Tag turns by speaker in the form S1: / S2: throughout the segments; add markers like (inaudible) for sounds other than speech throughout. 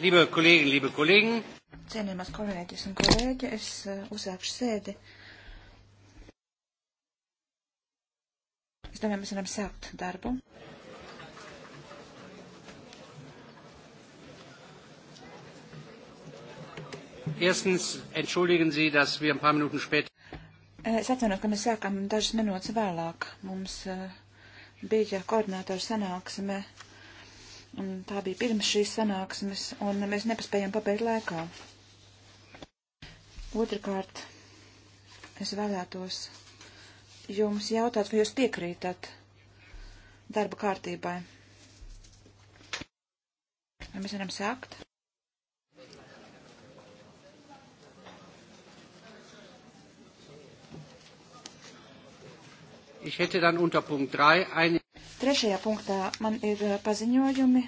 S1: Liebe kolēģi, liebe kolēģi.
S2: Cienījamās kolēģis un kolēģi, es eh, uzsākšu sēdi. Es domāju, mēs varam sākt darbu.
S1: Erstens, entschuldigen Sie, dass wir ein paar Minuten später.
S2: Eh, es atvainojos, ka mēs sākam dažas minūtes vēlāk. Mums uh, bija koordinātora sanāksme Un tā bija pirms šīs sanāksmes, un mēs nepaspējām pabeigt laikā. Otrakārt, es vēlētos jums jautāt, vai jūs piekrītat darba kārtībai. Vai mēs varam sākt?
S1: Ich hätte dann unter Punkt 3 eine
S2: Trešajā punktā man ir eh, paziņojumi.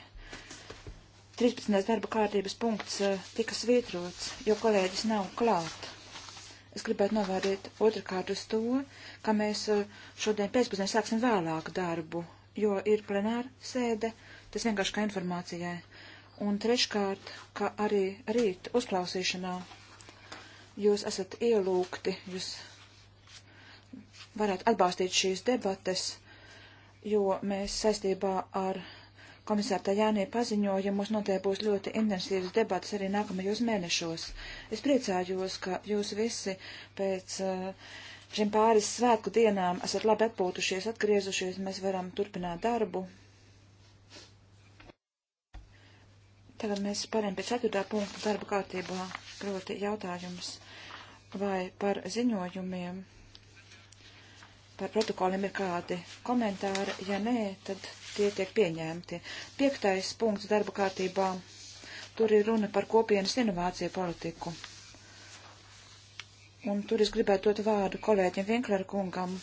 S2: 13. darba kārtības punkts eh, tika svītrots, jo kolēģis nav klāt. Es gribētu novērīt otrkārt uz to, ka mēs eh, šodien pēcpusdienā sāksim vēlāk darbu, jo ir plenāra sēde, tas vienkārši kā informācijai. Un treškārt, ka arī rīt uzklausīšanā jūs esat ielūgti, jūs varētu atbalstīt šīs debates jo mēs saistībā ar komisāru Tajānie paziņojumu mums noteikti būs ļoti intensīvas debatas arī nākamajos mēnešos. Es priecājos, ka jūs visi pēc eh, šiem pāris svētku dienām esat labi atpūtušies, atgriezušies, mēs varam turpināt darbu. Tagad mēs pārējām pie ceturtā punkta darba kārtībā, proti jautājums vai par ziņojumiem par protokoliem ir kādi komentāri. Ja nē, tad tie tiek pieņemti. Piektais punkts darba kārtībā. Tur ir runa par kopienas inovāciju politiku. Un tur es gribētu dot vārdu kolēģiem Vinklera kungam.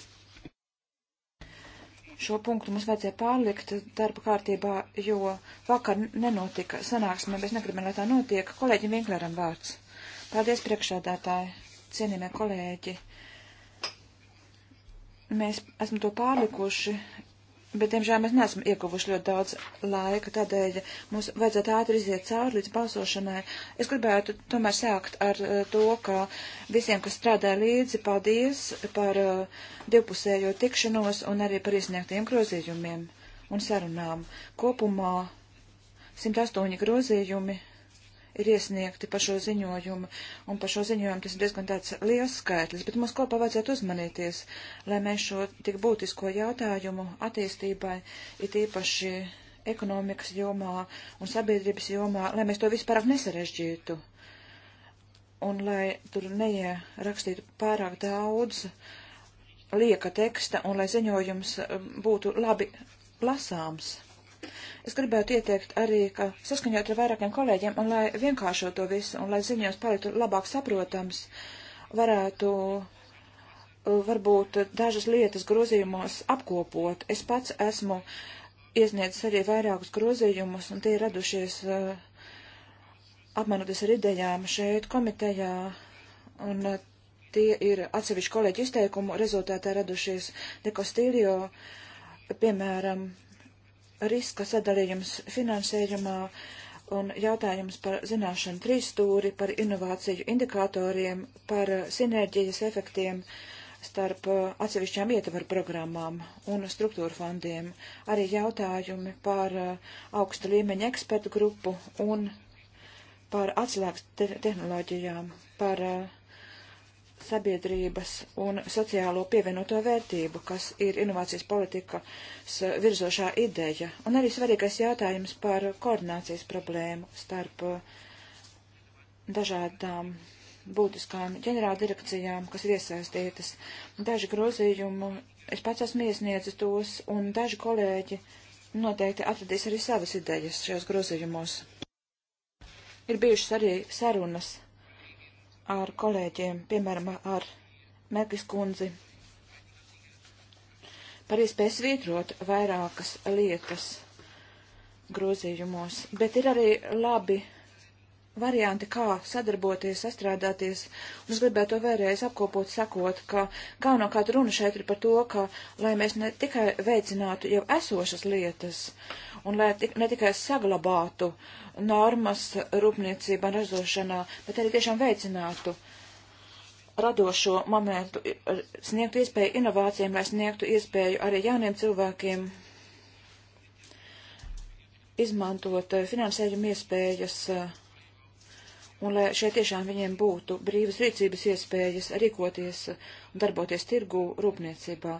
S2: Šo punktu mums vajadzēja pārlikt darba kārtībā, jo vakar nenotika sanāksme, mēs negribam, lai tā notiek. Kolēģim Vinkleram vārds. Paldies priekšādātāji, cienījamie kolēģi. Uh, Mēs esam to pārlikuši, bet, diemžēl, mēs neesam iekuvuši ļoti daudz laika, tādēļ mums vajadzētu ātri iziet cauri līdz balsošanai. Es gribētu tomēr sākt ar eh, to, ka visiem, kas strādāja līdzi, paldies par eh, divpusējo tikšanos un arī par iesniegtiem grozījumiem un sarunām. Kopumā 108 grozījumi ir iesniegti par šo ziņojumu, un par šo ziņojumu tas ir diezgan tāds liels skaitlis, bet mums kopā vajadzētu uzmanīties, lai mēs šo tik būtisko jautājumu attīstībai, it īpaši ekonomikas jomā un sabiedrības jomā, lai mēs to vispār nesarežģītu, un lai tur neierakstītu pārāk daudz lieka teksta, un lai ziņojums um, būtu labi lasāms Es gribētu ieteikt arī, ka saskaņot ar vairākiem kolēģiem, un lai vienkāršo to visu, un lai ziņos paliktu labāk saprotams, varētu uh, varbūt dažas lietas grozījumos apkopot. Es pats esmu iesniedzis arī vairākus grozījumus, un tie ir radušies uh, apmainoties ar idejām šeit komitejā, un uh, tie ir atsevišķi kolēģi izteikumu rezultātā radušies dekostīrio, piemēram, riska sadalījums finansējumā un jautājums par zināšanu trīs stūri, par inovāciju indikatoriem, par sinerģijas efektiem starp uh, atsevišķām ietvaru programmām un struktūra fondiem, arī jautājumi par uh, augsta līmeņa ekspertu grupu un par atslēgas te tehnoloģijām, par uh, sabiedrības un sociālo pievienoto vērtību, kas ir inovācijas politikas virzošā ideja, un arī svarīgais jautājums par koordinācijas problēmu starp eh, dažādām būtiskām ģenerāldirekcijām, kas ir iesaistītas. Daži grozījumu es pats esmu iesniedzis tos, un daži kolēģi noteikti atradīs arī savas idejas šajos grozījumos. Ir bijušas arī sarunas ar kolēģiem, piemēram, ar Merkis kundzi, par iespēju svītrot vairākas lietas grozījumos, bet ir arī labi varianti, kā sadarboties, sastrādāties, un es gribētu to vēlreiz apkopot, sakot, ka galvenokārt runa šeit ir par to, ka, lai mēs ne tikai veicinātu jau esošas lietas, un lai tik, ne tikai saglabātu normas rūpniecībā un ražošanā, bet arī tiešām veicinātu radošo momentu, sniegtu iespēju inovācijām, lai sniegtu iespēju arī jauniem cilvēkiem izmantot eh, finansējumu iespējas uh, un lai šeit tiešām viņiem būtu brīvas rīcības iespējas rīkoties un darboties tirgu rūpniecībā.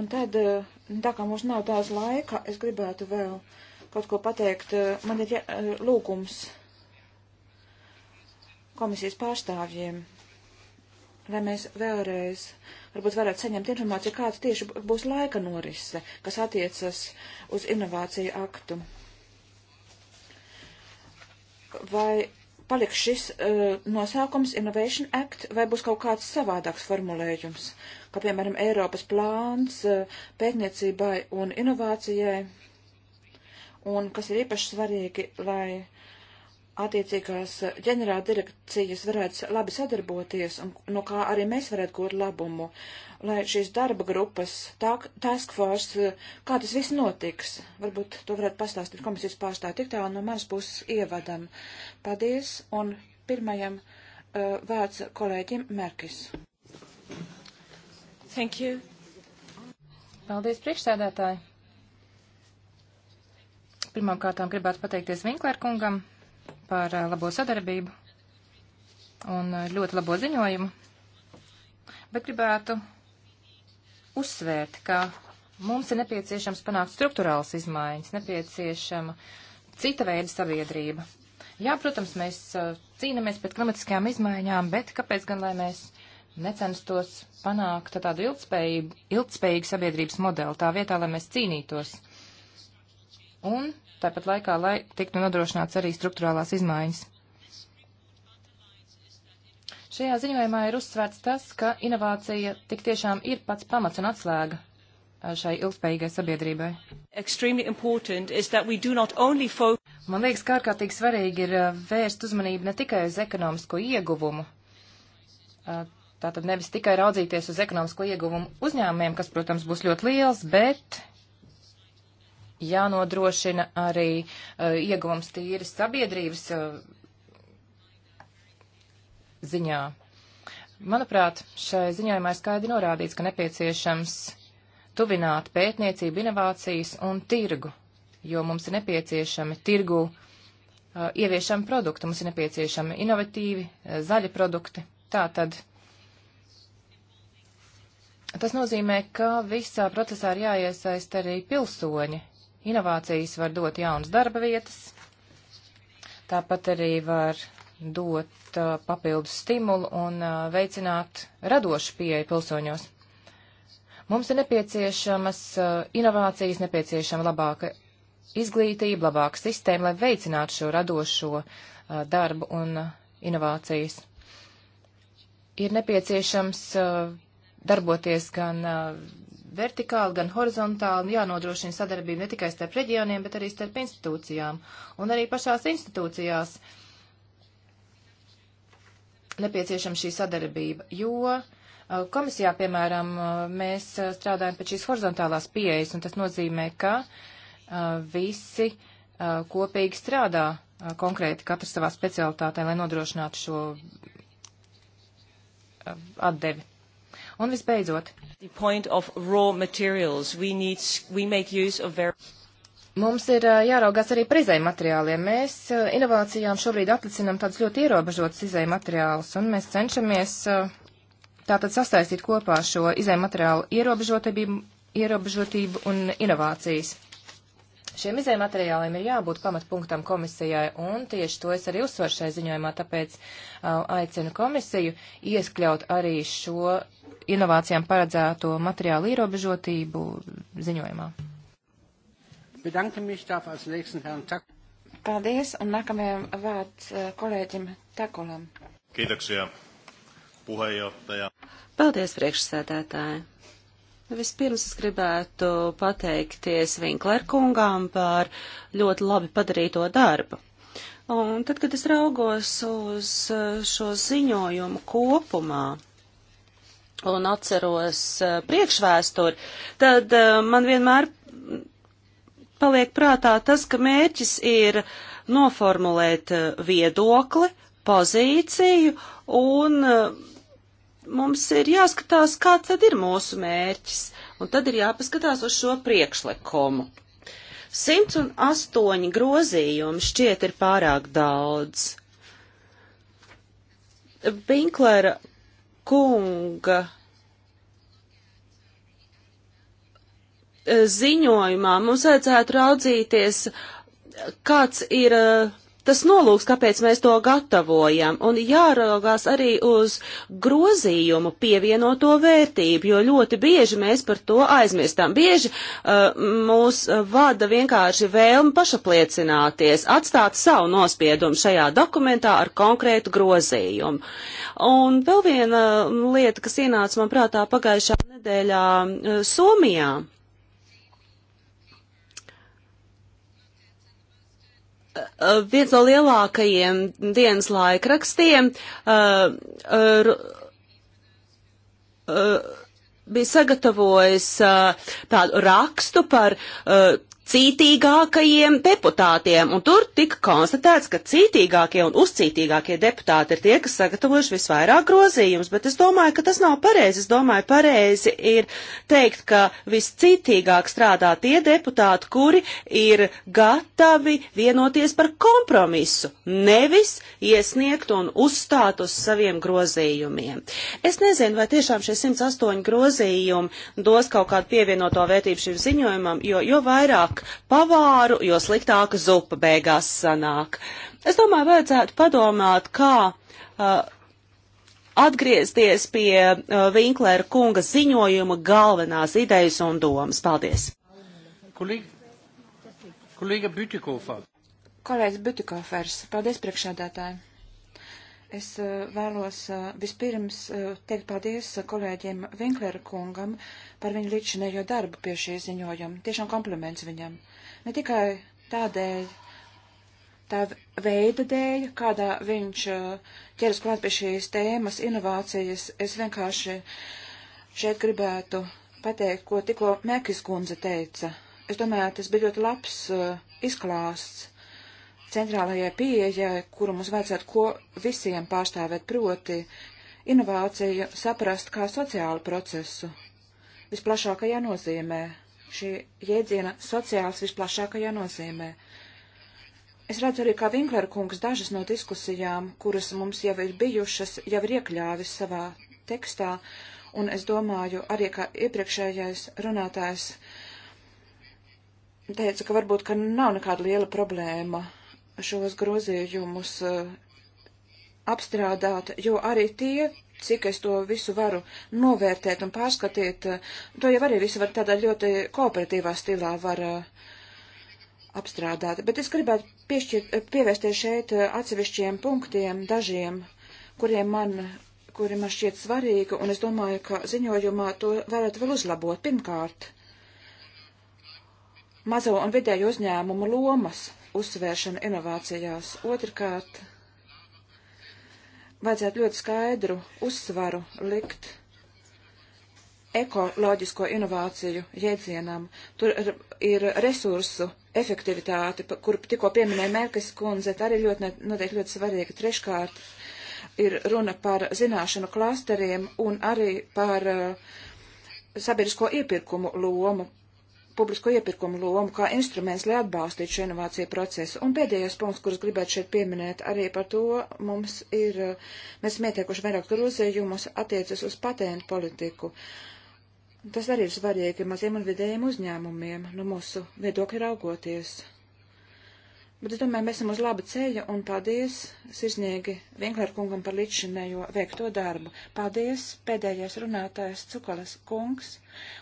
S2: Un tad, eh, tā kā mums nav tās laika, es gribētu vēl kaut ko pateikt. Eh, man ir jā, eh, lūgums komisijas pārstāvjiem, lai mēs vēlreiz varbūt varētu saņemt informāciju, kāds tieši būs laika norise, kas attiecas uz inovāciju aktu. Vai paliks šis uh, nosaukums Innovation Act vai būs kaut kāds savādāks formulējums, kā piemēram Eiropas plāns uh, pētniecībai un inovācijai, un kas ir īpaši svarīgi, lai attiecīgās ģenerāla direkcijas varētu labi sadarboties, un no kā arī mēs varētu gūt labumu, lai šīs darba grupas, tā, task force, eh, kā tas viss notiks. Varbūt to varētu pastāstīt komisijas pārstāvju tik tālu no manas puses ievadam. Paldies, un pirmajam uh, vārds kolēģim Merkis.
S3: Thank you. Paldies, priekšsēdētāji. Pirmām kārtām gribētu pateikties Vinklēr kungam par uh, labo sadarbību un uh, ļoti labo ziņojumu, bet gribētu uzsvērt, ka mums ir nepieciešams panākt struktūrāls izmaiņas, nepieciešama cita veida sabiedrība, Jā, protams, mēs uh, cīnāmies pret klimatiskajām izmaiņām, bet kāpēc gan lai mēs necenstos panākt tādu ilgspējību, ilgspējīgu sabiedrības modeli tā vietā, lai mēs cīnītos? Un tāpat laikā, lai tiktu nodrošināts arī struktūrālās izmaiņas. Šajā ziņojumā ir uzsvērts tas, ka inovācija tik tiešām ir pats pamats un atslēga uh, šai ilgspējīgai sabiedrībai. Man liekas, kā ārkārtīgi svarīgi ir eh, vērst uzmanību ne tikai uz ekonomisko ieguvumu, eh, tātad nevis tikai raudzīties uz ekonomisko ieguvumu uzņēmumiem, kas, protams, būs ļoti liels, bet jānodrošina arī uh, ieguvums tīri sabiedrības uh, ziņā. Manuprāt, šai ziņojumā ir skaidri norādīts, ka nepieciešams tuvināt pētniecību, inovācijas un tirgu jo mums ir nepieciešami tirgu uh, ieviešami produkti, mums ir nepieciešami inovatīvi, uh, zaļi produkti. Tā tad tas nozīmē, ka visā procesā ir jāiesaist arī pilsoņi. Inovācijas var dot jaunas darba vietas, tāpat arī var dot uh, papildus stimulu un uh, veicināt radošu pieeju pilsoņos. Mums ir nepieciešamas uh, inovācijas, nepieciešama labāka izglītību, labāku sistēmu, lai veicinātu šo radošo uh, darbu un uh, inovācijas. Ir nepieciešams uh, darboties gan uh, vertikāli, gan horizontāli, jānodrošina sadarbība ne tikai starp reģioniem, bet arī starp institūcijām un arī pašās institūcijās. Nepieciešama šī sadarbība, jo uh, komisijā, piemēram, uh, mēs strādājam pēc šīs horizontālās pieejas, un tas nozīmē, ka uh, Eh, visi eh, kopīgi strādā eh, konkrēti katrs savā specialitātē, lai nodrošinātu šo atdevi. Un visbeidzot. We need, we very... Mums ir jāraugās arī par izēju materiāliem. Mēs inovācijām šobrīd atlicinām tādus ļoti ierobežotus izēju materiālus, un mēs cenšamies tātad sastaistīt kopā šo izēju materiālu ierobežotību, ierobežotību un inovācijas. Šiem izējumateriāliem ir jābūt pamatpunktam komisijai, un tieši to es arī uzsvaru šai ziņojumā, tāpēc uh, aicinu komisiju ieskļaut arī šo inovācijām paredzēto materiālu ierobežotību ziņojumā.
S2: Paldies, un nākamajam vārds uh,
S1: kolēģim Takulam.
S2: Kiitoksia, puheenjohtaja.
S1: Paldies, priekšsēdētāji. Vispirms es gribētu pateikties Vinklēra kungām par ļoti labi padarīto darbu. Un tad, kad es raugos uz šo ziņojumu kopumā un atceros eh, priekšvēsturi, tad eh, man vienmēr paliek prātā tas, ka mērķis ir noformulēt eh, viedokli, pozīciju un mums ir jāskatās, kāds tad ir mūsu mērķis, un tad ir jāpaskatās uz šo priekšlikumu. 108 grozījumi šķiet ir pārāk daudz. Binklera kunga e, ziņojumā mums vajadzētu raudzīties, kāds ir uh, tas nolūks, kāpēc mēs to gatavojam, un jāraugās arī uz grozījumu pievienoto vērtību, jo ļoti bieži mēs par to aizmirstam. Bieži uh, mūs vada vienkārši vēlme pašapliecināties, atstāt savu nospiedumu šajā dokumentā ar konkrētu grozījumu. Un vēl viena lieta, kas ienāca man prātā pagājušā nedēļā uh, Somijā. viens no lielākajiem dienas laikrakstiem uh, uh, uh, bija sagatavojis uh, tādu rakstu par uh, cītīgākajiem deputātiem, un tur tika konstatēts, ka cītīgākie un uzcītīgākie deputāti ir tie, kas sagatavojuši visvairāk grozījumus, bet es domāju, ka tas nav pareizi. Es domāju, pareizi ir teikt, ka viscītīgāk strādā tie deputāti, kuri ir gatavi vienoties par kompromisu, nevis iesniegt un uzstāt uz saviem grozījumiem. Es nezinu, vai tiešām šie 108 grozījumi dos kaut kādu pievienoto vērtību šim ziņojumam, jo, jo vairāk vairāk pavāru, jo sliktāka zupa beigās sanāk. Es domāju, vajadzētu padomāt, kā uh, atgriezties pie uh, Vinklera kunga ziņojuma galvenās idejas un domas. Paldies! Kolīga, kolīga Bütikofers.
S2: Kolēģis Bütikofers. Paldies priekšādātāji! Es eh, vēlos eh, vispirms eh, teikt paldies kolēģiem Vinklera kungam par viņu līdzinējo darbu pie šī ziņojuma. Tiešām kompliments viņam. Ne tikai tādēļ, tā veida dēļ, kādā viņš ķeras klāt pie šīs tēmas, inovācijas, es vienkārši šeit gribētu pateikt, ko tikko Mekis kundze teica. Es domāju, tas bija ļoti labs izklāsts centrālajai pieejai, kuru mums vajadzētu ko visiem pārstāvēt proti, inovāciju saprast kā sociālu procesu. Visplašākajā nozīmē. Šī jēdziena sociāls visplašākajā nozīmē. Es redzu arī kā Vinklera kungs dažas no diskusijām, kuras mums jau ir bijušas, jau ir iekļāvis savā tekstā, un es domāju arī kā iepriekšējais runātājs teica, ka varbūt, ka nav nekāda liela problēma šos grozījumus eh, apstrādāt, jo arī tie, cik es to visu varu novērtēt un pārskatīt, eh, to jau arī visu var tādā ļoti kooperatīvā stilā var eh, apstrādāt. Bet es gribētu piešķirt, pievērsties šeit atsevišķiem punktiem, dažiem, kuriem man, kuri man šķiet svarīgi, un es domāju, ka ziņojumā to varētu vēl uzlabot. Pirmkārt, mazo un vidēju uzņēmumu lomas uzsvēršana inovācijās. Otrkārt, vajadzētu ļoti skaidru uzsvaru likt ekoloģisko inovāciju jēdzienam. Tur ir resursu efektivitāte, kur tikko pieminēja Merkes kundze, tā arī ļoti, noteikti ļoti svarīga. Treškārt, ir runa par zināšanu klasteriem un arī par uh, sabiedrisko iepirkumu lomu, publisko iepirkumu lomu kā instruments, lai atbalstītu šo inovāciju procesu. Un pēdējais punkts, kurus gribētu šeit pieminēt, arī par to mums ir, mēs esam ietiekuši vairāk grozējumus attiecas uz patentu politiku. Tas arī ir svarīgi maziem un vidējiem uzņēmumiem no mūsu viedokļa raugoties. Bet es domāju, mēs esam uz laba ceļa un paldies sirsniegi Vinklērkungam par līdzšinējo veikto darbu. Paldies, pēdējais runātājs Cukalas kungs.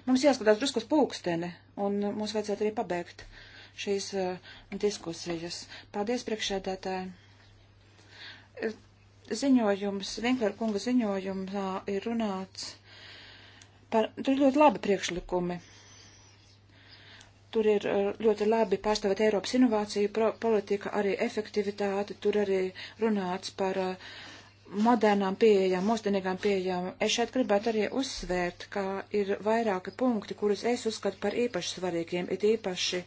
S2: Mums jāskatās druskus pulksteni un mums vajadzētu arī pabeigt šīs uh, diskusijas. Paldies, priekšēdētāji. Ziņojums, Vinklērkunga ziņojumā ir runāts par, tur ir ļoti labi priekšlikumi Tur ir eh, ļoti labi pārstāvēt Eiropas inovāciju politika, arī efektivitāti, tur arī runāts par eh, modernām pieejām, mūsdienīgām pieejām. Es šeit gribētu arī uzsvērt, ka ir vairāki punkti, kurus es uzskatu par īpaši svarīgiem, it īpaši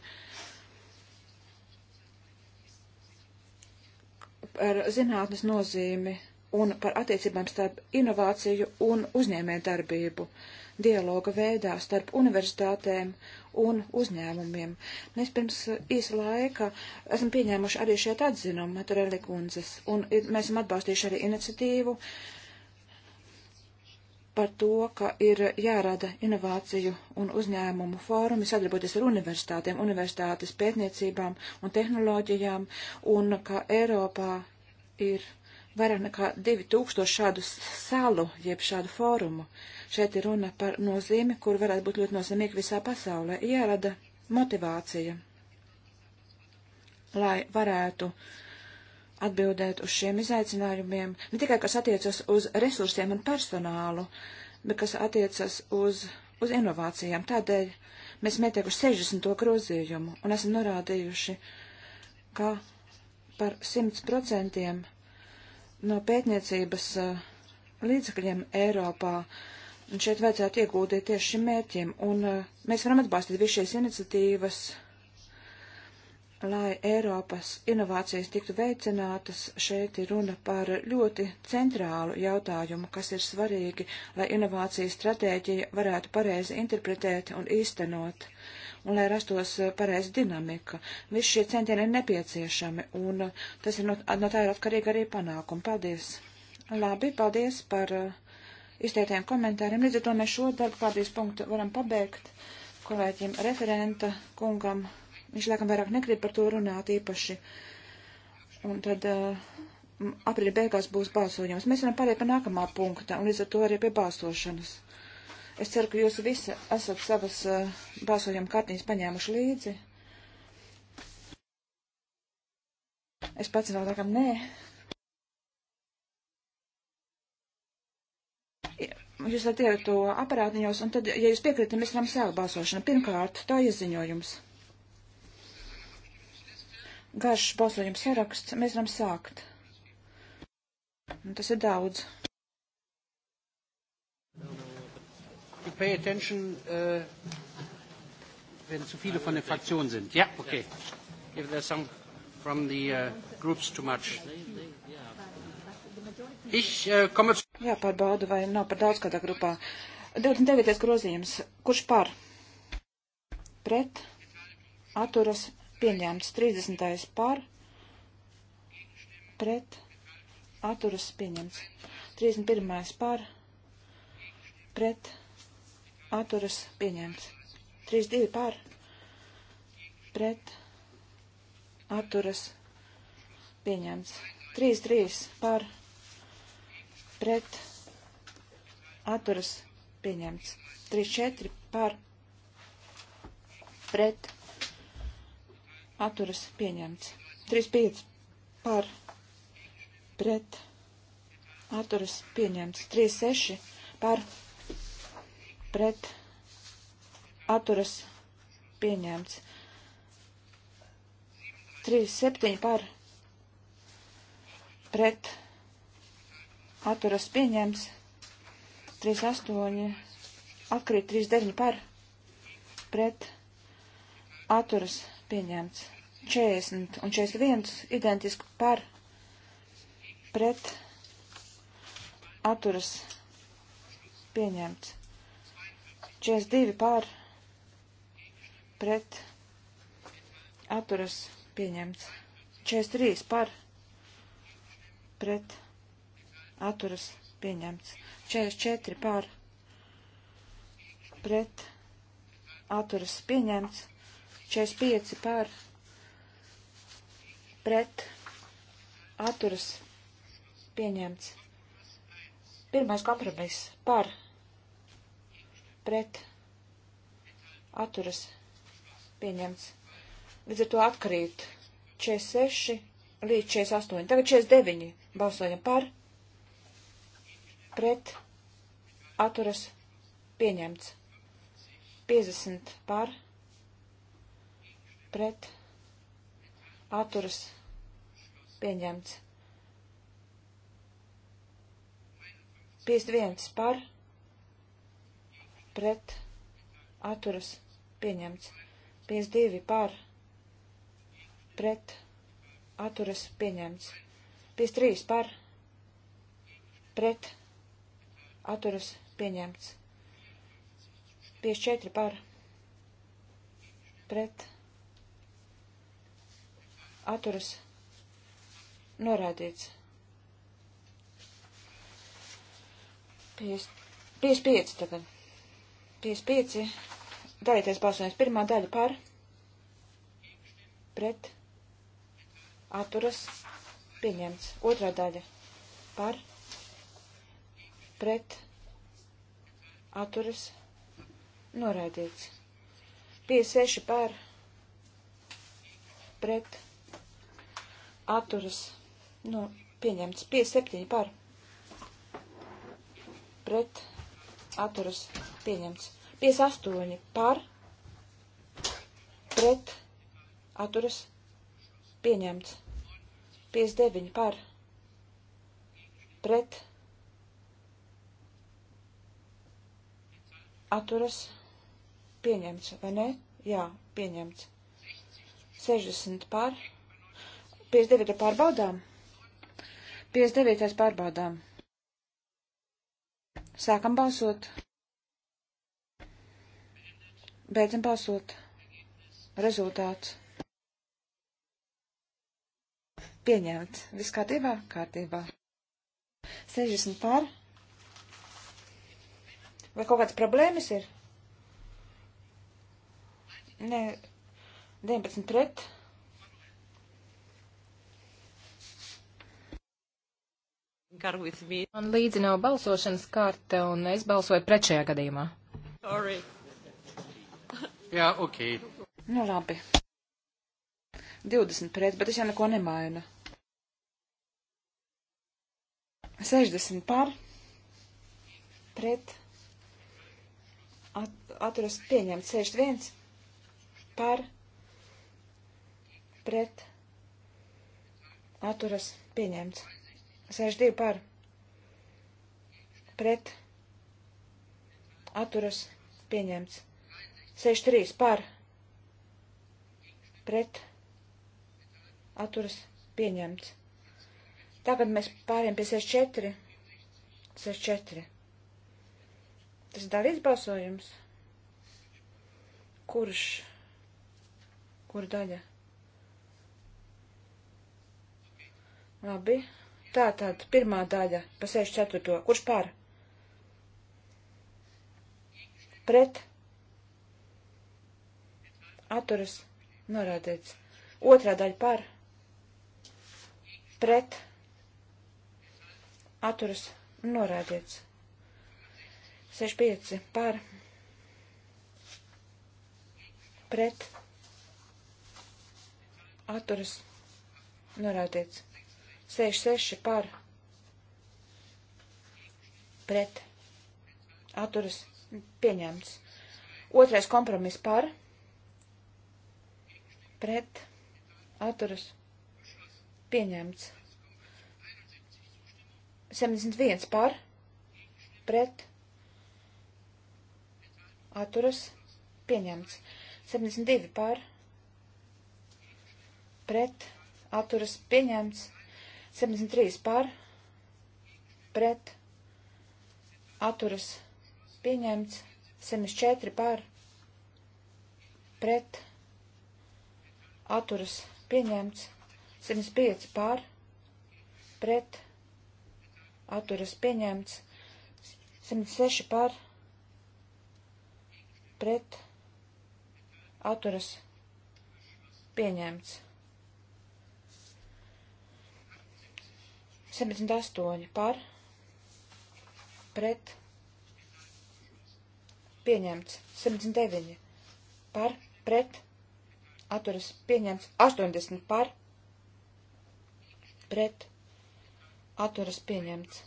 S2: par zinātnes nozīmi un par attiecībām starp inovāciju un uzņēmē darbību. Uh, dialoga veidā starp universitātēm un uzņēmumiem. Mēs nu, pirms uh, īsa laika esam pieņēmuši arī šeit atzinumu Matureli kundzes, un mēs esam atbalstījuši arī iniciatīvu par to, ka ir jārada inovāciju un uzņēmumu fórumi sadarboties ar universitātiem, universitātes pētniecībām un tehnoloģijām, un ka Eiropā ir vairāk nekā 2000 šādu salu, jeb šādu fórumu. Šeit ir runa par nozīmi, kur varētu būt ļoti nozīmīga visā pasaulē. Jārada motivācija, lai varētu atbildēt uz šiem izaicinājumiem, ne tikai kas attiecas uz resursiem un personālu, bet kas attiecas uz, uz inovācijām. Tādēļ mēs ietiekuši 60. grozījumu un esam norādījuši, ka par 100% no pētniecības eh, līdzekļiem Eiropā. Un šeit vajadzētu iegūtīt tieši šim mērķim. Un eh, mēs varam atbalstīt visu šīs iniciatīvas, lai Eiropas inovācijas tiktu veicinātas. Šeit ir runa par ļoti centrālu jautājumu, kas ir svarīgi, lai inovācijas stratēģija varētu pareizi interpretēt un īstenot. Uh, un lai rastos eh, pareizi dinamika. Visi šie centieni ir nepieciešami, un eh, tas ir no, no tā ir atkarīgi arī panākumi. Paldies! Labi, paldies par eh, izteiktiem komentāriem. Līdz ar to mēs šo darbu pārdīs punktu varam pabeigt kolēģim referenta kungam. Viņš laikam vairāk negrib par to runāt īpaši. Un tad uh, aprīļa beigās būs balsojums. Mēs varam pāriet pie nākamā punkta un līdz ar to arī pie balsošanas. Es ceru, ka jūs visi esat savas uh, balsojuma kartiņas paņēmuši līdzi. Es pats vēl laikam nē. Jūs varat ielikt to aparātiņos, un tad, ja jūs piekrītat, mēs varam sākt balsošanu. Pirmkārt, tā ieziņojums. Garš balsojums saraksts, mēs varam sākt. Un tas ir daudz. No, no
S1: to pay attention, uh, wenn zu viele von den Fraktionen sind. Ja, yeah, okay. If there's some from the uh, groups too much.
S2: Ich uh, komme zu... Jā, pārbaudu, vai nav par daudz kādā grupā. 29. grozījums. Kurš par? Pret. Atturas. Pieņemts. 30. par. Pret. Atturas. Pieņemts. 31. par. Pret atturas pieņemts. 3-2 par pret atturas pieņemts. 3-3 par pret atturas pieņemts. 3-4 par pret atturas pieņemts. 3-5 par pret atturas pieņemts. 3-6 par pret pret atturas pieņemts. 37 par pret atturas pieņemts. 38 atkrīt 39 par pret atturas pieņemts. 40 un 41 identiski par pret atturas pieņemts. 42 pār pret atturas pieņemts. 43 par pret atturas pieņemts. 44 par pret atturas pieņemts. 45 par pret atturas pieņemts. Pirmais kompromiss par pret pret atturas pieņemts. Līdz ar to atkrīt 46 līdz 48. Tagad 49 balsojam par pret atturas pieņemts. 50 par pret atturas pieņemts. 51 par pret pret atturas pieņemts. 52 par pret atturas pieņemts. 53 par pret atturas pieņemts. 54 par pret atturas norādīts. 55 tagad. 55. Dalīties balsojums. Pirmā daļa par. Pret. Atturas. Pieņemts. Otrā daļa. Par. Pret. Atturas. Noraidīts. 56 par. Pret. Atturas. Nu, pieņemts. 57 par. Pret. Atturas pieņemts. 58 par, pret, atturas, pieņemts. 59 par, pret, atturas, pieņemts, vai ne? Jā, pieņemts. 60 par, 59 pārbaudām, 59 pārbaudām. Sākam balsot. Beidzam balsot. Rezultāts. Pieņemts. Viss kārtībā? Kārtībā. 60 pār. Vai kaut kādas problēmas ir? Nē, 19 pret.
S3: Man līdzi nav balsošanas karte, un es balsoju pret šajā gadījumā.
S1: Sorry. Jā, ok.
S3: Nu, labi.
S2: 20 pret, bet es jau neko nemainu. 60 par, pret, at, atturas pieņemt 61 par, pret, atturas pieņemts 62 par, pret, atturas pieņemts 62. 63 par pret atturas pieņemts. Tagad mēs pāriem pie 64. 64. Tas darīts balsojums. Kurš? Kur daļa? Labi. Tā tad pirmā daļa pa 64. Kurš pār? Pret atturas norādīts. Otrā daļa par pret atturas norādīts. 65 par pret atturas norādīts. 66 par pret atturas pieņemts. Otrais kompromiss par pret pret atturas pieņemts. 71 par pret atturas pieņemts. 72 par pret atturas pieņemts. 73 par pret atturas pieņemts. 74 par pret atturas pieņemts atturas pieņemts 75 pār, pret atturas pieņemts 106 pār, pret atturas pieņemts 78 pār, pret pieņemts 79 pār, pret atturas pieņemts atturas pieņemts 80 par, pret, atturas pieņemts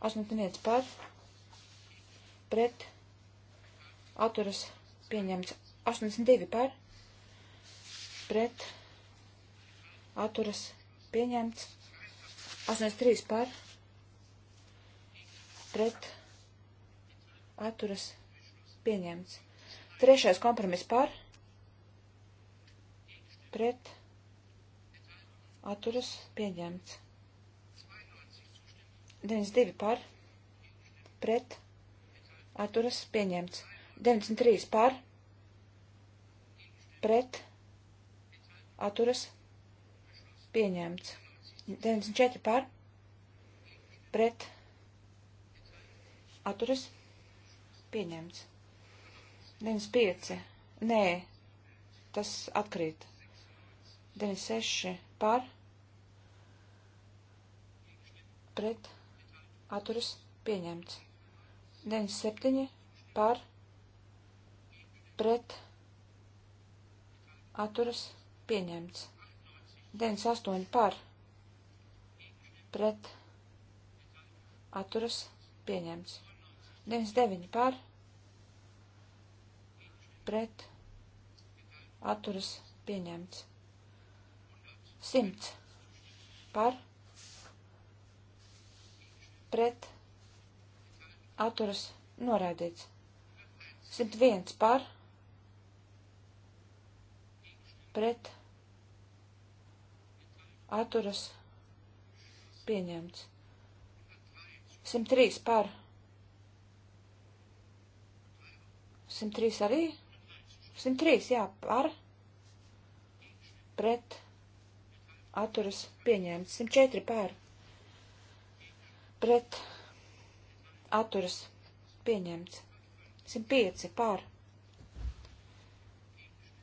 S2: 81 par, pret, atturas pieņemts 82 par, pret, atturas pieņemts 83 par, pret, atturas pieņemts. Trešais kompromiss par, pret atturas pieņemts. 92 par pret atturas pieņemts. 93 par pret atturas pieņemts. 94 par pret atturas pieņemts. 95. Nē, tas atkrīt. 96 par pret atturas pieņemts. 97 par pret atturas pieņemts. 98 par pret atturas pieņemts. 99 par pret atturas pieņemts. Simts par pret atturas noraidīts. Simt viens par pret atturas pieņemts. Simt trīs par. Simt trīs arī? Simt trīs, jā, par pret atturas atturas pieņemts. 104 pār pret atturas pieņemts. 105 pār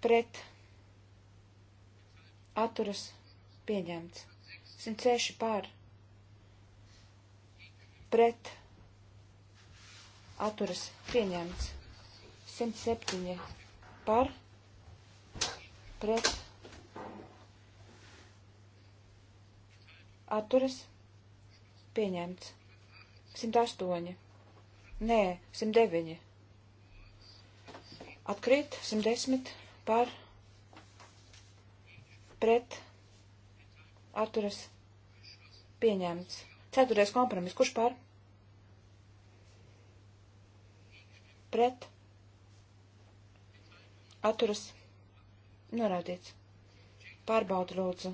S2: pret atturas pieņemts. 106 pār pret atturas pieņemts. 107 par pret atturas, pieņemts. 108. Nē, 109. Atkrīt 110 par pret atturas pieņemts. Ceturtais kompromis. Kurš par? Pret atturas norādīts. Pārbaudu lūdzu.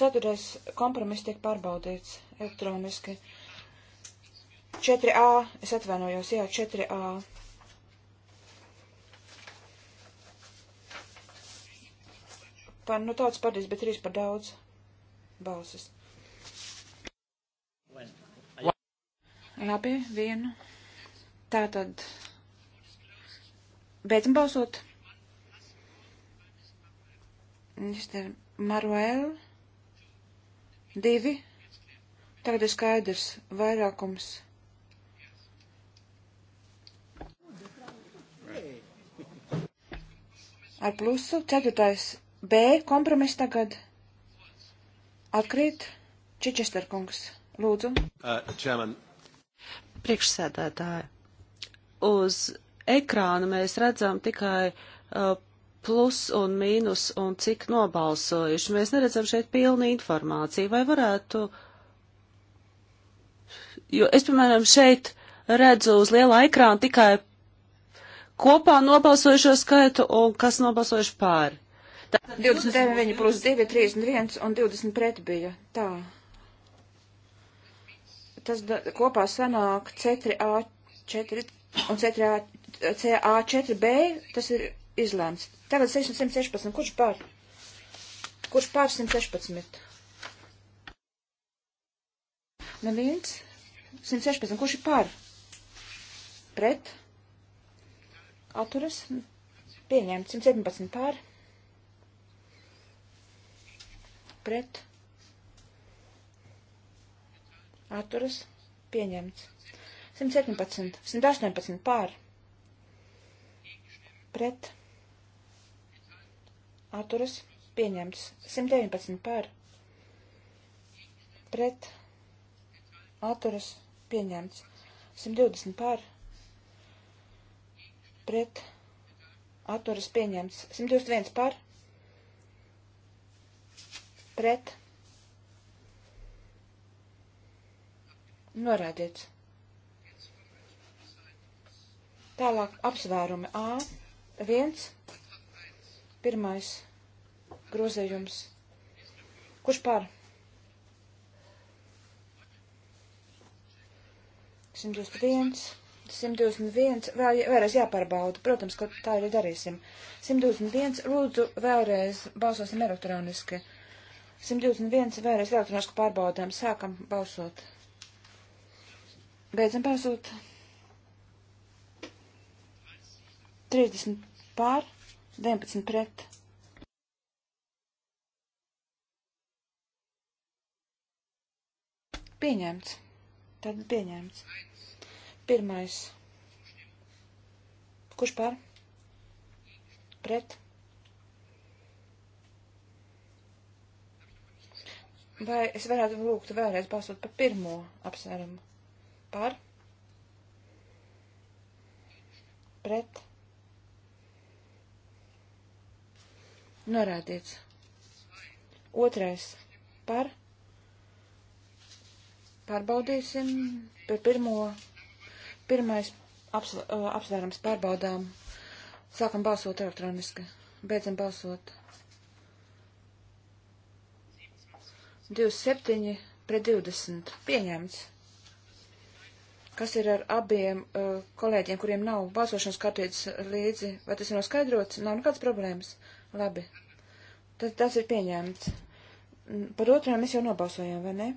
S2: Ceturtais kompromiss tiek pārbaudīts elektroniski. 4A, es atvainojos, jā, 4A. Par, nu, tāds padīs, bet trīs par daudz balsis. Labi, vienu. Tātad beidzam balsot. Mr. Maruel. Divi. Tagad ir skaidrs vairākums. Ar plusu. Ceturtais B kompromiss tagad. Atkrīt Čičester kungs. Lūdzu. Uh,
S1: Priekšsēdētāji. Uz ekrāna mēs redzam tikai uh, plus un mīnus un cik nobalsojuši. Mēs neredzam šeit pilnu informāciju. Vai varētu, jo es, piemēram, šeit redzu uz liela ekrāna tikai kopā nobalsojušo skaitu un kas nobalsojuši pāri.
S2: Tā, 29 plus 2, 31 un 20 pret bija. Tā. Tas da, kopā sanāk 4A4 un 4A, CA4B, tas ir izlēmts. Tagad 616. Kurš pār? Kurš pār 116? Neviens. 116. Kurš ir pār? Pret? Atturas? Pieņemts. 117 pār? Pret? Atturas? Pieņemts. 117. 118 pār? Pret? atturas pieņemts. 119 par pret atturas pieņemts. 120 par pret atturas pieņemts. 121 par pret norādīts. Tālāk apsvērumi A1 Pirmais grozījums. Kurš par? 121, 121, vēl, vēlreiz jāpārbauda. Protams, ka tā arī darīsim. 121, lūdzu, vēlreiz balsosim elektroniski. 121, vēlreiz elektronisku pārbaudām. Sākam balsot. Beidzam balsot. 30 pār. 19 pret. Pieņemts. Tad pieņemts. Pirmais. Kurš par? Pret. Vai es varētu lūgt vēlreiz balsot par pirmo apsvērumu? Par? Pret? norādīts. Otrais par. Pārbaudīsim par pirmo. Pirmais apsv apsvērums pārbaudām. Sākam balsot elektroniski. Beidzam balsot. 27 pret 20. Pieņemts. Kas ir ar abiem uh, kolēģiem, kuriem nav balsošanas kartītes līdzi? Vai tas ir noskaidrots? Nav nekādas problēmas. Uh, Labi. Tad tas ir pieņemts. Par otro mēs jau nobalsojām, vai ne?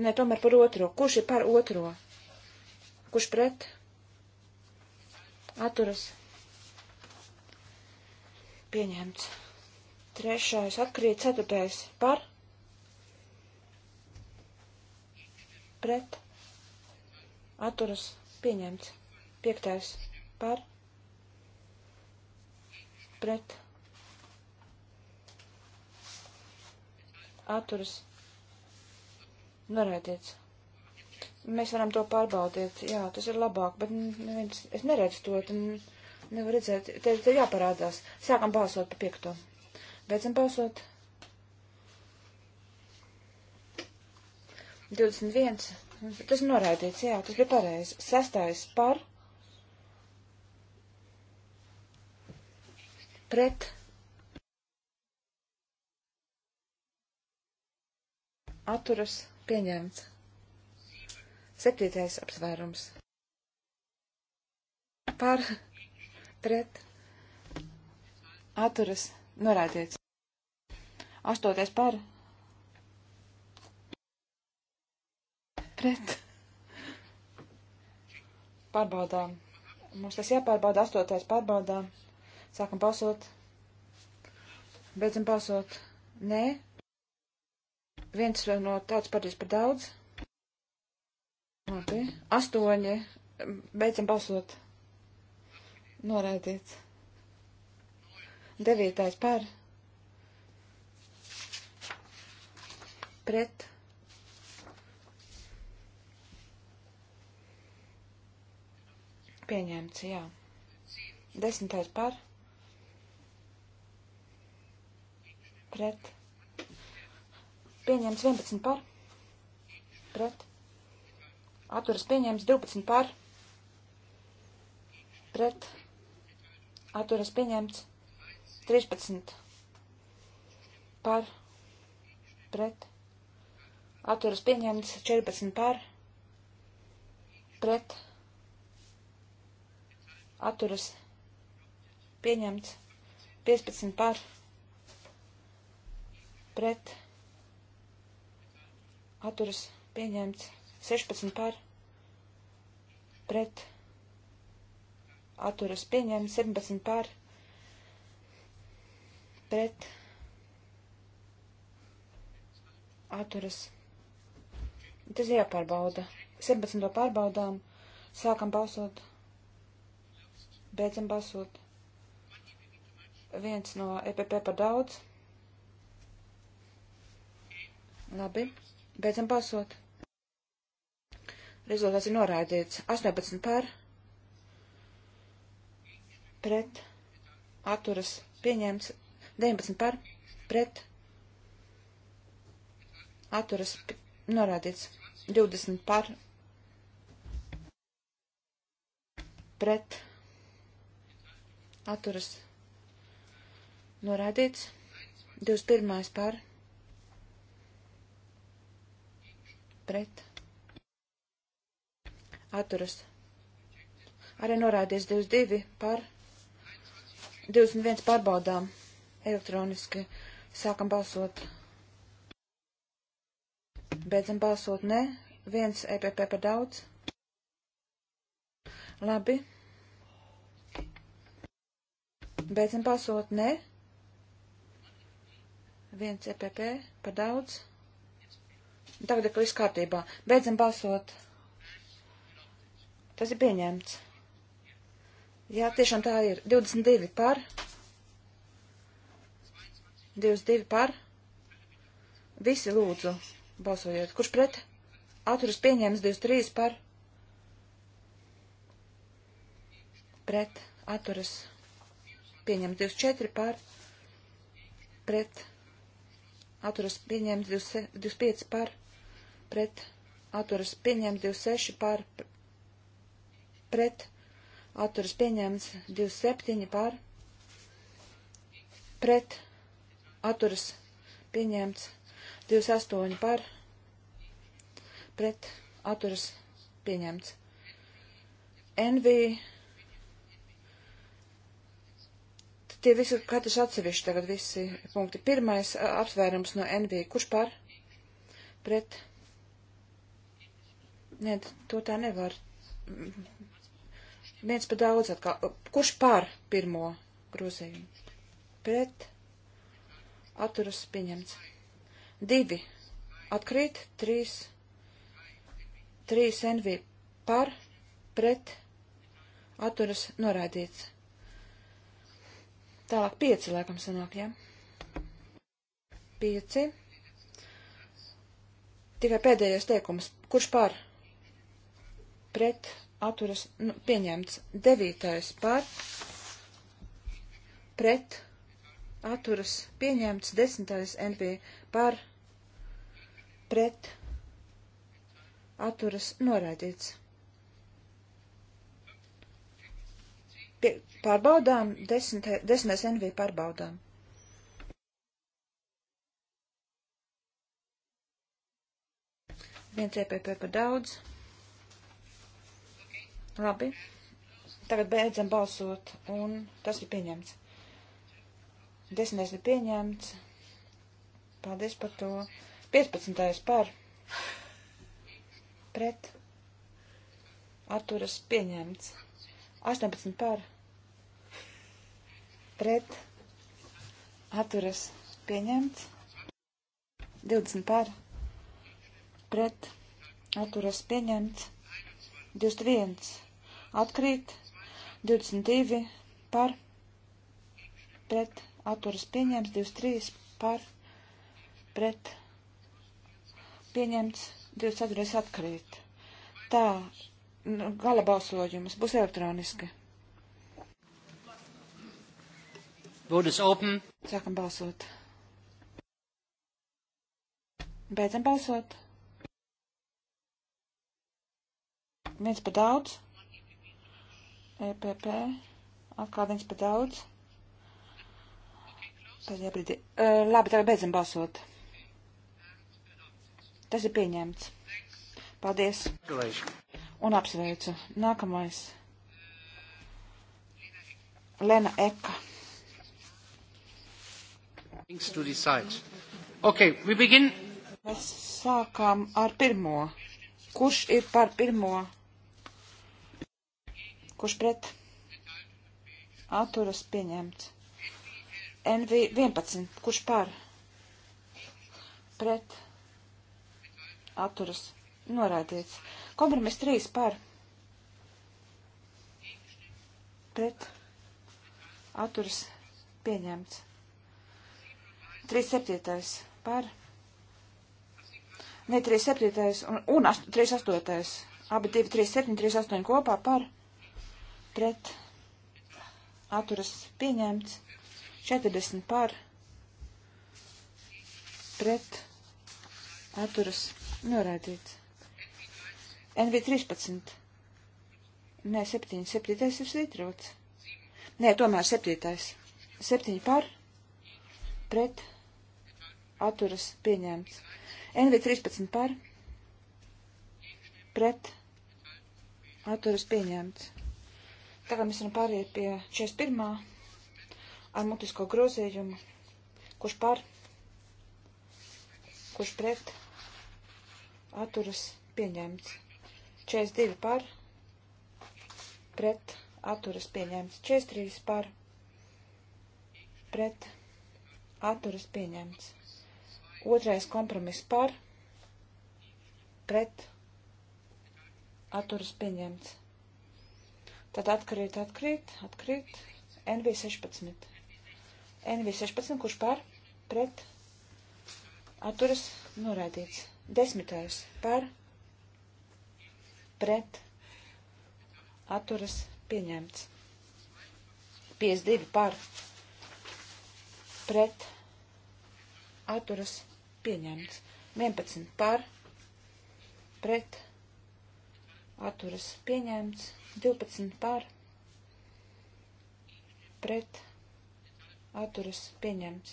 S2: Nē, tomēr par otro. Kurš ir par otro? Kurš pret? Atturas. Pieņemts. Trešais atkrīt, ceturtais par. Pret. Atturas. Pieņemts. Piektais par pret atturas norēdīts. Mēs varam to pārbaudīt, jā, tas ir labāk, bet neviens, es neredzu to, tad nevar redzēt, te, te jāparādās. Sākam balsot pa piekto. Beidzam balsot. 21. Tas norādīts, jā, tas ir pareizi. Sestais par, pret atturas pieņemts. Septītais apsvērums. Par pret atturas norādīts. Astoties par pret pārbaudām. Mums tas jāpārbauda astotais pārbaudām. Sākam balsot. Beidzam balsot. Nē. Viens no tāds partijas par daudz. Labi. Astoņi. Beidzam balsot. Noraidīts. Devītais par. Pret. Pieņemts, jā. Desmitais par. pret. Pieņēmts 11 par, pret. Atturas pieņēmts 12 par, pret. Atturas pieņēmts 13 par, pret. Atturas pieņēmts 14 par, pret. Atturas pieņemts 15 par, pret pret atturas pieņemts 16 par pret atturas pieņemts 17 par pret atturas. Tas jāpārbauda. 17. pārbaudām, sākam balsot, beidzam balsot. Viens no EPP par daudz. Labi, beidzam balsot. Rezultāts ir noraidīts. 18 par, pret, atturas, pieņemts. 19 par, pret, atturas, noraidīts. 20 par, pret, atturas, noraidīts. 21 par, pret pret atturas. Arī norādīts 22 par 21 pārbaudām elektroniski. Sākam balsot. Beidzam balsot ne. Viens EPP par daudz. Labi. Beidzam balsot ne. Viens EPP par daudz. Tagad ir viss kārtībā. Beidzam balsot. Tas ir pieņemts. Jā, tiešām tā ir. 22 par. 22 par. Visi lūdzu balsojiet. Kurš pret? Atturas pieņēmis 23 par. Pret. Atturas pieņēmis 24 par. Pret. Atturas pieņēmis 25 par pret atturas pieņemts 26 par pret atturas pieņemts 27 par pret atturas pieņemts 28 par pret atturas pieņemts. NV tie visi katrs atsevišķi tagad visi punkti. Pirmais apsvērums no NV. Kurš par? Pret Nē, to tā nevar. Viens pa daudz atkal. Kurš pār pirmo grozījumu? Pret. Atturas pieņemts. Divi. Atkrīt. Trīs. Trīs NV par. Pret. Atturas noraidīts. Tālāk pieci, laikam, sanāk, jā. Ja? Pieci. Tikai pēdējais teikums. Kurš par? pret atturas nu, pieņemts. Devītais par pret atturas pieņemts. Desmitais NV par pret atturas noraidīts. Pie, pārbaudām, desmitais, desmitais NV pārbaudām. Viens EPP par daudz. Labi. Tagad beidzam balsot, un tas ir pieņemts. Desmitais ir pieņemts. Paldies par to. 15. par. Pret. Atturas pieņemts. 18 par. Pret. Atturas pieņemts. 20 par. Pret. Atturas pieņemts. 21 atkrīt, 22 par pret atturas pieņemts, 23 par pret pieņemts, 24 atkrīt. Tā, nu, gala balsojums būs elektroniski.
S1: Vote open.
S2: Sākam balsot. Beidzam balsot. viens par daudz. EPP. Atkal viens par daudz. Pēdējā brīdī. Uh, labi, tagad beidzam balsot. Tas ir pieņemts. Paldies. Un apsveicu. Nākamais. Lena Eka. Okay, Mēs sākām ar pirmo. Kurš ir par pirmo? kurš pret atturas pieņemts. NV 11, kurš par pret atturas noraidīts. Kompromis 3 par pret atturas pieņemts. 37. par ne 37. un, un 38. abi 2, 3, 7, 3, 8 kopā par pret pret atturas pieņemts, 40 par pret atturas noraidīts. NV13. Nē, 7. 7. ir svītrots. Nē, tomēr 7. 7 par pret atturas pieņemts. NV13 par pret atturas pieņemts. Tagad mēs varam pāriet pie 41. ar mutisko grozījumu. Kurš par? Kurš pret? Atturas pieņemts. 42 par. Pret. Atturas pieņemts. 43 par. Pret. Atturas pieņemts. Otrais kompromiss par. Pret. Atturas pieņemts. Tad atkrīt, atkrīt, atkrīt. NV16. NV16, kurš par, pret, atturas, norādīts. Desmitais par, pret, atturas, pieņemts. 52 par, pret, atturas, pieņemts. 11 par, pret, atturas pieņemts, 12 par, pret, atturas pieņemts.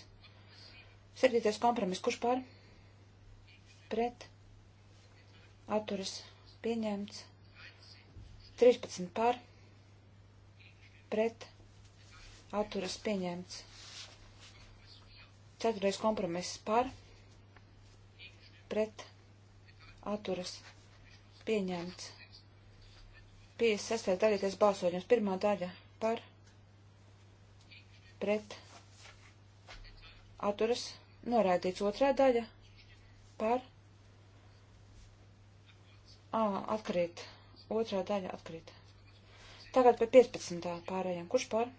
S2: Sirdīties kompromis, kurš par, pret, atturas pieņemts, 13 par, pret, atturas pieņemts. Ceturtais kompromiss par, pret, atturas pieņemts. 56. dalīties balsoņos. Pirmā daļa par pret atturas noraidīts. Otrā daļa par ā, atkrīt. Otrā daļa atkrīt. Tagad par 15. pārējām. Kurš par?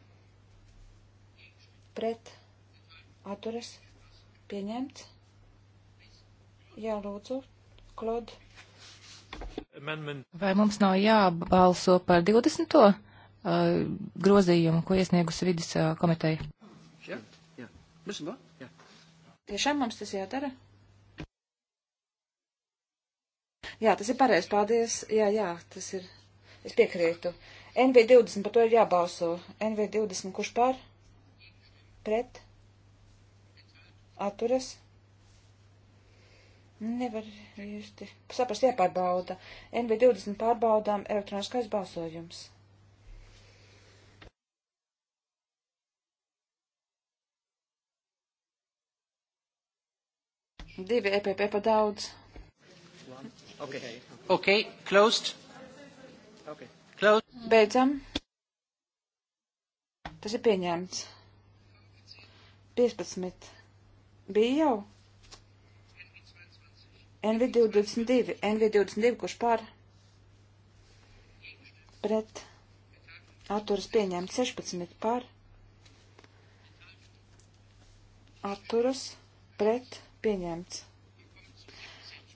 S2: Pret atturas pieņemts. Jā, lūdzu, Klod.
S3: Vai mums nav jābalso par 20. Uh, grozījumu, ko iesniegusi vidas uh, komiteja? Jā, jā. jā.
S2: Tiešām mums tas jādara? Jā, tas ir pareizi. Paldies. Jā, jā, tas ir. Es piekrītu. NV20, par to ir jābalso. NV20, kurš pār? Pret? Atturas? Nevar īsti saprast, jāpārbauda. NV20 pārbaudām elektroniskais balsojums. Divi EPP pa daudz. Okay. ok, closed. Okay. Closed. Beidzam. Tas ir pieņemts. 15. Bija jau. NV22, NV22, kurš par pret atturas pieņemt 16 par atturas pret pieņemts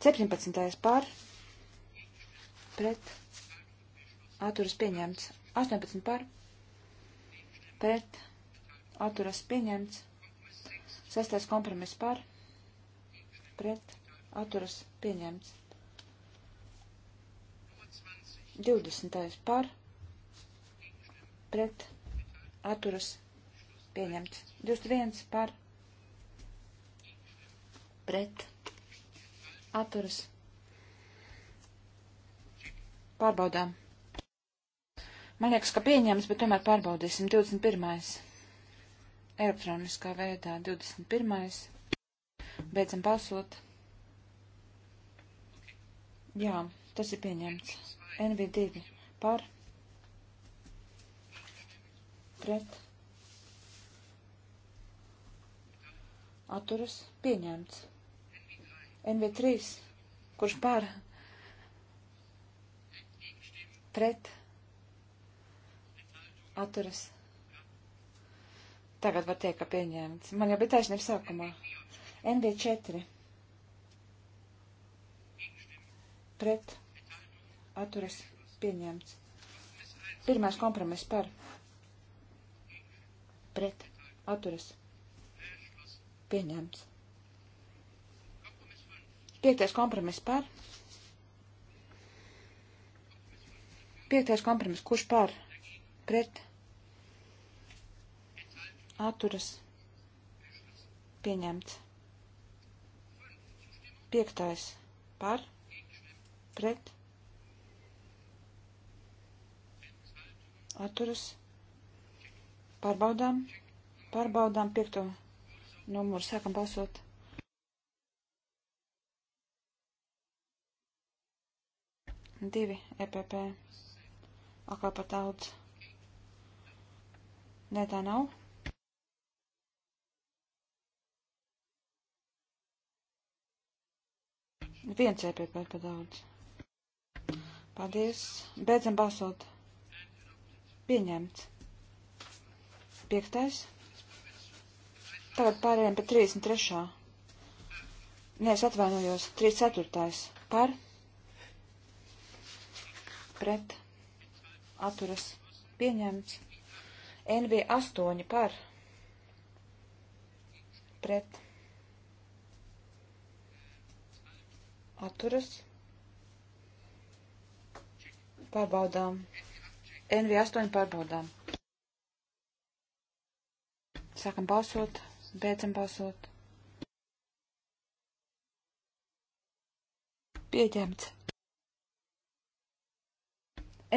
S2: 17. par pret atturas pieņemts 18 par pret atturas pieņemts 6. kompromiss par pret atturas pieņemts. 20. par pret atturas pieņemts. 21. par pret atturas pārbaudām. Man liekas, ka pieņems, bet tomēr pārbaudīsim. 21. elektroniskā veidā 21. Beidzam balsot. Jā, tas ir pieņemts. NV2 par pret atturas pieņemts. NV3, kurš par pret atturas. Tagad var teikt, ka pieņemts. Man jau bija taisnība sākumā. NV4 pret atturas pieņemts. Pirmais kompromiss par pret atturas pieņemts. Piektais kompromiss par. Piektais kompromiss, kurš par pret atturas pieņemts. Piektais par pret, atturas, pārbaudām, pārbaudām piekto numuru, sākam balsot. Divi EPP, akā par daudz. Nē, tā nav. Viens EPP par daudz. Paldies. Beidzam balsot. Pieņemts. Piektais. Tagad pārējām pie 33. Nē, es atvainojos. 34. Par. Pret. Aturas. Pieņemts. NV 8 par. Pret. Aturas. Pieņemts Pārbaudām. NV8 pārbaudām. Sākam balsot, beidzam balsot. Pieņemts.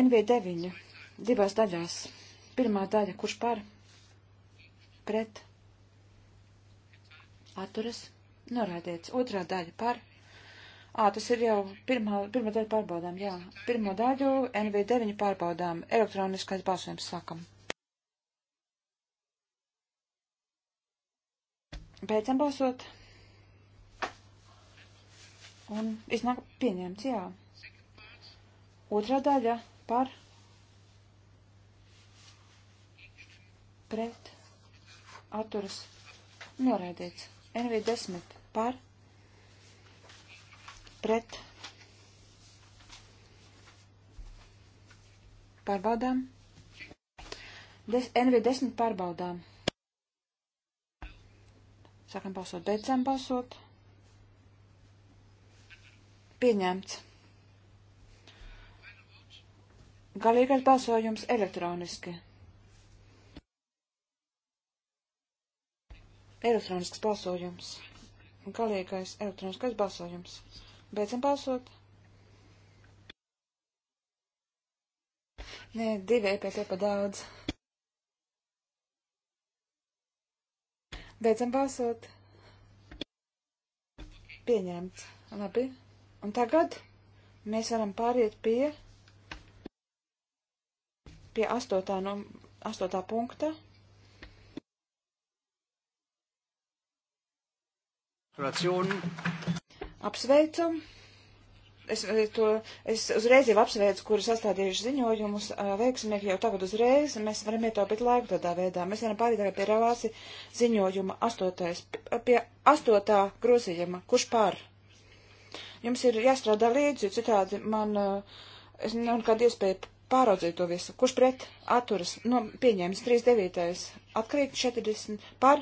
S2: NV9 divās daļās. Pirmā daļa, kurš par? Pret. Atturas. Norādīts. Otrā daļa par. Ā, tas ir jau pirmā, pirmā daļa pārbaudām, jā. Pirmo daļu NV9 pārbaudām. Elektroniskais balsojums sākam. Beidzam balsot. Un iznāk pieņemts, jā. Otrā daļa par pret atturas noraidīts. NV10 par pret pret. Pārbaudām. Des, NV10 pārbaudām. Sākam balsot, beidzam balsot. Pieņemts. Galīgais balsojums elektroniski. Elektronisks balsojums. Galīgais elektroniskais balsojums. Beidzam balsot. Nē, divi EPP pa daudz. Beidzam balsot. Pieņemts. Labi. Un tagad mēs varam pāriet pie, pie astotā, no, astotā punkta. Rationen apsveicam. Es, to, es uzreiz jau apsveicu, kuri sastādījuši ziņojumus, veiksmīgi jau tagad uzreiz, mēs varam ietaupīt laiku tādā veidā. Mēs varam pārīt tagad pie Ravāsi ziņojuma astotais, pie astotā grozījuma, kurš pār. Jums ir jāstrādā līdzi, citādi man, es nav nekāda iespēja pāraudzīt to visu. Kurš pret atturas? No pieņēmis 39. Atkrīt 40 par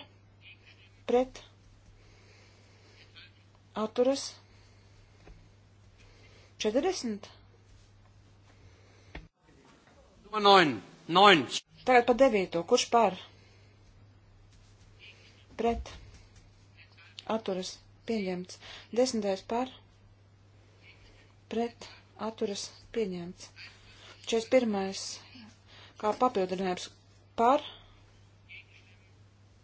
S2: pret atturas 40. No 9. 9. Tagad pa 9. Kurš pār? Pret. Atturas. Pieņemts. 10. pār. Pret. Atturas. Pieņemts. 41. Kā papildinājums. Pār.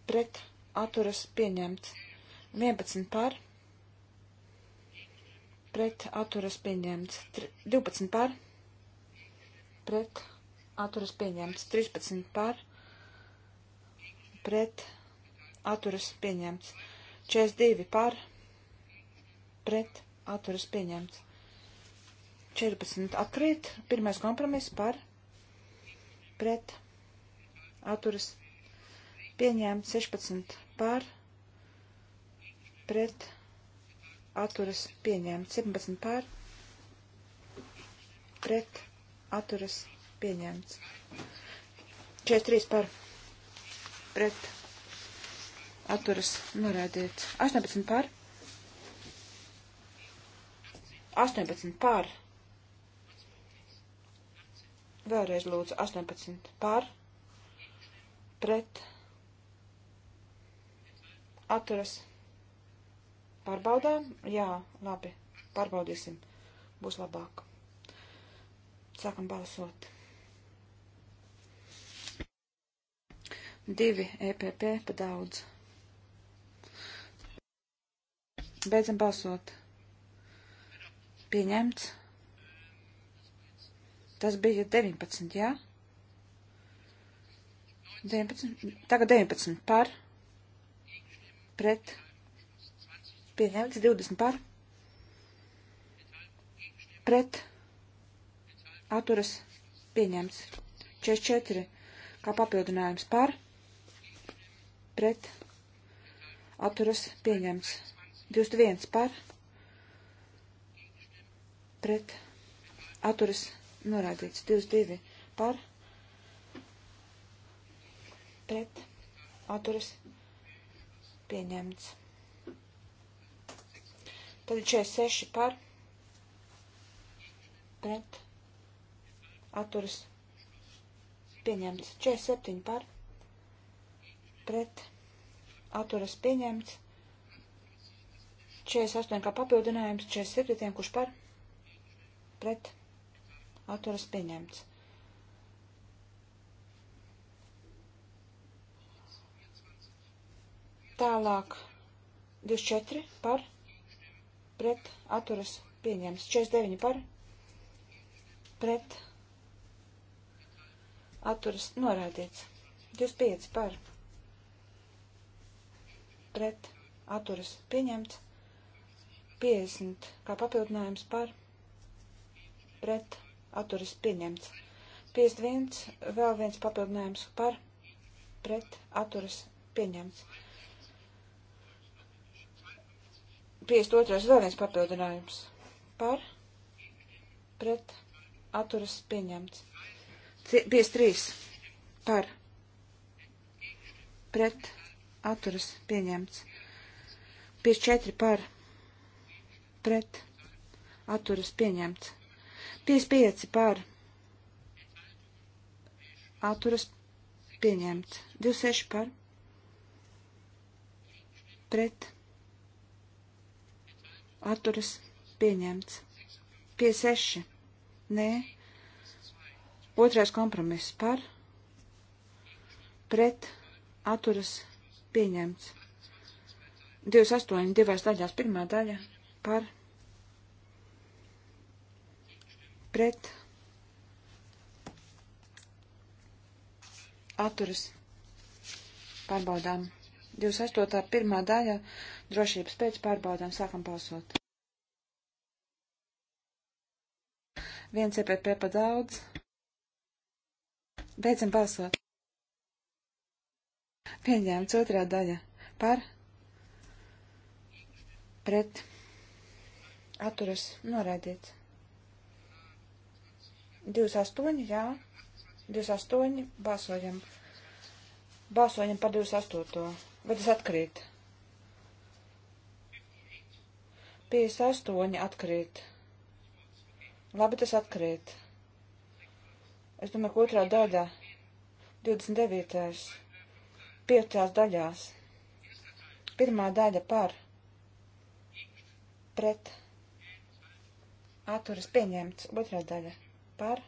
S2: Pret. Atturas. Pieņemts. 11. pār pret atturas pieņemts. 12 par pret atturas pieņemts. 13 par pret atturas pieņemts. 42 par pret atturas pieņemts. 14 atkrīt. Pirmais kompromiss par pret atturas pieņemts. 16 par pret atturas pieņemts atturas pieņemts. 17 pār pret atturas pieņemts. 43 pār pret atturas norādīts. 18 pār. 18 pār. Vēlreiz lūdzu 18 pār pret atturas norādīts Pārbaudām? Jā, labi. Pārbaudīsim. Būs labāk. Sākam balsot. Divi EPP pa daudz. Beidzam balsot. Pieņemts. Tas bija 19, jā? 19. Tagad 19 par. Pret pieņemts 20 par pret atturas pieņemts 44 kā papildinājums par pret atturas pieņemts 21 par pret atturas norādīts 22 par pret atturas pieņemts Tad ir 46 par pret atturas pieņemts. 47 par pret atturas pieņemts. 48 kā papildinājums 47, kurš par pret atturas pieņemts. Tālāk 24 par pret pret atturas pieņemts. 49 par pret atturas norādīts. 25 par pret atturas pieņemts. 50 kā papildinājums par pret atturas pieņemts. 51 vēl viens papildinājums par pret atturas pieņemts. 52. vēl viens papildinājums. Par, pret, atturas pieņemts. 53. Par, pret, atturas pieņemts. 54. Par, pret, atturas pieņemts. 55. Par, atturas pieņemts. 26. Par, pret, atturas pieņemts atturas pieņemts. 56. Nē. Otrais kompromiss par pret atturas pieņemts. 28. divās daļās pirmā daļa par pret atturas pārbaudām. 28. pirmā daļa drošības pēc pārbaudām sākam balsot. Viens EPP pa daudz. Beidzam balsot. Pieņēmts otrā daļa par pret atturas noraidīts. 28, jā. 28, balsojam. Balsojam par 28 bet tas atkrīt. 58 atkrīt. Labi, tas atkrīt. Es domāju, ka otrā daļā, 29. 5. daļās. Pirmā daļa par pret atturas pieņemts. Otrā daļa par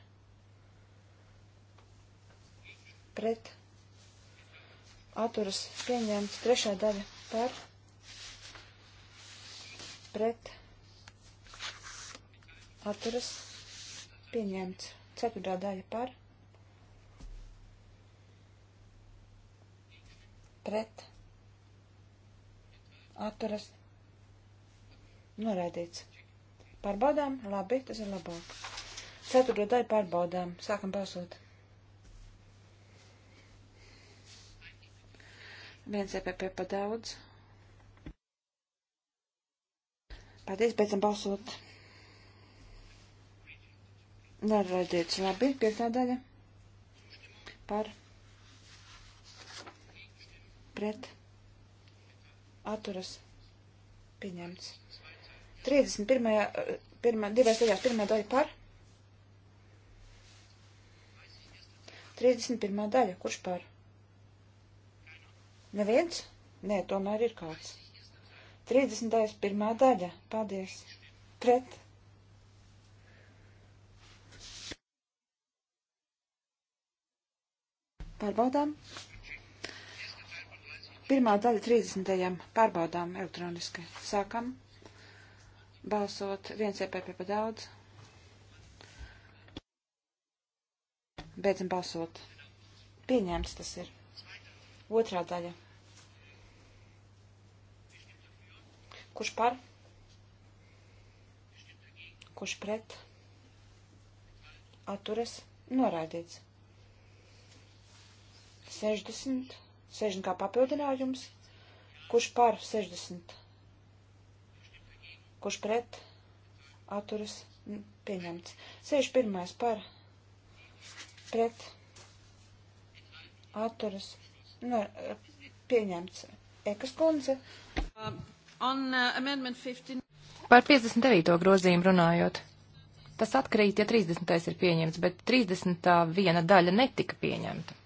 S2: pret atturas atturas pieņemts. Trešā daļa par pret atturas pieņemts. Ceturtā daļa par pret atturas noraidīts. Pārbaudām, labi, tas ir labāk. Ceturto daļu pārbaudām, sākam balsot. Viens EPP pa daudz. Paldies, beidzam balsot. Norādīts labi, piektā daļa. Par. Pret. Atturas. Pieņemts. 31. Pirmā, divās daļās pirmā daļa par. 31. daļa. Kurš par? Neviens? Nē, tomēr ir kāds. 31. daļa. Paldies. Pret. Pārbaudām. Pirmā daļa 30. pārbaudām elektroniski. Sākam. Balsot. Viens EPP pa daudz. Beidzam balsot. Pieņēmts tas ir. Otrā daļa. Kurš par? Kurš pret? Atturas noraidīts. 60, 60 kā papildinājums. Kurš par 60? Kurš pret? Atturas pieņemts. 61 par pret? Atturas pieņemts Nu, pieņemts. Ekas kundze. Uh, on,
S1: uh, 15...
S3: Par 59. grozījumu runājot. Tas atkarīt, ja 30. ir pieņemts, bet 30. viena daļa netika pieņemta.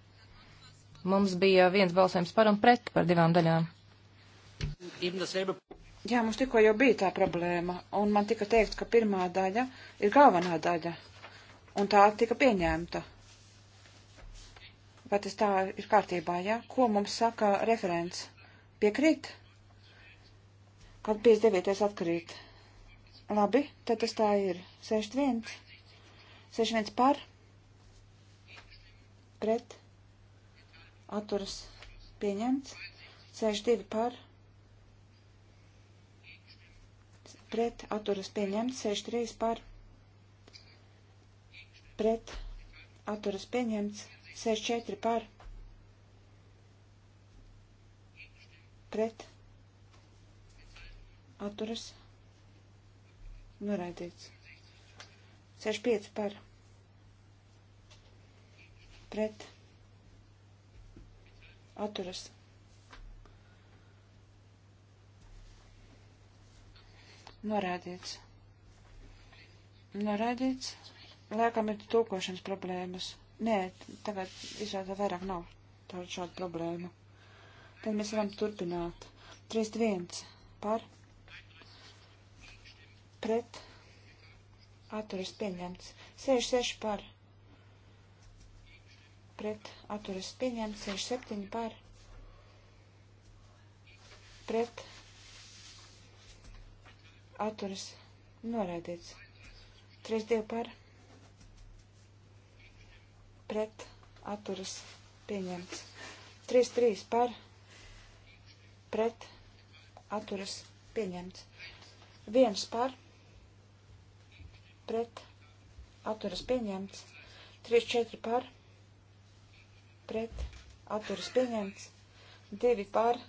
S3: Mums bija viens balsojums par un pret par divām daļām.
S1: Jā,
S3: mums tikko jau bija tā problēma, un man tika teikt, ka pirmā daļa
S2: ir galvenā daļa, un tā tika pieņemta. Vai tas tā ir kārtībā, ja? Ko mums saka referents? Piekrīt? Kad 59. atkrīt. Labi, tad tas tā ir. 61. 61 par. Pret. Atturas. Pieņemts. 62 par. Pret. Atturas. Pieņemts. 63 par. Pret. Atturas. Pieņemts. 64 par pret atturas noraidīts. 65 par pret atturas. Norādīts. Norādīts. Lēkam ir tūkošanas problēmas. Nē, tagad izrādās vairāk nav tāda šāda problēma. Tad mēs varam turpināt. 31 par pret atturas pieņemts. 66 par pret atturas pieņemts. 67 par pret atturas noraidīts. 32 par pret pret atturas pieņemts. 3-3 par pret atturas pieņemts. 1 par pret atturas pieņemts. 3-4 par pret atturas pieņemts. 2 par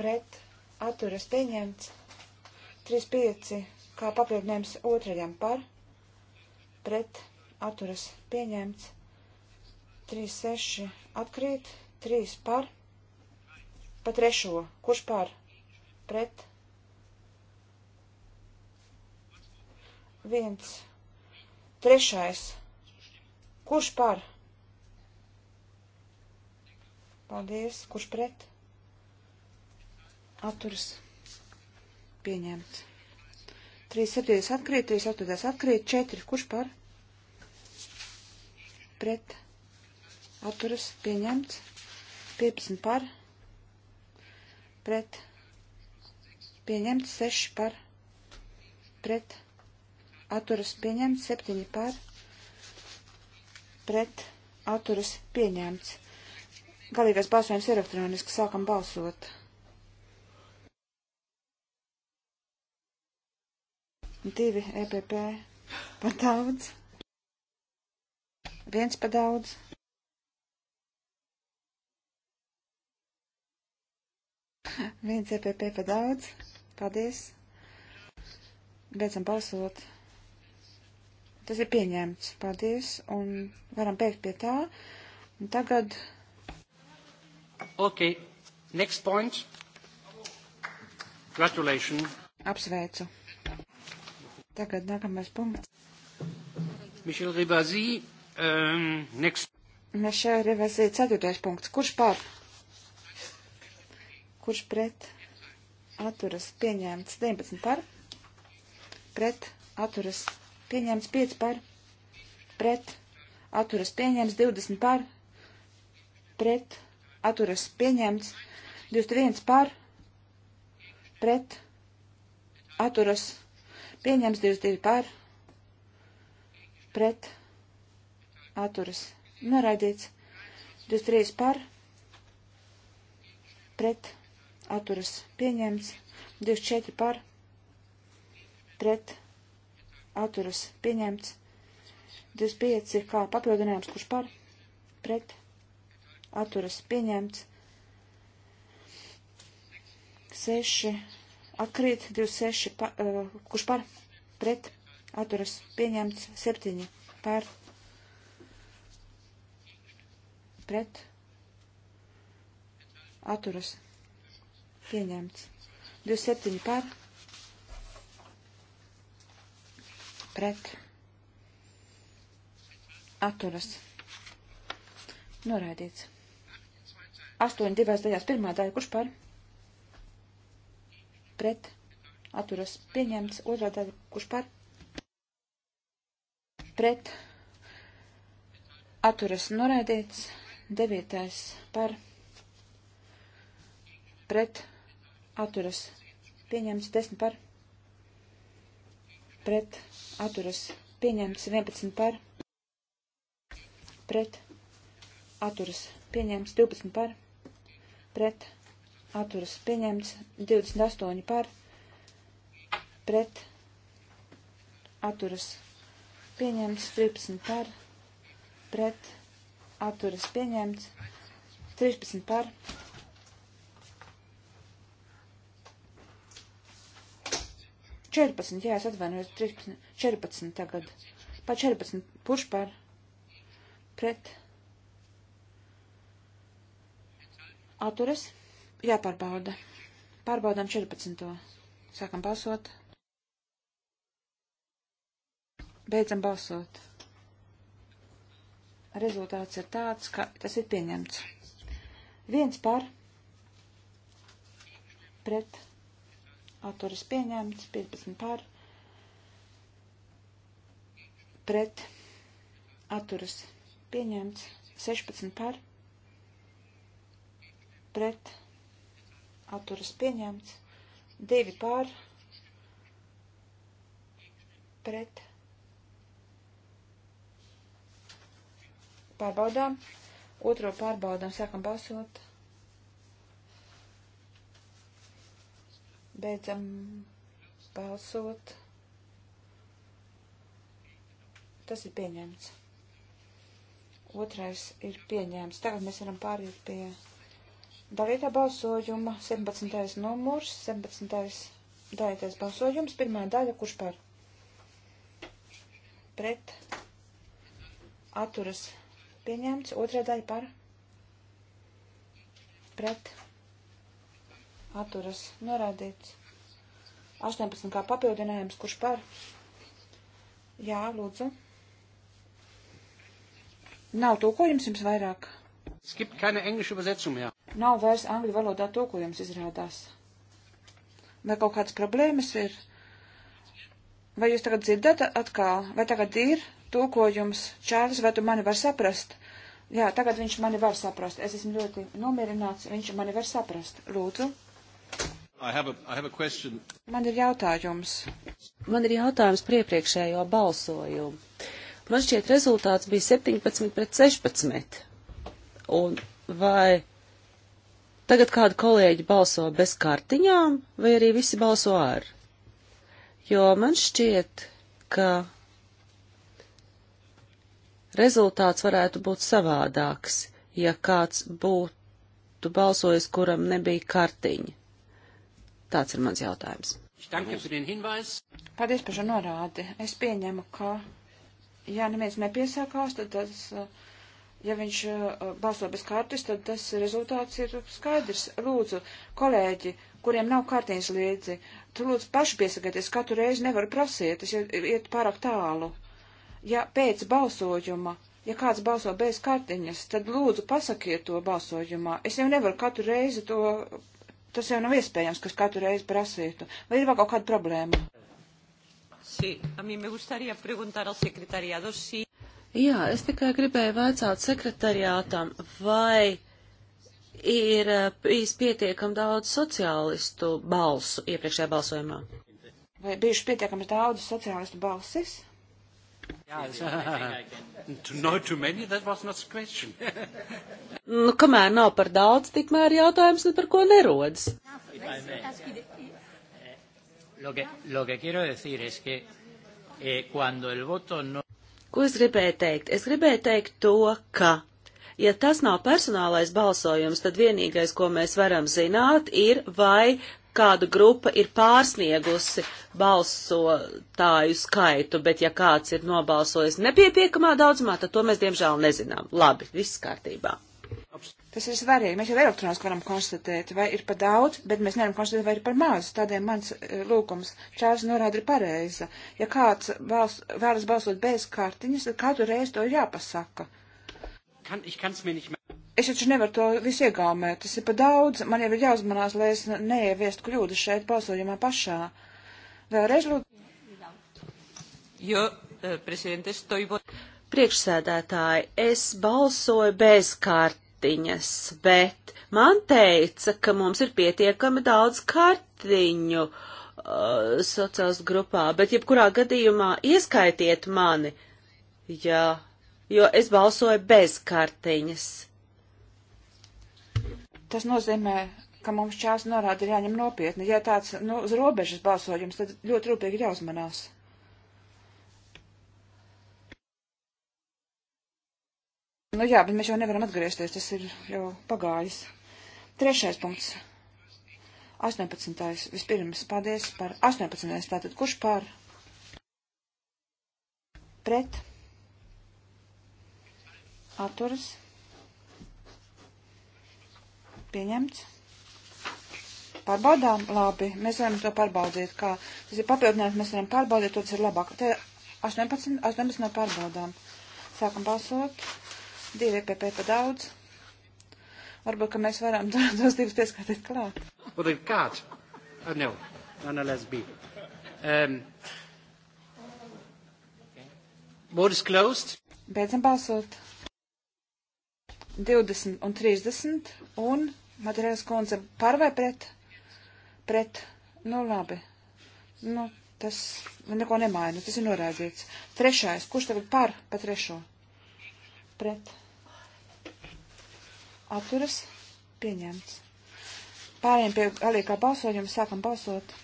S2: pret atturas pieņemts. 3-5 kā papildinājums otrajam par pret atturas pieņemts atturas pieņemts. 3-6 atkrīt, 3 par, pa trešo, kurš par, pret, 1, trešais, kurš par, paldies, kurš pret, atturas, pieņemts, 3, 7 atkrīt, 3, 8 atkrīt, 4, kurš par, pret atturas pieņemts. 15 par pret pieņemts. 6 par pret atturas pieņemts. 7 par pret atturas pieņemts. Galīgais balsojums elektroniski sākam balsot. Divi EPP pat daudz. Viens pa daudz. Viens EPP pa daudz. Paldies. Beidzam balsot. Tas ir pieņemts. Paldies. Un varam beigt pie tā. Un tagad. Ok. Next point.
S3: Congratulations.
S2: Apsveicu. Tagad nākamais punkts.
S3: Michel Ribazī Um, next.
S2: Mēs šeit ir ievēsīt ceturtais punkts. Kurš pār? Kurš pret? Atturas pieņēmts 19 par. Pret atturas pieņēmts 5 par. Pret atturas pieņēmts 20 par. Pret atturas pieņēmts 21 par. Pret atturas pieņēmts 22 par. Pret atturas noraidīts. 23 par pret atturas pieņemts. 24 par pret atturas pieņemts. 25 kā papildinājums, kurš par pret atturas pieņemts. 6 atkrīt, 26, pa, uh, kurš par pret atturas pieņemts, 7 par pret pret atturas pieņemts. 27 par pret atturas noraidīts. 8 divās daļās pirmā daļa, kurš par pret atturas pieņemts, otrā daļa, kurš par pret atturas noraidīts. Devietais par pret atturas pieņemts. Desmit par pret atturas pieņemts. Vienpadsmit par pret atturas pieņemts. Divpadsmit par pret atturas pieņemts. Divdesmit astoņi par pret atturas pieņemts. Trīpadsmit par pret atturas pieņemts atturas pieņemts, 13 par, Četrpadsmit, jā, es atvainojos, trīspadsmit, četrpadsmit tagad. Pa četrpadsmit, puš par, pret, atturas, jāpārbauda. Pārbaudām četrpadsmito. Sākam balsot. Beidzam balsot. Rezultāts ir tāds, ka tas ir pieņemts. Viens par pret autors pieņemts, 15 par pret autors pieņemts, 16 par pret autors pieņemts, 2 par pret Pārbaudām. Otro pārbaudām. Sākam balsot. Beidzam balsot. Tas ir pieņemts. Otrais ir pieņemts. Tagad mēs varam pāriet pie dalītā balsojuma. 17. numurs, 17. dalītais balsojums. Pirmā daļa, kurš par pret atturas pieņemts pieņemts, otrā daļa par pret atturas norādīts. 18 kā papildinājums, kurš par? Jā, lūdzu. Nav tulkojums jums vairāk.
S1: Es gibt keine englische Übersetzung mehr.
S2: Nav vairs angļu valodā tulkojums izrādās. Vai kaut kādas problēmas ir? Vai jūs tagad dzirdat atkal? Vai tagad ir? tulkojums. Čārlis, vai tu mani var saprast? Jā, tagad viņš mani var saprast. Es esmu ļoti nomierināts, viņš mani var saprast. Lūdzu.
S3: I have a, I have a
S1: Man ir jautājums. Man ir jautājums priepriekšējo balsojumu. Man šķiet rezultāts bija 17 pret 16. Un vai tagad kādi kolēģi balso bez kartiņām, vai arī visi balso ar? Jo man šķiet, ka rezultāts varētu būt savādāks, ja kāds būtu balsojis, kuram nebija kartiņa. Tāds ir mans jautājums.
S2: Paldies par šo norādi. Es pieņemu, ka, ja neviens nepiesakās, tad tas, ja viņš eh, balso bez kartes, tad tas rezultāts ir skaidrs. Lūdzu, kolēģi, kuriem nav kartiņas līdzi, tu lūdzu paši piesakieties, katru reizi nevar prasiet, tas iet pārāk tālu ja pēc balsojuma, ja kāds balso bez kartiņas, tad lūdzu pasakiet to balsojumā. Es jau nevaru katru reizi to, tas jau nav iespējams, kas katru reizi prasītu. Vai ir vēl kaut kāda problēma?
S1: Sí, a mí me gustaría preguntar al secretariado si... Jā, es tikai gribēju vaicāt sekretariātam, vai ir eh, bijis pietiekami daudz sociālistu balsu iepriekšējā balsojumā?
S2: Vai bijuši pietiekami daudz sociālistu balsis? (laughs) (laughs)
S1: nu, kamēr nav par daudz, tikmēr jautājums ne nu par ko nerodas. Ko es gribēju teikt? Es gribēju teikt to, ka, ja tas nav personālais balsojums, tad vienīgais, ko mēs varam zināt, ir, vai kāda grupa ir pārsniegusi balsotāju skaitu, bet ja kāds ir nobalsojis nepietiekamā daudzumā, tad to mēs diemžēl nezinām. Labi, viss kārtībā.
S2: Tas ir svarīgi. Mēs jau elektroniski varam konstatēt, vai ir par daudz, bet mēs nevaram konstatēt, vai ir par maz. Tādēļ mans e, lūkums Čārs norāda ir pareiza. Ja kāds vēlas, vēlas balsot bez kartiņas, tad katru reizi to ir jāpasaka. Kan, es taču nevaru to visu iegaumēt, tas ir pa daudz, man jau ir jāuzmanās, lai es neieviestu kļūdas šeit balsojumā pašā. Vēlreiz lūdzu.
S1: Jo, eh, prezidentes, to jau. Priekšsēdētāji, es balsoju bez kartiņas, bet man teica, ka mums ir pietiekami daudz kartiņu uh, eh, sociāls grupā, bet jebkurā gadījumā ieskaitiet mani, jā, jo es balsoju bez kartiņas.
S2: Tas nozīmē, ka mums šās norāda ir jāņem nopietni. Ja tāds nu, uz robežas balsojums, tad ļoti rūpīgi jāuzmanās. Nu jā, bet mēs jau nevaram atgriezties, tas ir jau pagājis. Trešais punkts. 18. Vispirms, paldies par 18. Tātad, kurš par? Pret? Atturas? Pieņemts. Pārbaudām? Labi. Mēs varam to pārbaudīt. Kā tas ir papildinājums, mēs varam pārbaudīt, to tas ir labāk. Te 18, 18 no pārbaudām. Sākam balsot. Divi PP pa daudz. Varbūt, ka mēs varam (laughs) tos divus pieskaitīt klāt. Tur ir kāds. Oh, no. No, no, let's be. Um,
S3: Vote is closed.
S2: Beidzam balsot. 20 un 30 un Materiāls kundze par vai pret? Pret. Nu, labi. Nu, tas neko nemaina, tas ir norādīts. Trešais. Kurš tagad par pa trešo? Pret. Atturas. Pieņemts. Pārējiem pie galīgā balsojuma sākam balsot.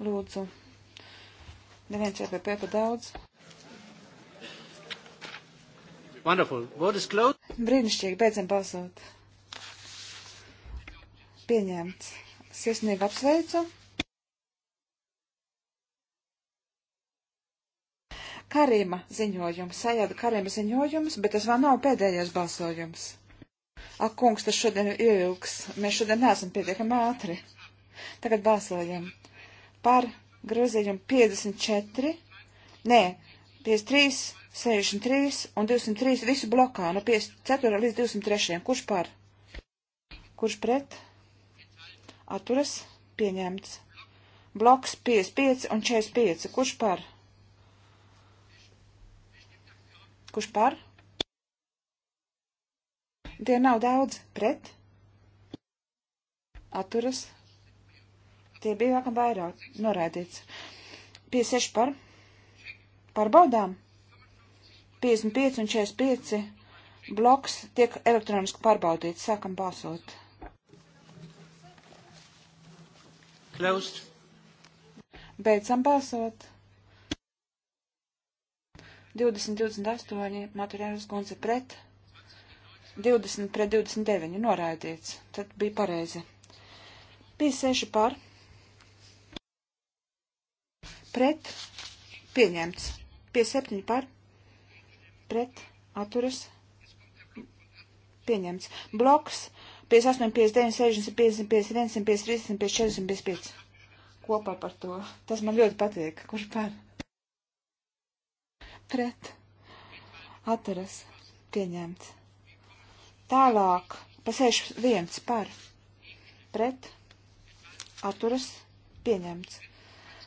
S2: Lūdzu. Neviens jau pie pēpa daudz.
S3: Wonderful. Vote is closed.
S2: Brīnišķīgi, beidzam balsot. Pieņemts. Sirsnīgi apsveicu. Karima ziņojums, sajāda Karima ziņojums, bet tas vēl nav pēdējais balsojums. Ak, kungs, tas šodien ir ilgs. Mēs šodien neesam pietiekami ātri. Tagad balsojam par grozījumu 54, nē, 53, 63 un 203 visu blokā no 54 līdz 203. Kurš par? Kurš pret? Atturas pieņemts. Bloks 55 un 45. Kurš par? Kurš par? Tie nav daudz pret. Atturas. Tie bija vēl vairāk noraidīts. 56 par. Pārbaudām. 55 un 45 bloks tiek elektroniski pārbaudīts. Sākam balsot. Closed. Beidzam balsot. 20, 28, materiālis kundze pret, 20 pret 29, noraidīts. Tad bija pareizi. Bija 6 par, pret, pieņemts, pie 7 par pret atturas pieņemts. Bloks 58, 59, 60, 50, 51, 153, 154, 155. Kopā par to. Tas man ļoti patīk. Kurš par? Pret. Atturas. Pieņemts. Tālāk. Pa 61 par. Pret. Atturas. Pieņemts.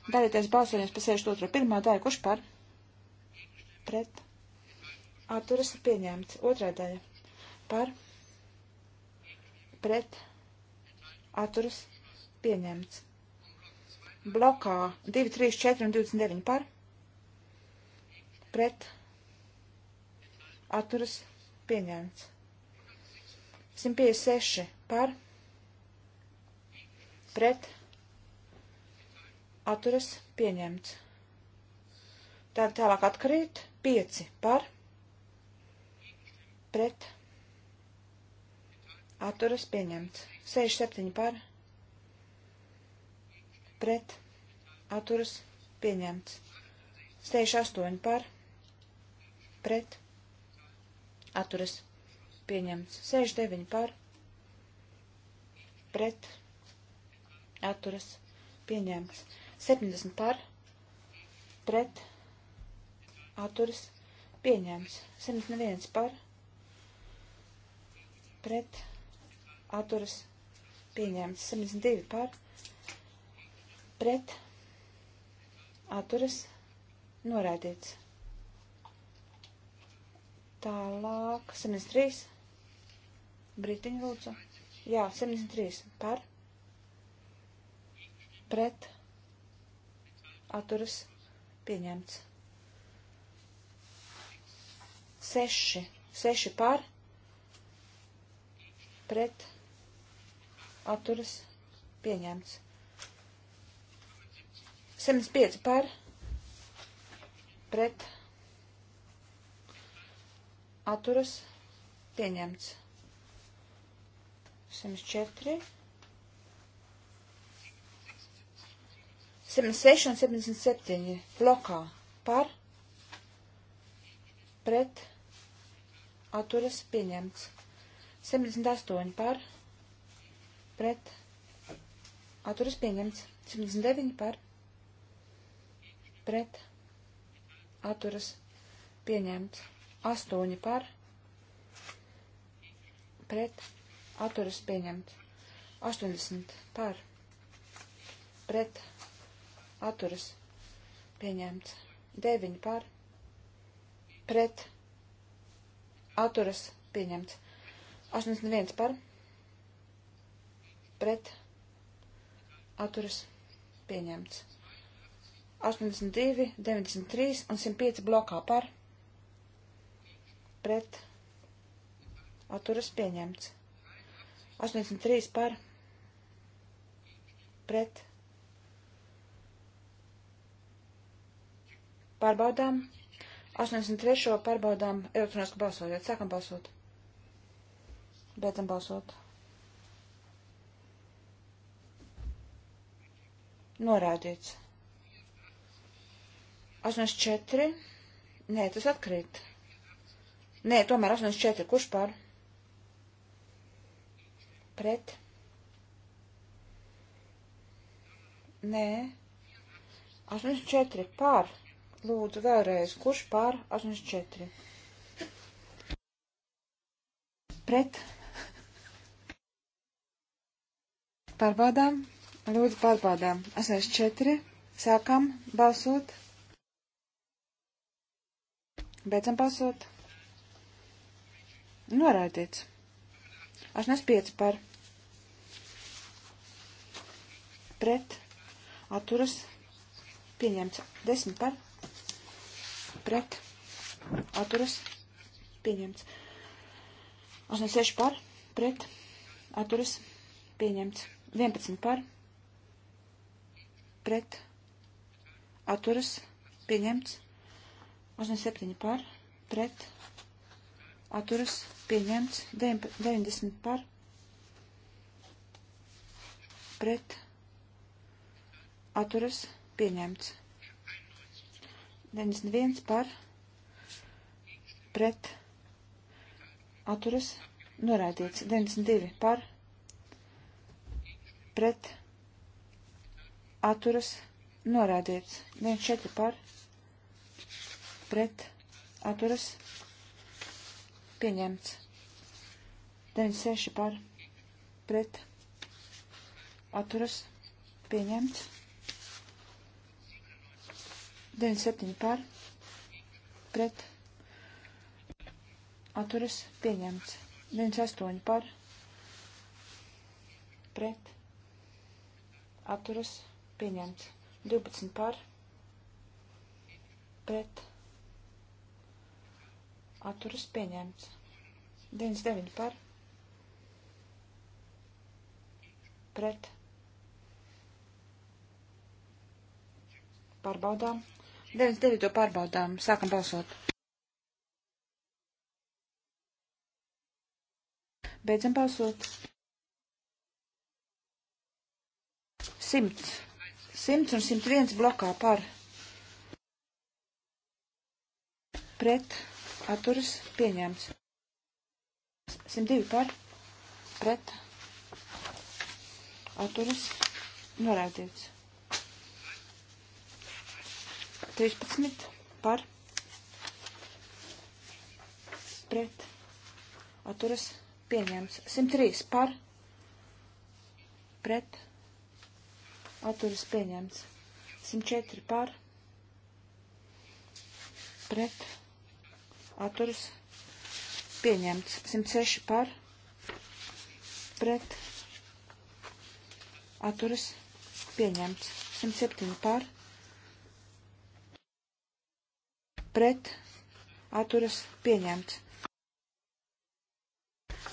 S2: Darīties balsojums pa 62. Pirmā daļa. Kurš par? Pret atturas ir pieņemts. Otrā daļa par pret atturas pieņemts. Blokā 2, 3, 4 un 29 par pret atturas pieņemts. 156 par pret atturas pieņemts. Tad tālāk atkarīt 5 par pret pret atturas pieņemts. 67 par pret atturas pieņemts. 68 par pret atturas pieņemts. 69 par pret atturas pieņemts. 70 par pret atturas pieņemts. 71 par pret pret atturas pieņemts. 72 par pret atturas norādīts. Tālāk 73. Britiņu lūdzu. Jā, 73 par pret atturas pieņemts. 6. 6 par pret atturas pieņemts. 75 par pret atturas pieņemts. 74. 76 un 77 blokā par pret atturas pieņemts. 78 par pret atturas pieņemts. 79 par pret atturas pieņemts. 8 par pret atturas pieņemts. 80 par pret atturas pieņemts. 9 par pret atturas pieņemts. 81 par pret atturas pieņemts. 82, 93 un 105 blokā par pret atturas pieņemts. 83 par pret pārbaudām. 83. pārbaudām elektronisku balsojot. Sākam balsot. Beidzam balsot. Norādīts. 84. Nē, tas atkrīt. Nē, tomēr 84. Kurš par? Pret. Nē. 84. Pār. Lūdzu, vēlreiz. Kurš pār? 84. Pret. Pārbaudām. Lūdzu, pārbaudām. 84. Sākam balsot. Beidzam balsot. Noraidīts. 85 par. Pret. Atturas. Pieņemts. 10 par. Pret. Atturas. Pieņemts. 86 par. Pret. Atturas. Pieņemts. 11 par pret atturas pieņemts. 87 par pret atturas pieņemts. 90 par pret atturas pieņemts. 91 par pret atturas noraidīts. 92 par pret atturas norādīts. 1,4 par pret atturas pieņemts. 9,6 par pret atturas pieņemts. 97 par pret atturas pieņemts. 98 par pret atturas pieņemts atturas pieņemts. 12 par pret atturas pieņemts. 99 par pret pārbaudām. 99 pārbaudām. Sākam balsot. Beidzam balsot. 100, 100 un 101 blokā par pret atturas pieņemts. 102 par pret atturas norādīts. 13 par pret atturas pieņemts. 103 par pret atturas atturas pieņemts. 104 par, pret, atturas pieņemts. 106 par, pret, atturas pieņemts. 107 par, pret, atturas pieņemts.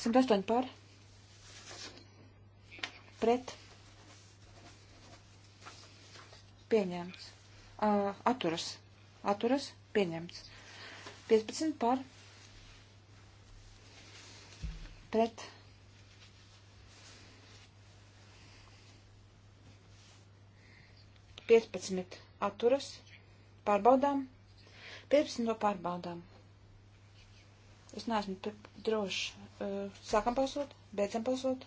S2: 108 par, pret, atturas pieņemts pieņemts. Atturas. Atturas, pieņemts. 15 par pret. Piecpadsmit atturas, pārbaudām, piecpadsmit to pārbaudām. Es neesmu drošs. Sākam balsot, beidzam balsot.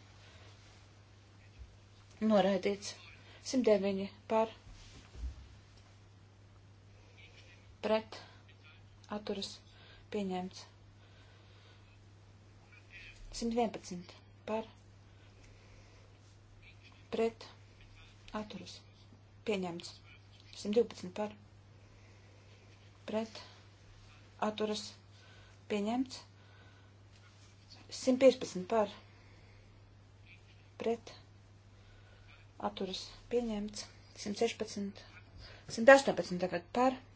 S2: Noraidīts. 109 par pret atturas pieņemts. 111 par pret atturas pieņemts. 112 par pret atturas pieņemts. 115 par pret atturas pieņemts. 116 118 tagad par pret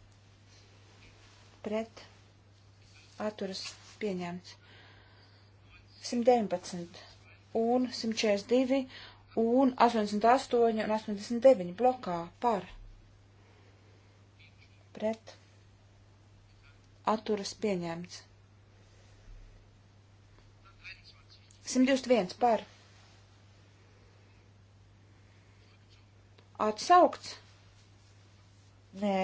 S2: pret atturas pieņemts. 119 un 142 un 88 un 89 blokā par pret atturas pieņemts. 121 par atsaukts. Nē,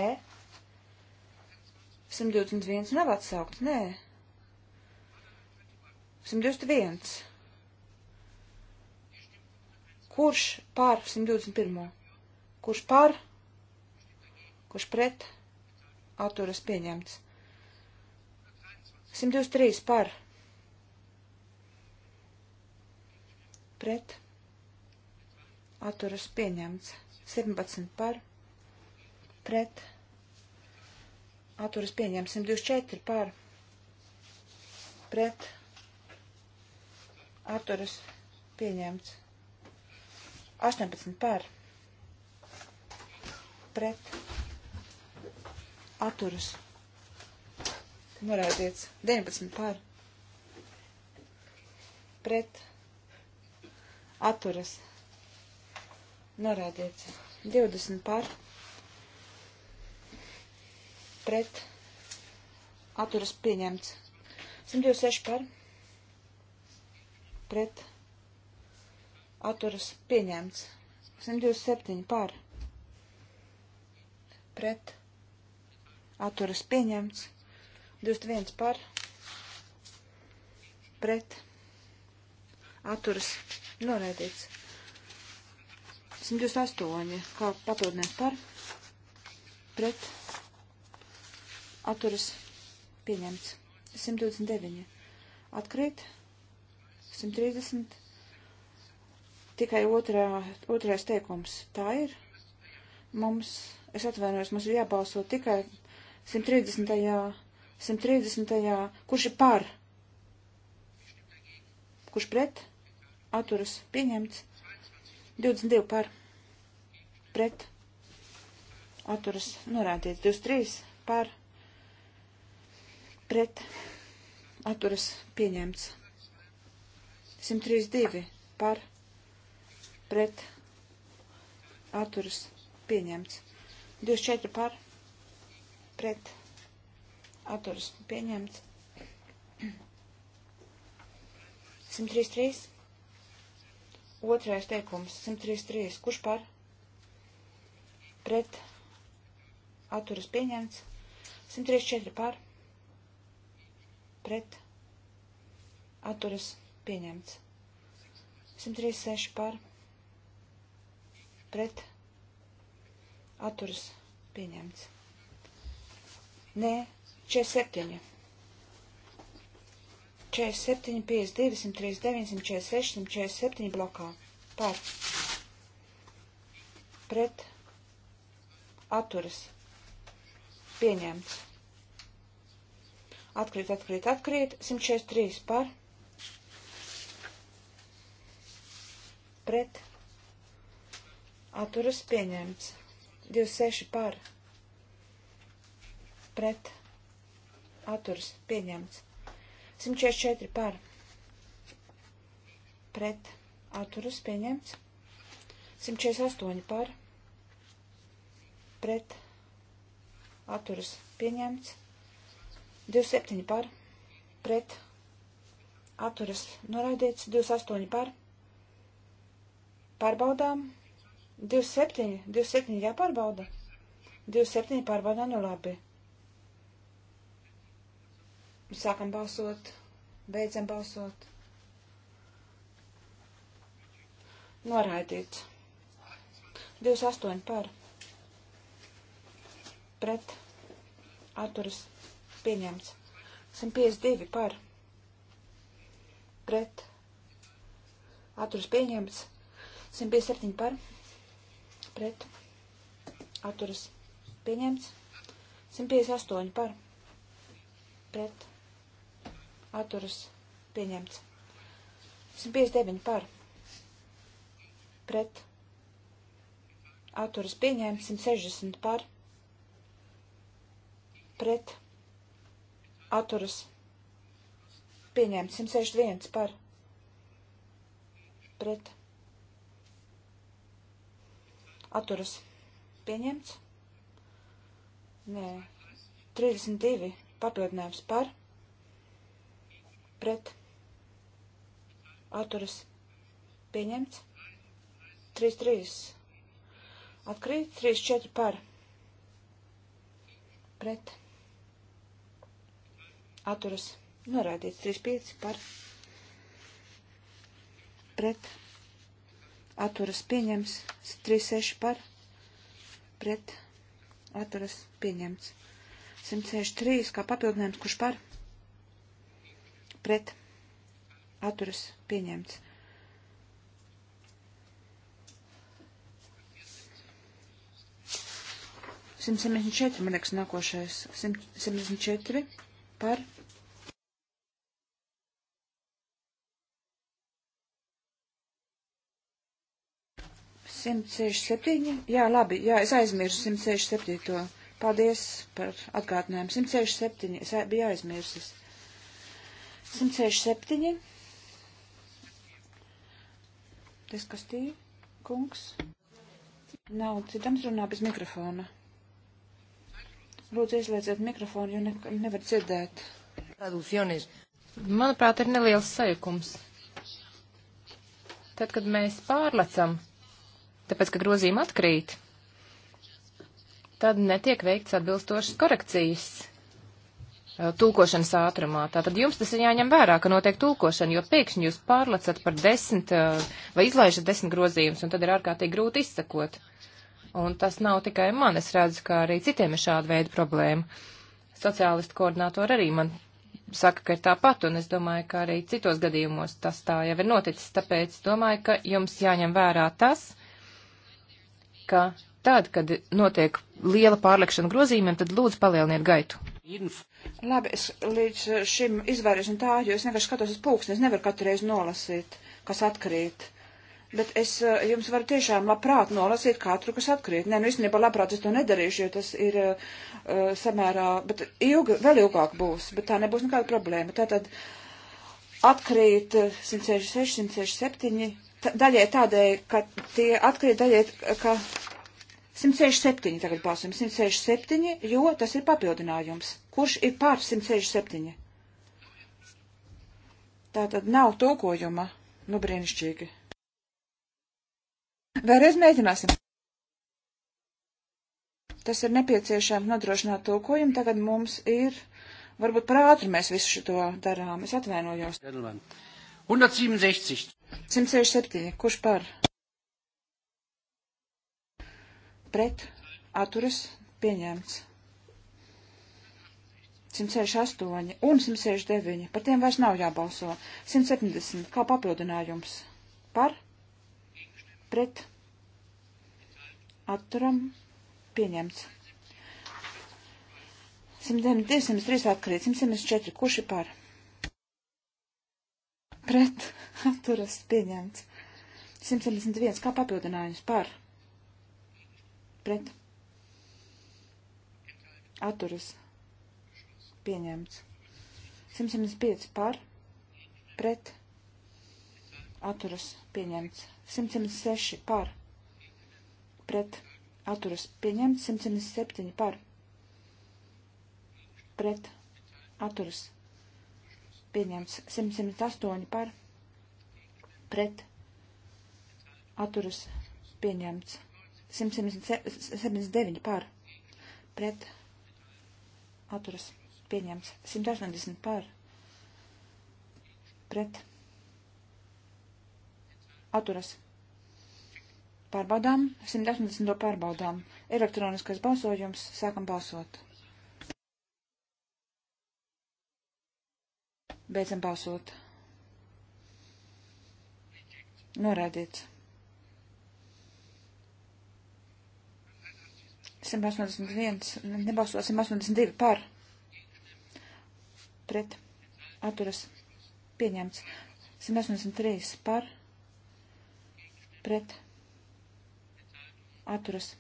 S2: 121 nav atsaukt, nē. 121. Kurš pār 121? Kurš pār? Kurš pret? Atturas pieņemts. 123 par. Pret. Atturas pieņemts. 17 par. Pret atturas pieņemts. 124 par pret atturas pieņemts. 18 par pret atturas norādīts. 19 par pret atturas norādīts. 20 par pret pret atturas pieņemts. 126 par pret atturas pieņemts. 127 par pret atturas pieņemts. 21 par pret atturas norēdīts. 128 kā papildinājums par pret atturas pieņemts atturas pieņemts. 129 atkrīt, 130 tikai otrā, otrais teikums. Tā ir. Mums, es atvainojos, mums ir jābalso tikai 130. 130. Kurš ir par? Kurš pret? Atturas pieņemts. 22 par. Pret. Atturas norādīts. 23 par pret atturas pieņemts. 132 par pret atturas pieņemts. 24 par pret atturas pieņemts. 133. Otrais teikums. 133. Kurš par? Pret. Atturas pieņemts. 134 par pret atturas pieņemts. 136 par pret atturas pieņemts. Nē, 47. 47, 52, 139, 146, 147 blokā. Par. Pret. Atturas. Pieņemts. Atkrīt, atkrīt, atkrīt. 143 par. Pret. Atturas pieņemts. 26 par. Pret. Atturas pieņemts. 144 par. Pret. Atturas pieņemts. 148 par. Pret. Atturas pieņemts. 27 par, pret, atturas noraidīts, 28 par, pārbaudām, 27, 27 jāpārbauda, 27 pārbaudā, nu labi. Sākam balsot, beidzam balsot. Noraidīts. 28 par. Pret. Atturas pieņemts. 152 par pret atturas pieņemts. 157 par pret atturas pieņemts. 158 par pret atturas pieņemts. 159 par pret atturas pieņemts. 160 par pret atturas pieņemts 161 par pret atturas pieņemts. Nē, 32 papildinājums par pret atturas pieņemts. 3-3 atkrīt, 3-4 par pret atturas norādīts 35 par pret atturas pieņems 36 par pret atturas pieņems 163 kā papildinājums kurš par pret atturas pieņemts. Simt septiņdesmit četri, man liekas, nākošais. Simt septiņdesmit četri par simt seši septiņi. Jā, labi, jā, es aizmirsu simt seši septīto. Paldies par atgādinājumu. 167. Es biju aizmirsis. 167. Tas, kas tī, kungs, nav citams runā bez mikrofona. Lūdzu, ieslēdziet
S3: mikrofonu, jo ne, nevar dzirdēt. Manuprāt, ir neliels sajukums. Tad, kad mēs pārlecam, tāpēc, ka grozījumi atkrīt, tad netiek veikts atbilstošas korekcijas eh, tulkošanas ātrumā. Tātad jums tas ir jāņem vērā, ka notiek tulkošana, jo pēkšņi jūs pārlecat par desmit eh, vai izlaižat desmit grozījumus, un tad ir ārkārtīgi grūti izsakot. Un tas nav tikai man, es redzu, ka arī citiem ir šāda veida problēma. Sociālistu koordinātori arī man saka, ka ir tāpat, un es domāju, ka arī citos gadījumos tas tā jau ir noticis. Tāpēc domāju, ka jums jāņem vērā tas, ka tad, kad notiek liela pārliekšana grozījumiem, tad lūdzu palieliniet gaitu.
S2: Labi, es līdz šim izvairīšu no tā, jo es vienkārši skatos uz pulksni, es nevaru katru reizi nolasīt, kas atkrīt. Uh, bet es eh, jums varu tiešām labprāt nolasīt katru, kas atkrīt. Nē, nu īstenībā labprāt es to nedarīšu, jo tas ir uh, samērā, bet ilgi, vēl ilgāk būs, bet tā nebūs nekāda problēma. Tātad atkrīt 166, 167, tā, daļai tādēļ, ka tie atkrīt daļai, ka 167 tagad balsojam, 167, jo tas ir papildinājums. Kurš ir pār 167? Tā tad nav tulkojuma. Nu, brīnišķīgi. Vēlreiz mēģināsim. Tas ir nepieciešams nodrošināt tulkojumu. Tagad mums ir, varbūt par ātri mēs visu to darām. Es atvainojos. 167. 167. Kurš par? Pret. Atturas. Pieņemts. 168 un 169. Par tiem vairs nav jābalso. 170. Kā papildinājums. Par? pret atturam pieņemts. 102, 103 atkarīt, 104, kurš ir par? Pret (laughs) atturas pieņemts. 171, kā papildinājums par? Pret atturas pieņemts. 175 par, pret atturas pieņemts. 106 par, pret atturas pieņemts 107 par, pret atturas pieņemts 108 par, pret atturas pieņemts 179 par, pret atturas pieņemts 180 par, pret atturas pieņemts atturas Pārbaudām, 180. pārbaudām. Elektroniskais balsojums, sākam balsot. Beidzam balsot. Norādīts. 181, nebalso 182 par. Pret. Atturas. Pieņemts. 183 par. Pret atturas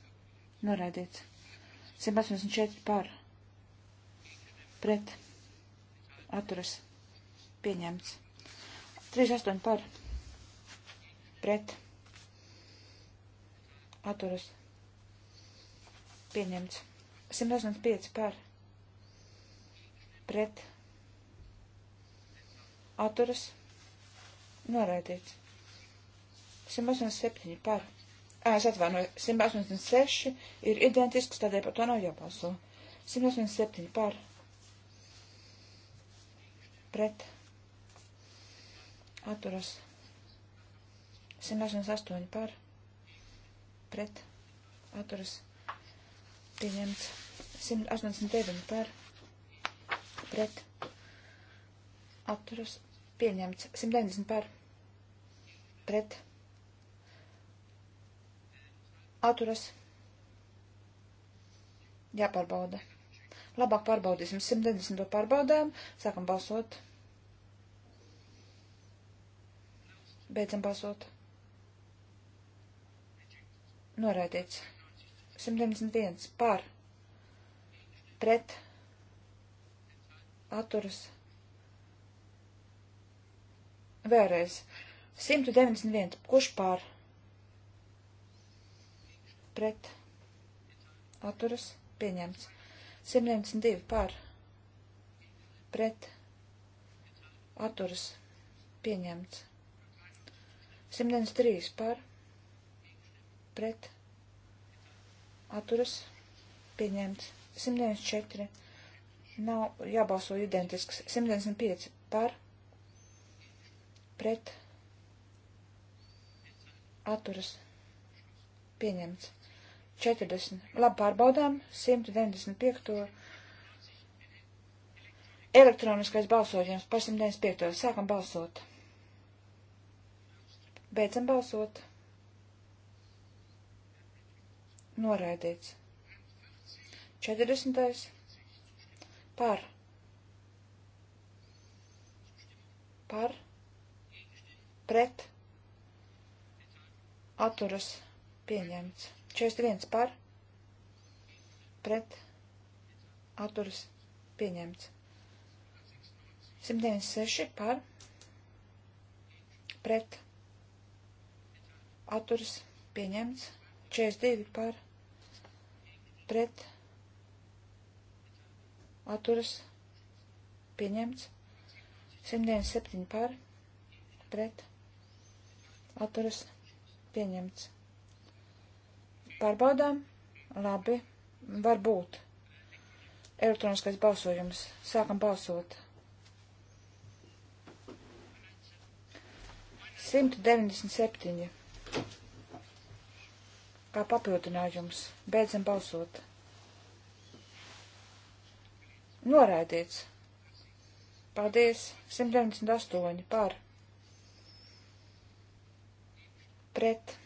S2: noraidīts. 184 par pret atturas pieņemts. 38 par pret atturas pieņemts. 185 par pret atturas noraidīts. 187 par pret Es atvainoju, 186 ir identisks, tādēļ par to nav jābalso. 187 par. Pret. Atturas. 188 par. Pret. Atturas. Pieņemts. 189 par. Pret. Atturas. Pieņemts. 190 par. Pret. Atturas. Jāpārbauda. Labāk pārbaudīsim. 190 pārbaudām. Sākam balsot. Beidzam balsot. Noraidīts. 191 pār. Pret. Atturas. Vēlreiz. 191. Kurš pār? pret atturas pieņemts. 192 par pret atturas pieņemts. 193 par pret atturas pieņemts. 194 nav jābalso identisks. 195 par pret atturas pieņemts. 40. Labi, pārbaudām 195. Elektroniskais balsojums par 195. Sākam balsot. Beidzam balsot. Noraidīts. 40. Par. Par. Pret. Aturas. Pieņemts. 41 par pret atturas pieņemts. 196 par pret atturas pieņemts. 42 par pret atturas pieņemts. 197 par pret atturas pieņemts. Pārbaudām. Labi. Varbūt. Elektroniskais balsojums. Sākam balsot. 197. Kā papildinājums. Beidzam balsot. Noraidīts. Paldies. 198 par. Pret.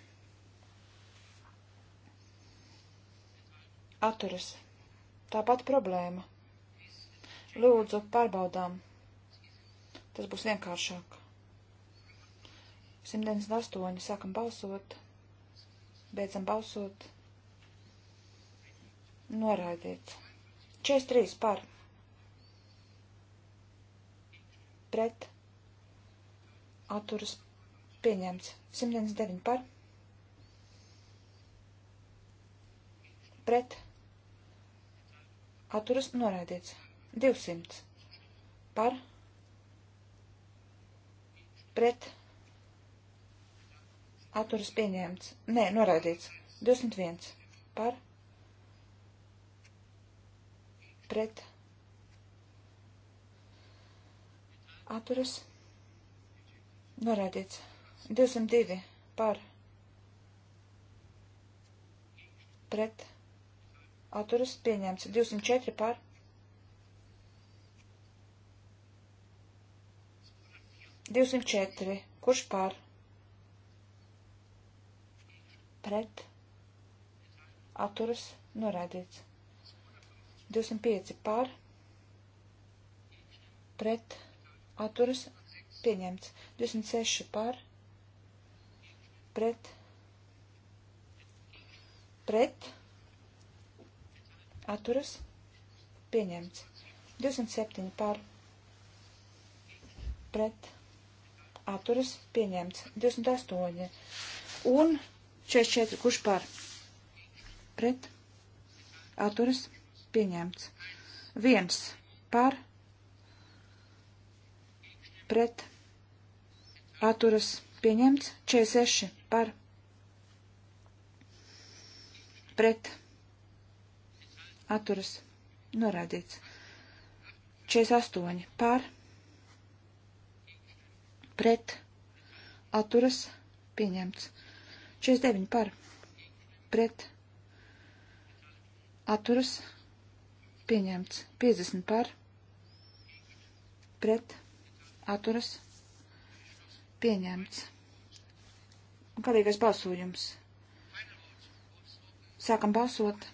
S2: atturas. Tāpat problēma. Lūdzu, pārbaudām. Tas būs vienkāršāk. 198. Sākam balsot. Beidzam balsot. Noraidiet. 43 par. Pret. Atturas pieņemts. 109 par. Pret atturas noraidīts. 200 par pret atturas pieņemts. Nē, noraidīts. 201 par pret atturas noraidīts. 202 par pret atturas atturas pieņemts. 204 par. Divsimt četri. Kurš pār? Pret. Atturas. Norādīts. 205 pār. Pret. Atturas. Pieņemts. 206 pār. Pret. Pret atturas pieņemts. 207 par pret atturas pieņemts. 208 un 44 kurš par pret atturas pieņemts. 1 par pret atturas pieņemts. 46 par pret atturas pieņemts pret atturas norādīts. 48 par pret atturas pieņemts. 49 par pret atturas pieņemts. 50 par pret atturas pieņemts. Un kādīgais balsojums? Sākam balsot.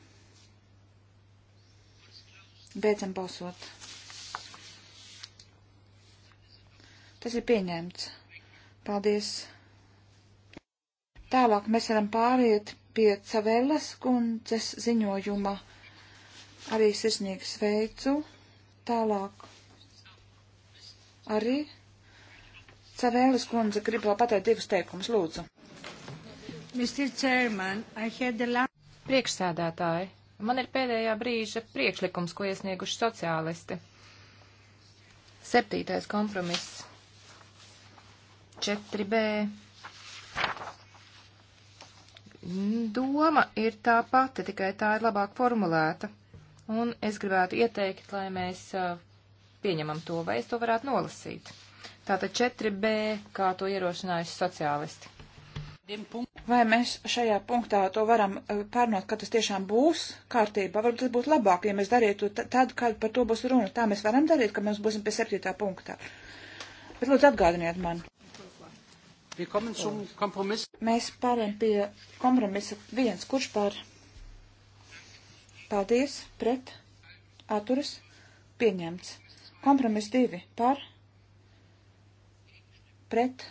S2: Beidzam balsot. Tas ir pieņemts. Paldies. Tālāk mēs varam pāriet pie Cavēlas kundzes ziņojuma. Arī sirsnīgi sveicu. Tālāk arī Cavēlas
S3: kundze grib vēl pateikt divus teikumus, lūdzu. Mr. Chairman, I had the last... Priekšsēdētāji, Man ir pēdējā brīža priekšlikums, ko iesnieguši sociālisti. Septītais kompromiss. 4b. Doma ir tā pati, tikai tā ir labāk formulēta. Un es gribētu ieteikt, lai mēs pieņemam to, vai es to varētu nolasīt. Tātad 4b, kā to ierosinājuši sociālisti. Vai mēs šajā punktā to varam
S2: eh, pārnot, ka tas tiešām būs kārtībā? Varbūt tas būtu labāk, ja mēs darītu tad, kad par to būs runa. Tā mēs varam darīt, ka mēs būsim pie septītā punktā. Bet lūdzu atgādiniet man. Mēs pārējām pie kompromisa viens, kurš par paldies, pret, atturas, pieņemts. Kompromis divi par, pret,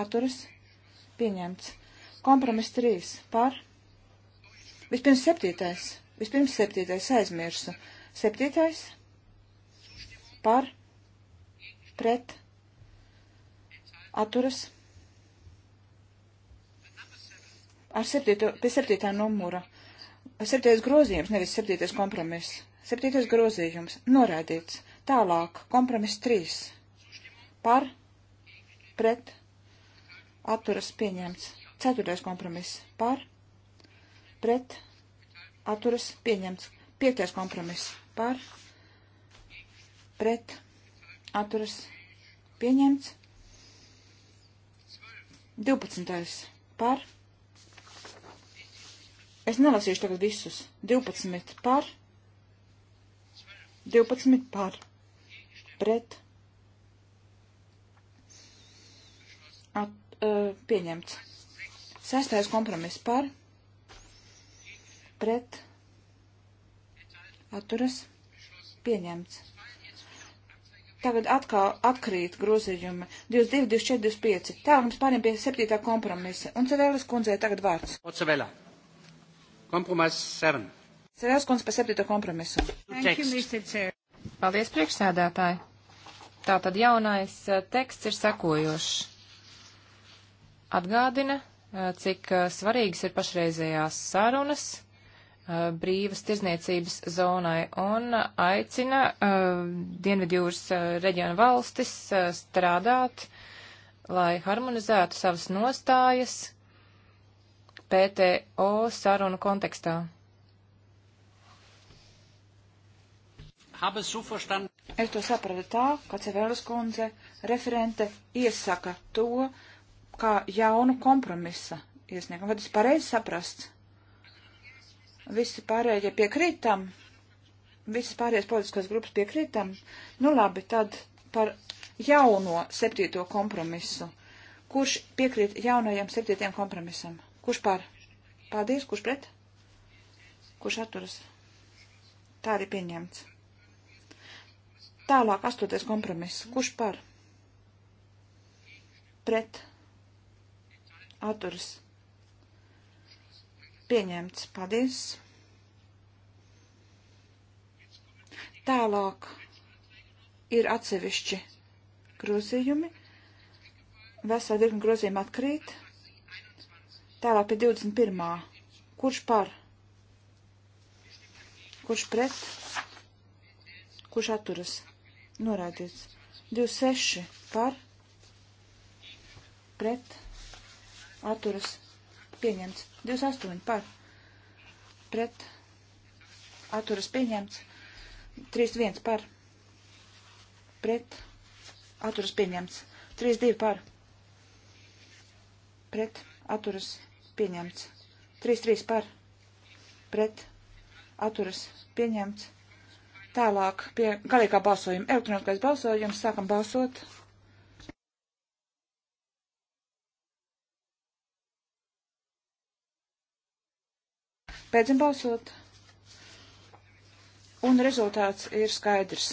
S2: atturas, pieņemts. Kompromiss 3 par. Vispirms 7. Vispirms 7. aizmirsu. 7. par. Pret. Atturas. Ar 7. pie 7. numura. 7. grozījums, nevis 7. kompromiss. 7. grozījums. Norādīts. Tālāk. Kompromiss 3. Par. Pret atturas pieņemts. Ceturtais kompromiss par, pret, atturas pieņemts. Piektais kompromiss par, pret, atturas pieņemts. 12. par. Es nelasīšu tagad visus. 12 par. 12 par. Pret. At uh, pieņemts. Sestais kompromiss par, pret, atturas, pieņemts. Tagad atkal atkrīt grozījumi 22, 24, 25. Tā mums pāriem pie septītā kompromisa. Un Cerēlis kundzei tagad vārds. Ocevēlā. Kompromiss 7.
S3: Cerēlis kundze par septīto kompromisu. You, Paldies, priekšsēdētāji. Tātad jaunais teksts ir sekojošs atgādina, eh, cik eh, svarīgas ir pašreizējās sarunas eh, brīvas tirzniecības zonai un aicina Dienvidjūras reģiona valstis strādāt, lai harmonizētu savas nostājas PTO sarunu kontekstā.
S2: Es to sapratu tā, ka Cevēlas kundze referente iesaka to, uh, kā jaunu kompromisa iesniegumu. Vai tas pareizi saprasts? Visi pārējie piekrīt tam, visas pārējās politiskās grupas piekrīt tam. Nu labi, tad par jauno septīto kompromisu. Kurš piekrīt jaunajam septītajam kompromisam? Kurš pār? Paldies, kurš pret? Kurš atturas? Tā arī pieņemts. Tālāk astoties kompromiss. Kurš par? Pret atturas pieņemts. Paldies. Tālāk ir atsevišķi grozījumi. Vesela virkni grozījumi atkrīt. Tālāk pie 21. Kurš par? Kurš pret? Kurš atturas? Norādīts. 26 par? Pret? atturas pieņemts. 28 par pret atturas pieņemts. 31 par pret atturas pieņemts. 32 par pret atturas pieņemts. 33 par pret atturas pieņemts. Tālāk pie galīgā balsojuma. Elektroniskais balsojums. Sākam balsot. Beidzam balsot. Un rezultāts ir skaidrs.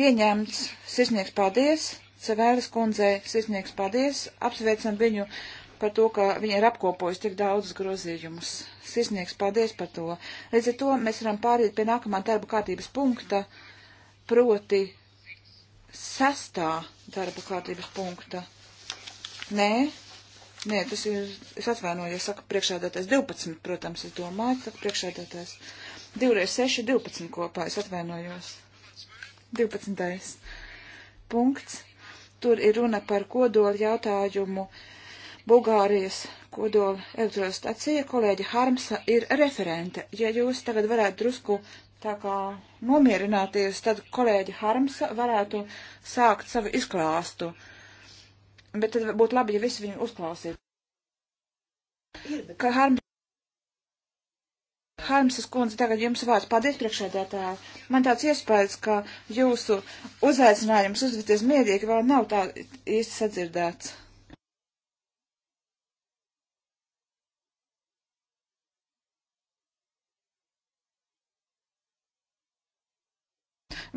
S2: Pieņemts sirsnieks paldies, Sevēras kundzei sirsnieks paldies, apsveicam viņu par to, ka viņi ir apkopojuši tik daudz grozījumus. Sirsnieks paldies par to. Līdz ar to mēs varam pāriet pie nākamā darba kārtības punkta, proti sestā darba kārtības punkta. Nē, Nē, tas ir, es atvainojos, saka priekšēdētais 12, protams, es domāju, saka priekšēdētais 2 x 6, 12 kopā, es atvainojos. 12. punkts. Tur ir runa par kodolu jautājumu Bulgārijas kodola elektrostacija. Kolēģi Harmsa ir referente. Ja jūs tagad varētu drusku tā kā nomierināties, tad kolēģi Harmsa varētu sākt savu izklāstu. Uh, Bet tad būtu labi, ja visi viņu uzklausītu. Ka Harm... Harmsas kundze, tagad jums vārds. Paldies, priekšēdētāji. Man tāds iespējas, ka jūsu uzaicinājums uzvesties miedīgi vēl nav tā īsti sadzirdēts.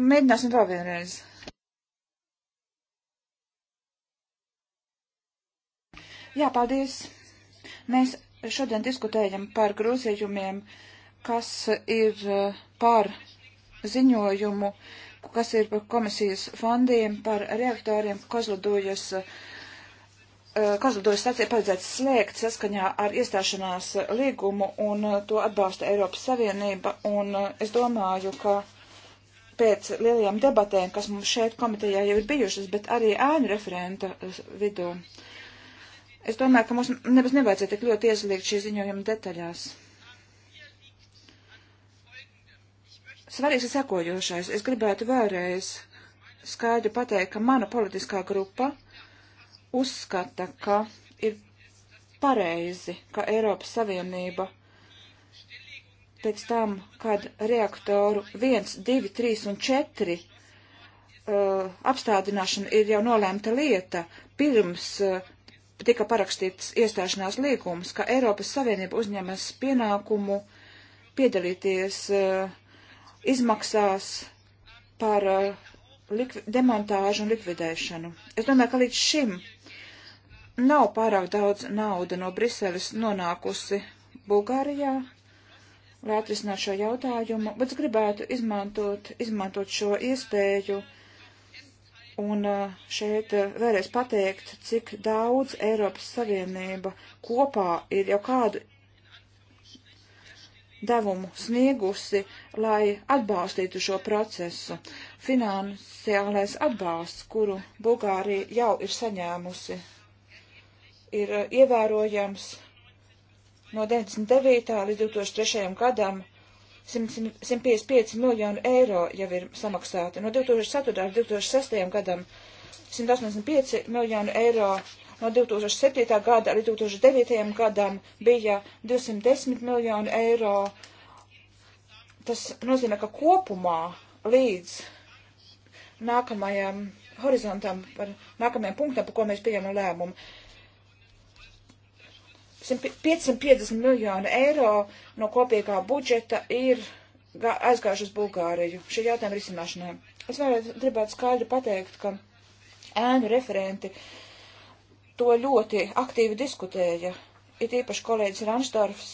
S2: Mēģināsim vēl vienreiz. Jā, paldies. Mēs šodien diskutējam par grozījumiem, kas ir eh, par ziņojumu, kas ir par komisijas fondiem, par reaktoriem, kozlidojas. Eh, Kazlidojas stācija paredzēts slēgt saskaņā ar iestāšanās līgumu un eh, to atbalsta Eiropas Savienība. Un es domāju, ka pēc lielajām debatēm, kas mums šeit komitejā jau ir bijušas, bet arī ēnu referenta vidū, uh, Es domāju, ka mums nebūs nevajadzētu tik ļoti ieslīgt šī ziņojuma detaļās. Svarīgs ir sekojošais. Es gribētu vēlreiz skaidri pateikt, ka mana politiskā grupa uzskata, ka ir pareizi, ka Eiropas Savienība pēc tam, kad reaktoru 1, 2, 3 un 4 uh, apstādināšana ir jau nolēmta lieta, pirms uh, tika parakstīts iestāšanās līgums, ka Eiropas Savienība uzņemas pienākumu piedalīties uh, izmaksās par uh, demontāžu un likvidēšanu. Es domāju, ka līdz šim nav pārāk daudz nauda no Briseles nonākusi Bulgārijā, lai atrisinātu šo jautājumu, bet es gribētu izmantot, izmantot šo iespēju uh, Un uh, šeit uh, vēlreiz pateikt, cik daudz Eiropas Savienība kopā ir jau kādu devumu sniegusi, lai atbalstītu šo procesu. Finansiālais atbalsts, kuru Bulgārija jau ir saņēmusi, ir uh, ievērojams no 99. līdz 2003. gadam 155 miljonu eiro jau ir samaksāti. No 2004. līdz 2006. gadam 185 miljonu eiro, no 2007. gada līdz 2009. gadam bija 210 miljonu eiro. Tas nozīmē, ka kopumā līdz nākamajam horizontam, par nākamajam punktam, par ko mēs pieņemam lēmumu, 550 miljonu eiro no kopīgā budžeta ir aizgājuši uz Bulgāriju šī jautājuma risināšanai. Es vēlētu gribētu skaidri pateikt, ka ēnu referenti to ļoti aktīvi diskutēja, it īpaši kolēģis Ransdorfs.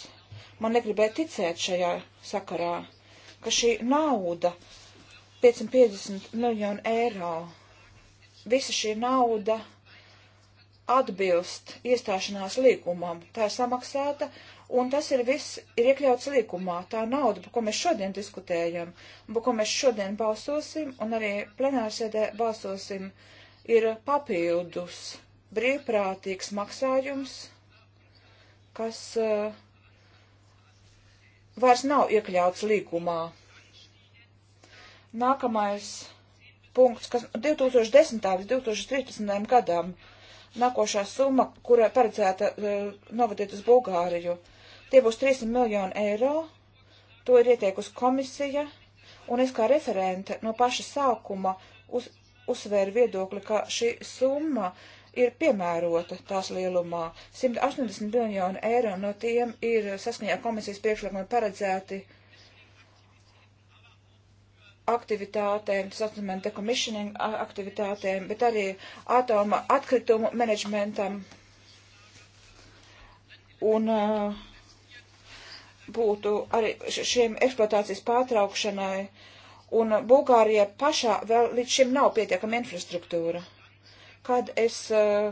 S2: Man negribēja ticēt šajā sakarā, ka šī nauda, 550 miljonu eiro, visa šī nauda atbilst iestāšanās līgumam. Tā ir samaksāta, un tas ir viss ir iekļauts līgumā. Tā nauda, par ko mēs šodien diskutējam, un par ko mēs šodien balsosim, un arī plenārsēdē balsosim, ir papildus brīvprātīgs maksājums, kas uh, vairs nav iekļauts līgumā. Nākamais punkts, kas 2010. līdz 2013. gadam nākošā summa, kura paredzēta uh, novadīt uz Bulgāriju. Tie būs 300 miljoni eiro, to ir ieteikusi komisija, un es kā referente no paša sākuma uz, uzsvēru viedokli, ka šī summa ir piemērota tās lielumā. 180 miljoni eiro no tiem ir saskaņā komisijas priekšlikumiem paredzēti aktivitātēm, tas atzīmēm decommissioning aktivitātēm, bet arī atoma atkritumu menedžmentam. Un uh, būtu arī šiem eksploatācijas pārtraukšanai, un Bulgārija pašā vēl līdz šim nav pietiekama infrastruktūra. Kad es uh,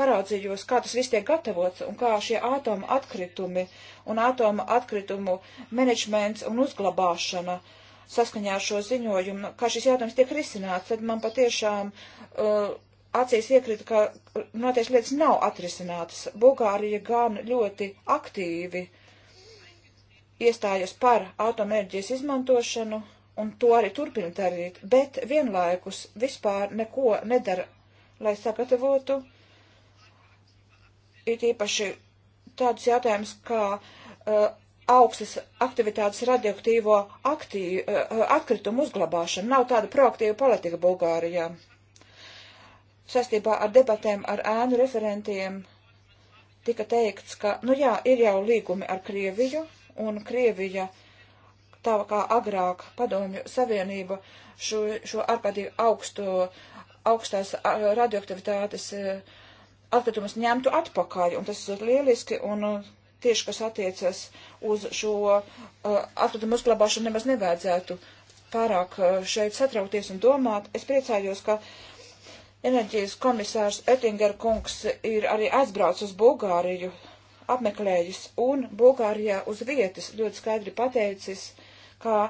S2: paraudzījos, kā tas viss tiek gatavots un kā šie ātoma atkritumi un ātoma atkritumu menedžments un uzglabāšana uh, saskaņā ar šo ziņojumu, kā šis jautājums tiek risināts, tad man patiešām uh, acīs iekrita, ka notiek lietas nav atrisinātas. Bulgārija gan ļoti aktīvi iestājas par atomenerģijas izmantošanu un to arī turpina darīt, bet vienlaikus vispār neko nedara, lai sagatavotu it īpaši tādus jautājumus kā uh, augstas aktivitātes radioaktīvo aktīvu, eh, eh, atkritumu uzglabāšanu. Nav tāda proaktīva politika Bulgārijā. Sastībā ar debatēm ar ēnu referentiem tika teikts, ka, nu jā, ir jau līgumi ar Krieviju, un Krievija, tā kā agrāk padomju savienība, šo, šo ārkārtīgi augstu, augstās radioaktivitātes eh, atkritumus ņemtu atpakaļ, un tas ir lieliski, un tieši kas attiecas uz šo uh, atkritumu uzglabāšanu, nemaz nevajadzētu pārāk uh, šeit satraukties un domāt. Es priecājos, ka enerģijas komisārs Ettinger kungs ir arī aizbraucis uz Bulgāriju, apmeklējis un Bulgārijā uz vietas ļoti skaidri pateicis, ka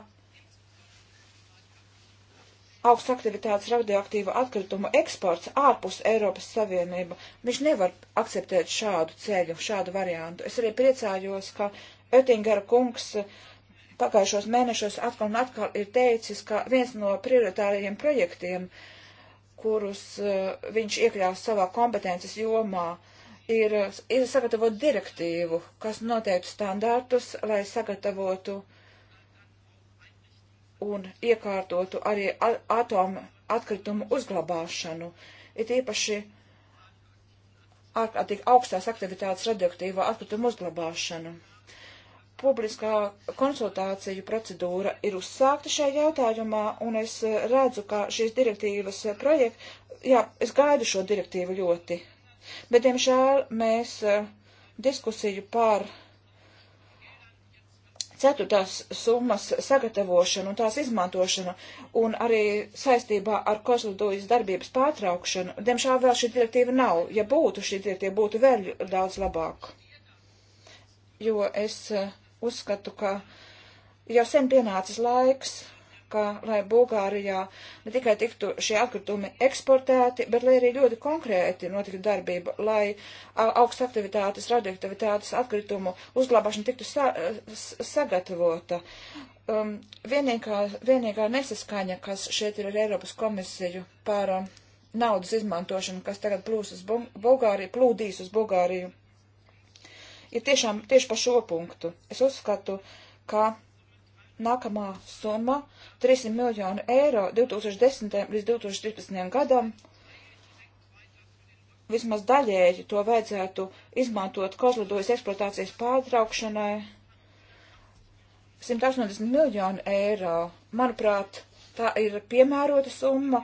S2: augsts aktivitātes radioaktīvu atkritumu eksports ārpus Eiropas Savienību. Viņš nevar akceptēt šādu ceļu, šādu variantu. Es arī priecājos, ka Oettingera kungs pagājušos mēnešos atkal un atkal ir teicis, ka viens no prioritārajiem projektiem, kurus uh, viņš iekļās savā kompetences jomā, ir, ir sagatavot direktīvu, kas noteiktu standārtus, lai sagatavotu uh, un iekārtotu arī atomu atkritumu uzglabāšanu, it īpaši ārkārtīgi augstās aktivitātes radioaktīvo atkritumu uzglabāšanu. Publiskā konsultāciju procedūra ir uzsākta šajā jautājumā, un es eh, redzu, ka šīs direktīvas eh, projekts, jā, es gaidu šo direktīvu ļoti, bet, diemžēl, mēs eh, diskusiju par uh, ceturtās summas sagatavošanu un tās izmantošanu, un arī saistībā ar konsultūjas darbības pārtraukšanu. Diemžēl vēl šī direktīva nav. Ja būtu šī direktīva, būtu vēl daudz labāk. Jo es eh, uzskatu, ka jau sen pienācis laiks ka, lai Bulgārijā ne tikai tiktu šie atkritumi eksportēti, bet lai arī ļoti konkrēti notiktu darbība, lai augsta aktivitātes, radioaktivitātes atkritumu uzglabāšana tiktu sa sagatavota. Um, vienīgā, vienīgā nesaskaņa, kas šeit ir ar Eiropas komisiju par um, naudas izmantošanu, kas tagad plūs uz Bu Bulgāriju, plūdīs uz Bulgāriju, ir tiešām tieši par šo punktu. Es uzskatu, ka nākamā summa 300 miljonu eiro 2010. līdz 2013. gadam. Vismaz daļēji to vajadzētu izmantot kozlidojas eksploatācijas pārtraukšanai. 180 miljonu eiro, manuprāt, tā ir piemērota summa,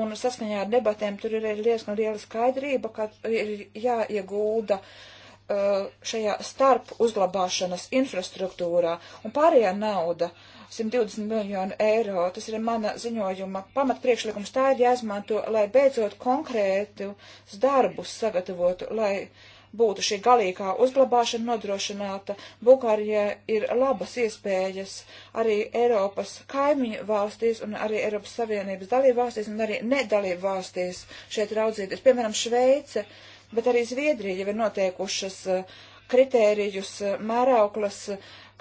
S2: un saskaņā ar debatēm tur ir diezgan liela skaidrība, ka ir jāiegulda uh, šajā starp uzglabāšanas infrastruktūrā, un pārējā nauda uh, 120 miljonu eiro. Tas ir mana ziņojuma pamatpriekšlikums. Tā ir jāizmanto, lai beidzot konkrētus darbus sagatavotu, lai būtu šī galīgā uzglabāšana nodrošināta. Bulgārija ir labas iespējas arī Eiropas kaimiņu valstīs un arī Eiropas Savienības dalību valstīs un arī nedalību valstīs šeit raudzīties. Piemēram, Šveice, bet arī Zviedrija jau ir noteikušas uh, kritērijus, eh, mērauklas,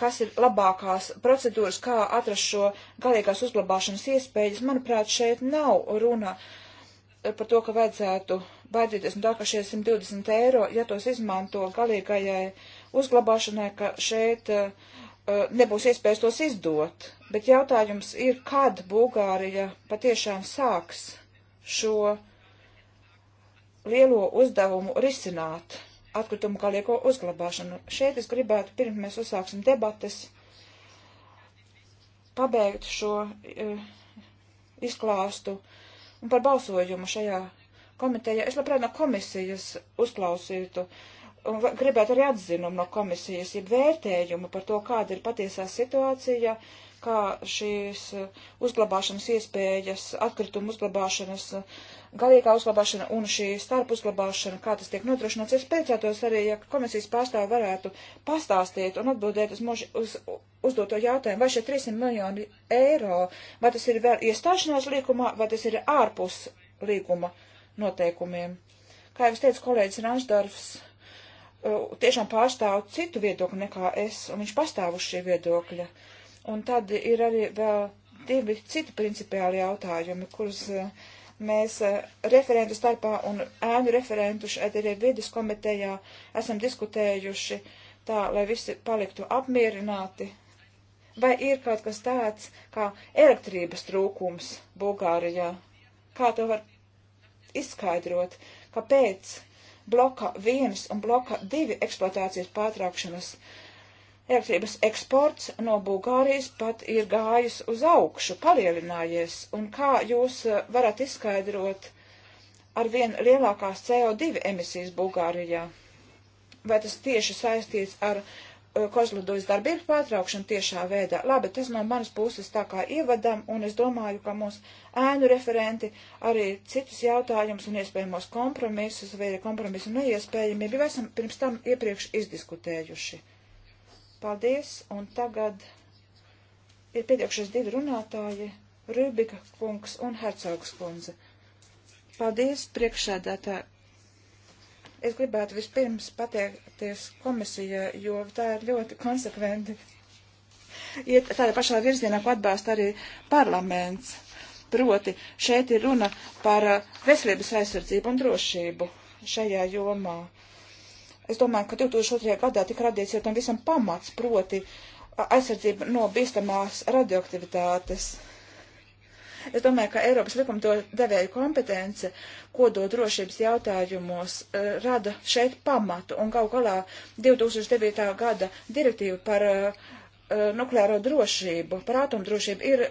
S2: kas ir labākās procedūras, kā atrast šo galīgās uzglabāšanas iespējas. Manuprāt, šeit nav runa eh, par to, ka vajadzētu baidīties no tā, ka šie 120 eiro, ja tos izmanto galīgajai uzglabāšanai, ka šeit uh, nebūs iespējas tos izdot. Bet jautājums ir, kad Bulgārija patiešām sāks šo lielo uzdevumu risināt atkritumu kā lieko uzglabāšanu. Šeit es gribētu, pirms mēs uzsāksim debates, pabeigt šo e, izklāstu un par balsojumu šajā komitejā. Es labprāt no komisijas uzklausītu un gribētu arī atzinumu no komisijas, ja vērtējumu par to, kāda ir patiesā situācija, kā šīs e, uzglabāšanas iespējas, atkritumu uzglabāšanas uh, galīgā uzglabāšana un šī starp uzglabāšana, kā tas tiek nodrošināts. Es priecātos arī, ja komisijas pārstāvi varētu pastāstīt un atbildēt uz, muži, uz uzdoto jautājumu, vai šie 300 miljoni eiro, vai tas ir vēl iestāšanās līkumā, vai tas ir ārpus līguma noteikumiem. Kā jau es teicu, kolēģis Ransdorfs uh, tiešām pārstāv citu viedokli nekā es, un viņš pastāv uz šī viedokļa. Un tad ir arī vēl divi citi principiāli jautājumi, kurus uh, Mēs eh, referentu starpā un ēnu referentu šeit arī vidas komitejā esam diskutējuši tā, lai visi paliktu apmierināti. Vai ir kaut kas tāds kā elektrības trūkums Bulgārijā? Kā to var izskaidrot? Kāpēc bloka 1 un bloka 2 eksploatācijas pārtraukšanas elektrības eksports no Bulgārijas pat ir gājis uz augšu, palielinājies, un kā jūs eh, varat izskaidrot ar vien lielākās CO2 emisijas Bulgārijā? Vai tas tieši saistīts ar uh, kozlidojas darbības pārtraukšanu tiešā veidā? Labi, tas no manas puses tā kā ievadam, un es domāju, ka mūsu ēnu referenti arī citus jautājumus un iespējamos kompromisus vai kompromisu neiespējamību jau esam pirms tam iepriekš izdiskutējuši. Paldies, un tagad ir pietiekušies divi runātāji - Rībika kungs un Hercogs kundze. Paldies, priekšsēdētāji. Es gribētu vispirms pateikties komisijai, jo tā ir ļoti konsekventi. Iet tādā pašā virzienā, ko atbalsta arī parlaments. Proti, šeit ir runa par veselības aizsardzību un drošību šajā jomā. Uh, Es domāju, ka 2002. gadā tika radīts jau tam visam pamats, proti aizsardzība no bīstamās radioaktivitātes. Es domāju, ka Eiropas likumdevēju kompetence kododrošības jautājumos rada šeit pamatu un gal galā 2009. gada direktīva par uh, nukleāro drošību, par atomdrošību ir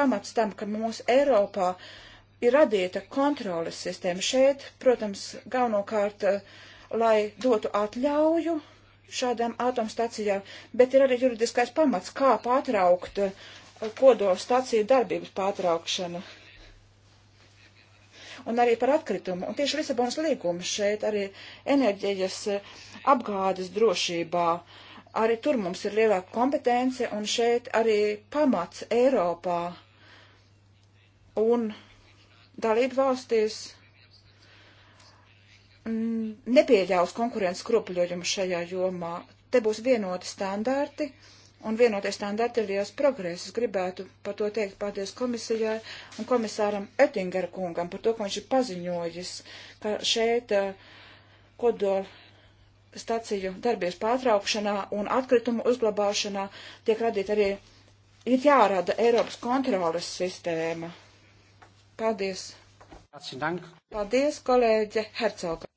S2: pamats tam, ka mūsu Eiropā ir radīta kontroles sistēma. Šeit, protams, galvenokārt uh, lai dotu atļauju šādām atomstacijām, bet ir arī juridiskais pamats, kā pārtraukt eh, kodola stāciju darbības pārtraukšanu. Un arī par atkritumu. Un tieši Lisabonas līgums šeit arī enerģijas eh, apgādes drošībā. Arī tur mums ir lielāka kompetence un šeit arī pamats Eiropā un dalību valstīs Mm, nepieļaus konkurences kropļojumu šajā jomā. Te būs vienoti standarti, un vienotie standarti ir liels progress. Es gribētu par to teikt paldies komisijai un komisāram Ettingera kungam par to, ko viņš ir paziņojis, ka šeit eh, kodola staciju darbības pārtraukšanā un atkritumu uzglabāšanā tiek radīta arī, ir jārada Eiropas kontrolas sistēma. Paldies!
S3: Paldies, kolēģe Hercoga!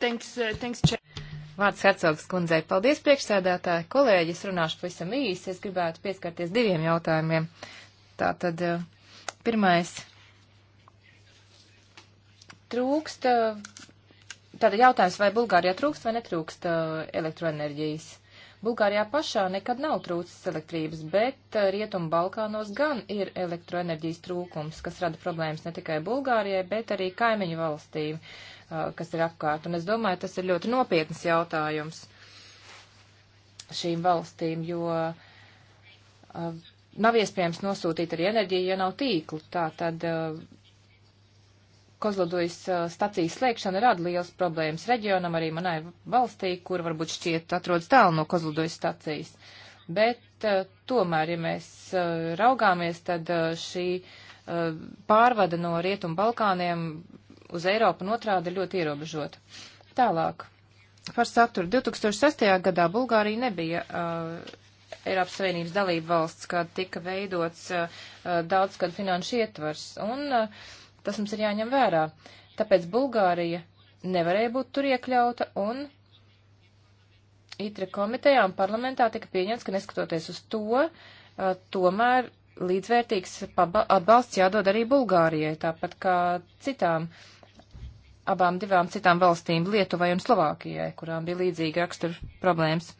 S3: Thanks, uh, thanks, Chair. Vārds Hercogs kundzei. Paldies, priekšsēdētāji. Kolēģi, es runāšu pavisam īsi. Es gribētu pieskarties diviem jautājumiem. Tātad, uh, pirmais. Trūkst, uh, tātad jautājums, vai Bulgārijā trūkst vai netrūkst uh, elektroenerģijas? Bulgārijā pašā nekad nav trūcis elektrības, bet Rietumu Balkānos gan ir elektroenerģijas trūkums, kas rada problēmas ne tikai Bulgārijai, bet arī kaimiņu valstīm. Uh, kas ir apkārt. Un es domāju, tas ir ļoti nopietnas jautājums šīm valstīm, jo nav iespējams nosūtīt arī enerģiju, ja nav tīklu. Tā tad Kozlodojas stacijas slēgšana rada liels problēmas reģionam, arī manai valstī, kur varbūt šķiet atrodas tālu no Kozlodojas stacijas. Bet tomēr, ja mēs raugāmies, tad šī pārvada no Rietumu Balkāniem uz Eiropu un otrādi ir ļoti ierobežota. Tālāk. Par saturu. 2006. gadā Bulgārija nebija uh, Eiropas Savienības dalība valsts, kad tika veidots uh, daudzgad finanšu ietvars, un uh, tas mums ir jāņem vērā. Tāpēc Bulgārija nevarēja būt tur iekļauta, un ITRE komitejā un parlamentā tika pieņemts, ka neskatoties uz to, uh, tomēr līdzvērtīgs atbalsts jādod arī Bulgārijai, tāpat kā citām uh, abām divām citām valstīm, Lietuvai un Slovākijai, kurām bija līdzīga rakstura problēmas.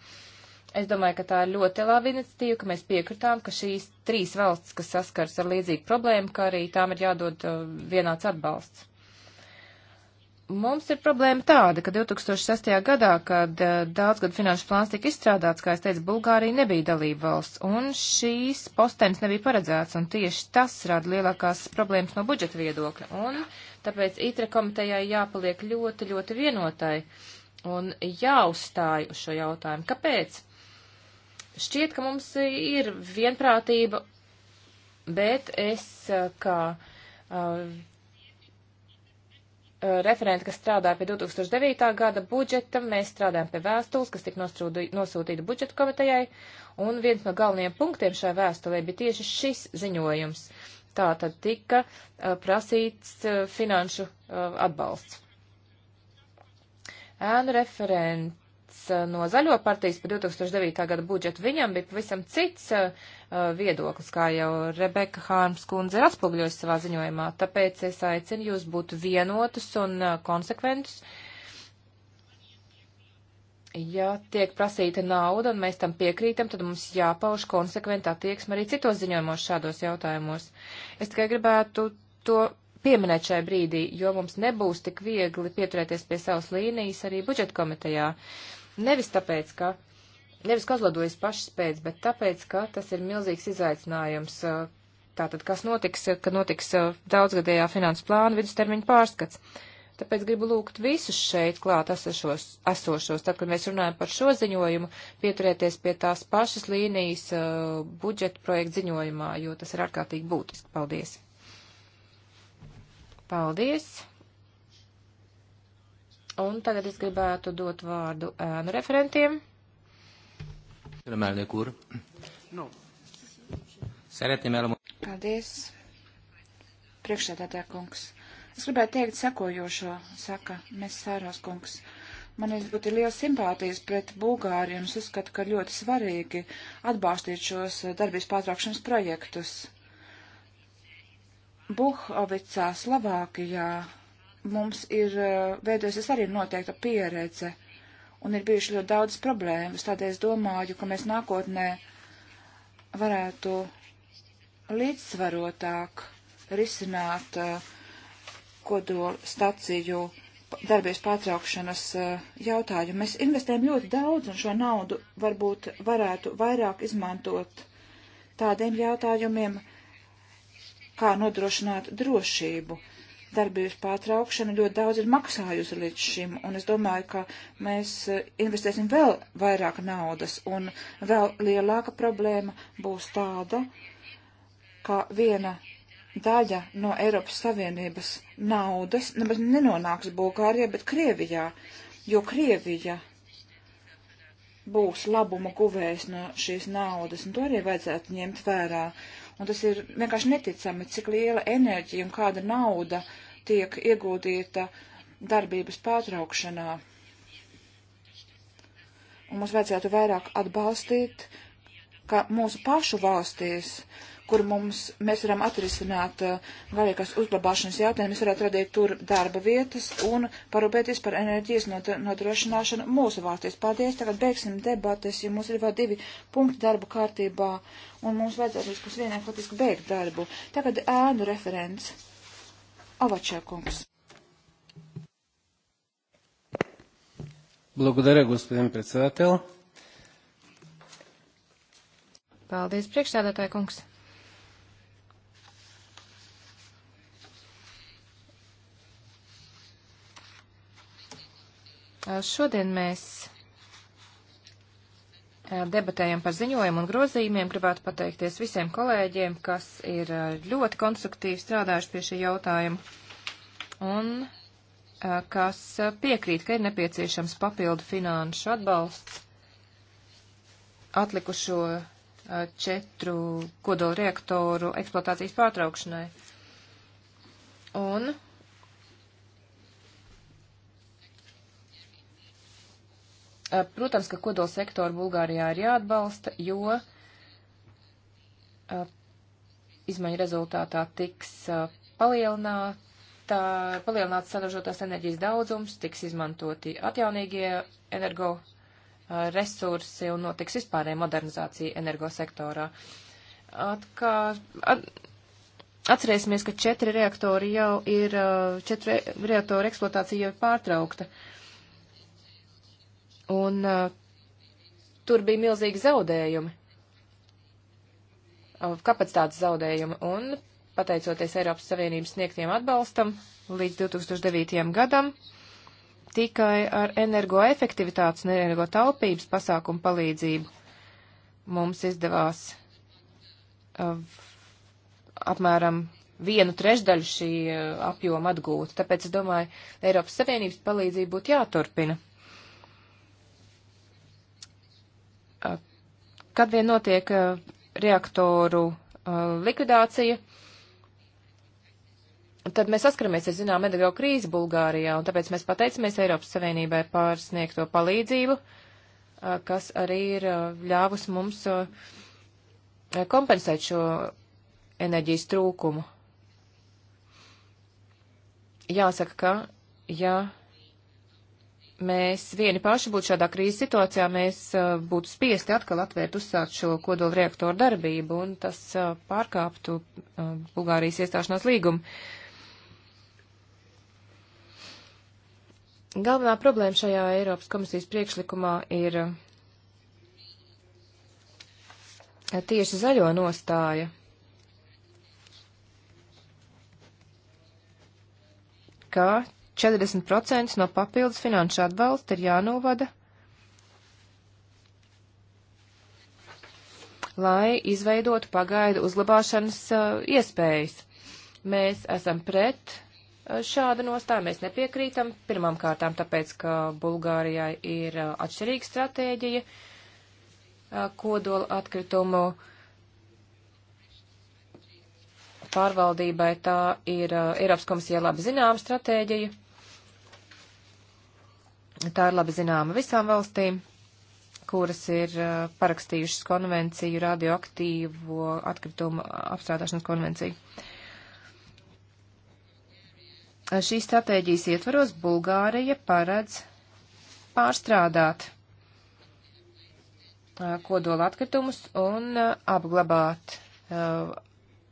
S3: Es domāju, ka tā ir ļoti laba iniciatīva, ka mēs piekritām, ka šīs trīs valsts, kas saskars ar līdzīgu problēmu, ka arī tām ir jādod uh, vienāds atbalsts. Mums ir problēma tāda, ka 2006. gadā, kad uh, daudzgad finanšu plāns tika izstrādāts, kā es teicu, Bulgārija nebija dalība valsts, un šīs postenis nebija paredzēts, un tieši tas rada lielākās problēmas no budžeta viedokļa. Un Tāpēc ITRE komitejai jāpaliek ļoti, ļoti vienotai un jāuzstāj uz šo jautājumu. Kāpēc? Šķiet, ka mums ir vienprātība, bet es eh, kā eh, referenti, kas strādāja pie 2009. gada budžeta, mēs strādājam pie vēstules, kas tika nosūtīta budžeta komitejai, un viens no galvenajiem punktiem šajā vēstulē bija tieši šis ziņojums. Uh, tā tad tika prasīts finanšu atbalsts. Ēnu referents no Zaļo partijas par 2009. gada budžetu viņam bija pavisam cits viedoklis, kā jau Rebeka Hārms kundze ir atspogļojusi savā ziņojumā, tāpēc es aicinu jūs būt vienotus un konsekventus uh, ja tiek prasīta nauda un mēs tam piekrītam, tad mums jāpauž konsekventa attieksme arī citos ziņojumos šādos jautājumos. Es tikai gribētu to pieminēt šai brīdī, jo mums nebūs tik viegli pieturēties pie savas līnijas arī budžeta komitejā. Nevis tāpēc, ka, nevis ka uzladojas pašas pēc, bet tāpēc, ka tas ir milzīgs izaicinājums. Uh, tātad, kas notiks, ka notiks uh, daudzgadējā finanses plāna vidustermiņa pārskats. Uh, Tāpēc gribu lūgt visus šeit klāt esošos, esošos, tad, kad mēs runājam par šo ziņojumu, pieturēties pie tās pašas līnijas uh, budžeta projekta ziņojumā, jo tas ir ārkārtīgi būtiski. Paldies! Paldies! Un tagad es gribētu dot vārdu ēnu referentiem.
S2: Paldies! Priekšsēdētāja kungs. Es gribētu teikt sekojošo, saka Messāros kungs. Man ir ļoti liels simpātijas pret Bulgāriju un es uzskatu, ka ļoti svarīgi atbalstīt šos eh, darbības pārtraukšanas projektus. Buhovicā, Slovākijā mums ir eh, veidojusies arī noteikta pieredze un ir bijuši ļoti daudz problēmas. Tādēļ es domāju, ka mēs nākotnē varētu līdzsvarotāk risināt uh, kodola staciju darbības pārtraukšanas eh, jautājumu. Mēs investējam ļoti daudz, un šo naudu varbūt varētu vairāk izmantot tādiem jautājumiem, kā nodrošināt drošību. Darbības pārtraukšana ļoti daudz ir maksājusi līdz šim, un es domāju, ka mēs eh, investēsim vēl vairāk naudas, un vēl lielāka problēma būs tāda, ka viena daļa no Eiropas Savienības naudas nemaz nenonāks Bulgārijā, bet Krievijā, jo Krievija būs labuma guvējs no šīs naudas, un to arī vajadzētu ņemt vērā. Un tas ir vienkārši neticami, cik liela enerģija un kāda nauda tiek ieguldīta darbības pārtraukšanā. Un mums vajadzētu vairāk atbalstīt, ka mūsu pašu valstīs uh, kur mums, mēs varam atrisināt eh, garīgās uzglabāšanas jautājumus, mēs varētu radīt tur darba vietas un parūpēties par enerģijas nodrošināšanu mūsu valstīs. Paldies, tagad beigsim debates, jo mums ir vēl divi punkti darba kārtībā un mums vajadzētu līdz pusvienai faktiski beigt darbu. Tagad ēnu referents. Авачакумс.
S3: Благодаря, господин председател. Paldies, priekšsēdētāji kungs. Eh, šodien mēs eh, debatējam par ziņojumu un grozījumiem. Gribētu pateikties visiem kolēģiem, kas ir eh, ļoti konstruktīvi strādājuši pie šī jautājuma un kas piekrīt, ka ir nepieciešams papildu finanšu atbalsts atlikušo četru kodolreaktoru eksploatācijas pārtraukšanai. Un Eh, protams, ka kodola sektoru Bulgārijā ir jāatbalsta, jo eh, izmaiņu rezultātā tiks eh, palielināt tā palielināts saražotās enerģijas daudzums, tiks izmantoti atjaunīgie energo uh, resursi un notiks vispārēja modernizācija energosektorā. Atkā, at, atcerēsimies, ka četri reaktori jau ir, četri reaktori eksploatācija jau ir pārtraukta. Uh, Un uh, tur bija milzīgi zaudējumi, uh, kapacitātes zaudējumi, un pateicoties Eiropas Savienības sniegtiem atbalstam līdz 2009. gadam, tikai ar energoefektivitātes un energotaupības pasākumu palīdzību mums izdevās uh, apmēram vienu trešdaļu šī uh, apjoma atgūt. Tāpēc, es domāju, Eiropas Savienības palīdzību būtu jāturpina. Kad vien notiek eh, reaktoru eh, likvidācija, tad mēs saskaramies ar zinām energo krīzi Bulgārijā, un tāpēc mēs pateicamies Eiropas Savienībai par sniegto palīdzību, eh, kas arī ir ļāvus mums kompensēt šo enerģijas trūkumu. Jāsaka, ka, ja mēs vieni paši būtu šādā krīzes situācijā, mēs uh, būtu spiesti atkal atvērt uzsākt šo kodola reaktoru darbību, un tas uh, pārkāptu uh, Bulgārijas iestāšanās līgumu. Galvenā problēma šajā Eiropas komisijas priekšlikumā ir uh, tieši zaļo nostāja. ka 40% no papildus finanšu atbalsta ir jānovada, lai izveidotu pagaidu uzlabāšanas uh, iespējas. Mēs esam pret uh, šādu nostāju, mēs nepiekrītam. Pirmām kārtām tāpēc, ka Bulgārijai ir uh, atšķirīga stratēģija uh, kodola atkritumu pārvaldībai tā ir uh, Eiropas komisija labi zināma stratēģija. Tā ir labi zināma visām valstīm, kuras ir uh, parakstījušas konvenciju, radioaktīvo atkritumu apstrādāšanas konvenciju. Uh, šīs stratēģijas ietvaros Bulgārija paredz pārstrādāt uh, kodola atkritumus un apglabāt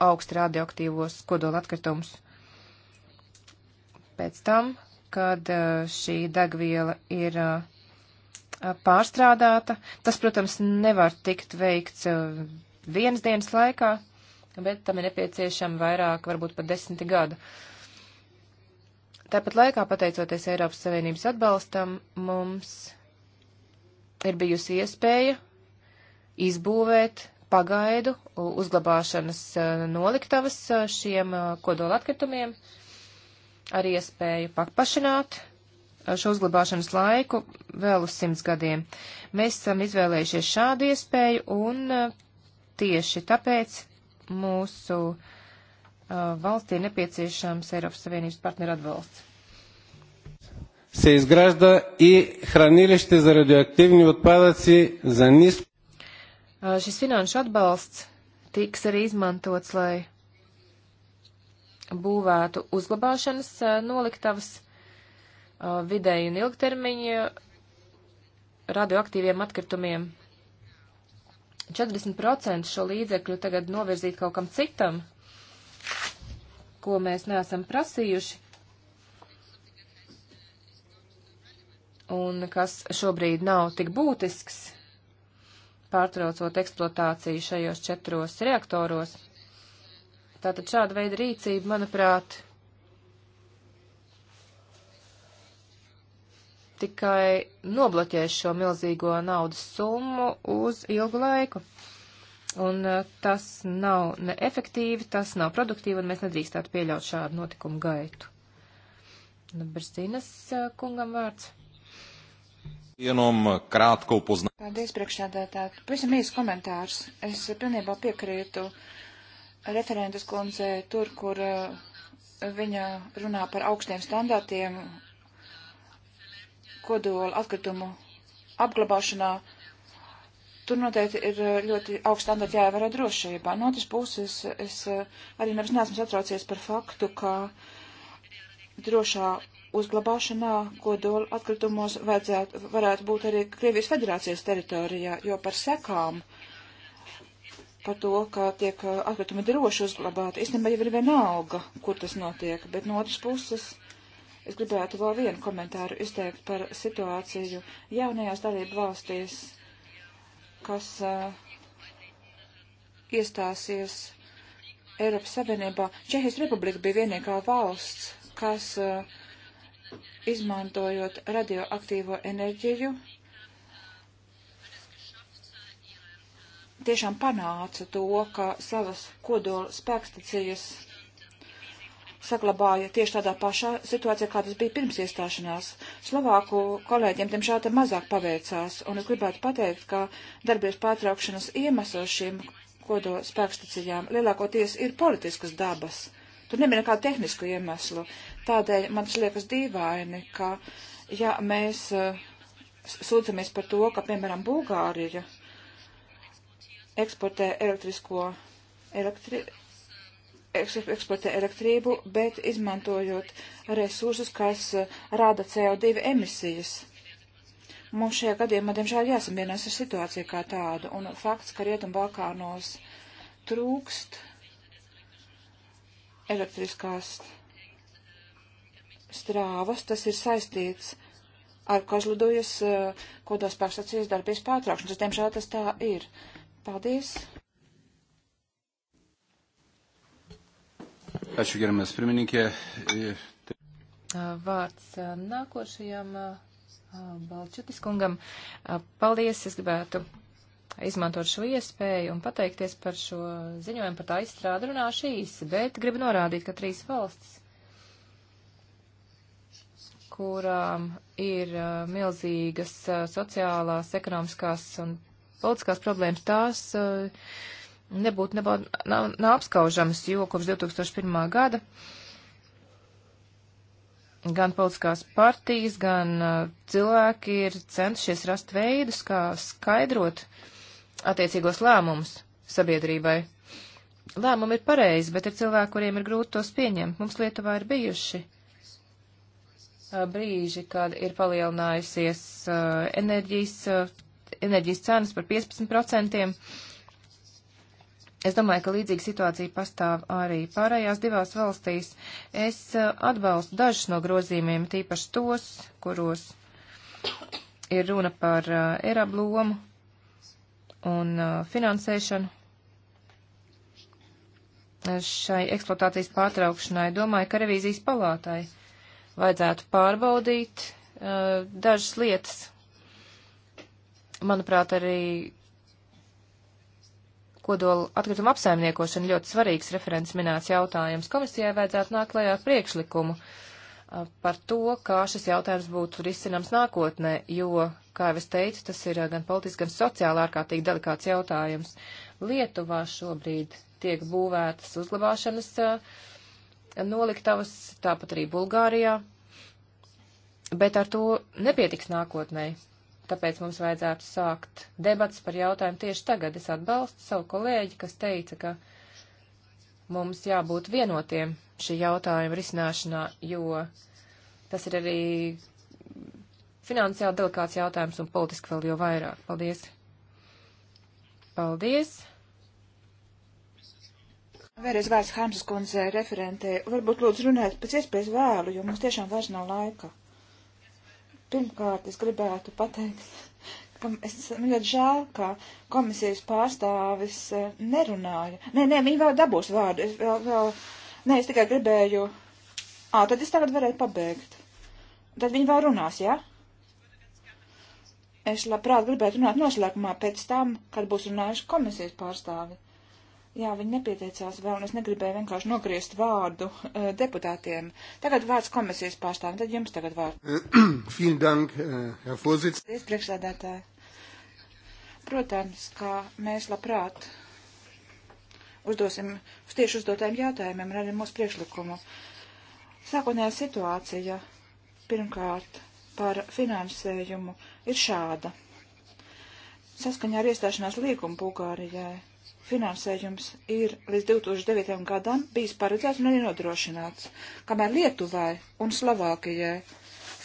S3: augstu radioaktīvos kodola atkritumus. Pēc tam kad eh, šī degviela ir eh, pārstrādāta. Tas, protams, nevar tikt veikts eh, vienas dienas laikā, bet tam ir nepieciešama vairāk, varbūt pat desmiti gadu. Tāpat laikā, pateicoties Eiropas Savienības atbalstam, mums ir bijusi iespēja izbūvēt pagaidu uzglabāšanas noliktavas šiem kodola atkritumiem. Uh, ar iespēju paplašināt eh, šo uzglabāšanas laiku vēl uz simts gadiem. Mēs esam izvēlējušies šādu iespēju un eh, tieši tāpēc mūsu uh, valstī nepieciešams Eiropas Savienības partneru atbalsts.
S1: Се изгражда и хранилище за радиоактивни отпадъци за ниско.
S3: Šis finanšu atbalsts tiks arī izmantots, lai būvētu uzglabāšanas noliktavas vidēji un ilgtermiņa radioaktīviem atkritumiem. 40% šo līdzekļu tagad novirzīt kaut kam citam, ko mēs neesam prasījuši, un kas šobrīd nav tik būtisks, pārtraucot eksploatāciju šajos četros reaktoros. Tātad šāda veida rīcība, manuprāt, tikai nobloķēs šo milzīgo naudas summu uz ilgu laiku. Un eh, tas nav neefektīvi, tas nav produktīvi, un mēs nedrīkstētu pieļaut šādu notikumu gaitu. Nu, Brzīnas eh, kungam vārds.
S1: Jenom krátkou poznámku.
S2: Paldies, priekšsēdētāji. Pavisam īsts komentārs. Es pilnībā piekrītu uh, referentus kundze tur, kur uh, viņa runā par augstiem standartiem kodola atkritumu apglabāšanā. Tur noteikti ir eh, ļoti augsts standarts jāievēro drošībā. No otras puses, es eh, arī nevis neesmu satraucies par faktu, ka drošā uzglabāšanā kodola atkritumos vajadzētu, varētu būt arī Krievijas federācijas teritorijā, jo par sekām uh, par to, kā tiek uh, atkritumi droši uzglabāti. Īstenībā jau ir vienalga, kur tas notiek, bet no otras puses es gribētu vēl vienu komentāru izteikt par situāciju jaunajās dalību valstīs, kas uh, iestāsies Eiropas Savienībā. Čehijas Republika bija vienīgā valsts, kas uh, izmantojot radioaktīvo enerģiju tiešām panāca to, ka savas kodola spēkstacijas saglabāja tieši tādā pašā situācijā, kā tas bija pirms iestāšanās. Slovāku kolēģiem, diemžēl, te mazāk paveicās, un es gribētu pateikt, ka darbības pārtraukšanas iemesls šīm kodo spēkstacijām lielākoties ir politiskas dabas. Tur nebija nekādu tehnisku iemeslu. Tādēļ man tas liekas dīvaini, ka, ja mēs uh, sūdzamies par to, ka, piemēram, Bulgārija eksportē elektrisko elektri, eksportē elektrību, bet izmantojot resursus, kas uh, rada CO2 emisijas. Mums šajā gadījumā, diemžēl, jāsamierinās ar situāciju kā tādu, un fakts, ka Rietumbalkānos trūkst elektriskās strāvas, tas ir saistīts ar kažlidojas uh, kodās pārsacīs darbības pārtraukšanas. Diemžēl tas tā ir. Uh, Paldies!
S1: Ačiū, gerbiamas pirmininkė.
S3: Vārds nākošajam Balčutis kungam. Paldies, es gribētu izmantot šo iespēju un pateikties par šo ziņojumu par tā izstrādu runāšu īsi, bet gribu norādīt, ka trīs valstis, kurām ir milzīgas sociālās, ekonomiskās un politiskās problēmas tās eh, nebūtu nebūt, nav, nav apskaužamas, jo kopš 2001. gada gan politiskās partijas, gan eh, cilvēki ir centušies rast veidus, kā skaidrot attiecīgos lēmumus sabiedrībai. Lēmumi ir pareizi, bet ir cilvēki, kuriem ir grūti tos pieņemt. Mums Lietuvā ir bijuši eh, brīži, kad ir palielinājusies enerģijas enerģijas cenas par 15%. Es domāju, ka līdzīga situācija pastāv arī pārējās divās valstīs. Es uh, atbalstu dažus no grozījumiem, tīpaši tos, kuros ir runa par uh, erabu lomu un uh, finansēšanu šai eksploatācijas pārtraukšanai. Domāju, ka revīzijas palātai vajadzētu pārbaudīt uh, dažas lietas manuprāt, arī kodola atkrituma apsaimniekošana ļoti svarīgs referents minēts jautājums. Komisijai vajadzētu nākt klajā ar priekšlikumu par to, kā šis jautājums būtu risinams nākotnē, jo, kā jau es teicu, tas ir gan politiski, gan sociāli ārkārtīgi delikāts jautājums. Lietuvā šobrīd tiek būvētas uzglabāšanas noliktavas, tāpat arī Bulgārijā, bet ar to nepietiks nākotnē tāpēc mums vajadzētu sākt debats par jautājumu tieši tagad. Es atbalstu savu kolēģi, kas teica, ka mums jābūt vienotiem šī jautājuma risināšanā, jo tas ir arī finansiāli delikāts jautājums un politiski vēl jau vairāk. Paldies! Paldies!
S2: Vēlreiz vārds Hamsas kundze referentē. Varbūt lūdzu runājiet pēc iespējas vēlu, jo mums tiešām vairs nav laika. Pirmkārt, es gribētu pateikt, ka es ļoti žēl, ka komisijas pārstāvis eh, nerunāja. Nē, nē, viņi vēl dabūs vārdu. Es vēl, vēl... Nē, es tikai gribēju. Ā, tad es tagad varēju pabeigt. Tad viņi vēl runās, jā? Ja? Es labprāt gribētu runāt noslēgumā pēc tam, kad būs runājuši komisijas pārstāvi. Jā, viņi nepieteicās vēl, un es negribēju vienkārši nogriezt vārdu uh, deputātiem. Tagad vārds komisijas pārstāvim, tad jums tagad vārds.
S1: Eh, (clears throat) vielen dank, eh, Herr Vorsitz.
S2: Es priekšsēdētāji. Protams, kā mēs labprāt uzdosim uz tieši uzdotājiem jautājumiem un arī mūsu priekšlikumu. Sākotnējā situācija pirmkārt par finansējumu ir šāda. Saskaņā ar iestāšanās līgumu Bulgārijai finansējums ir līdz 2009. gadam bijis paredzēts un arī nodrošināts, kamēr Lietuvai un Slovākijai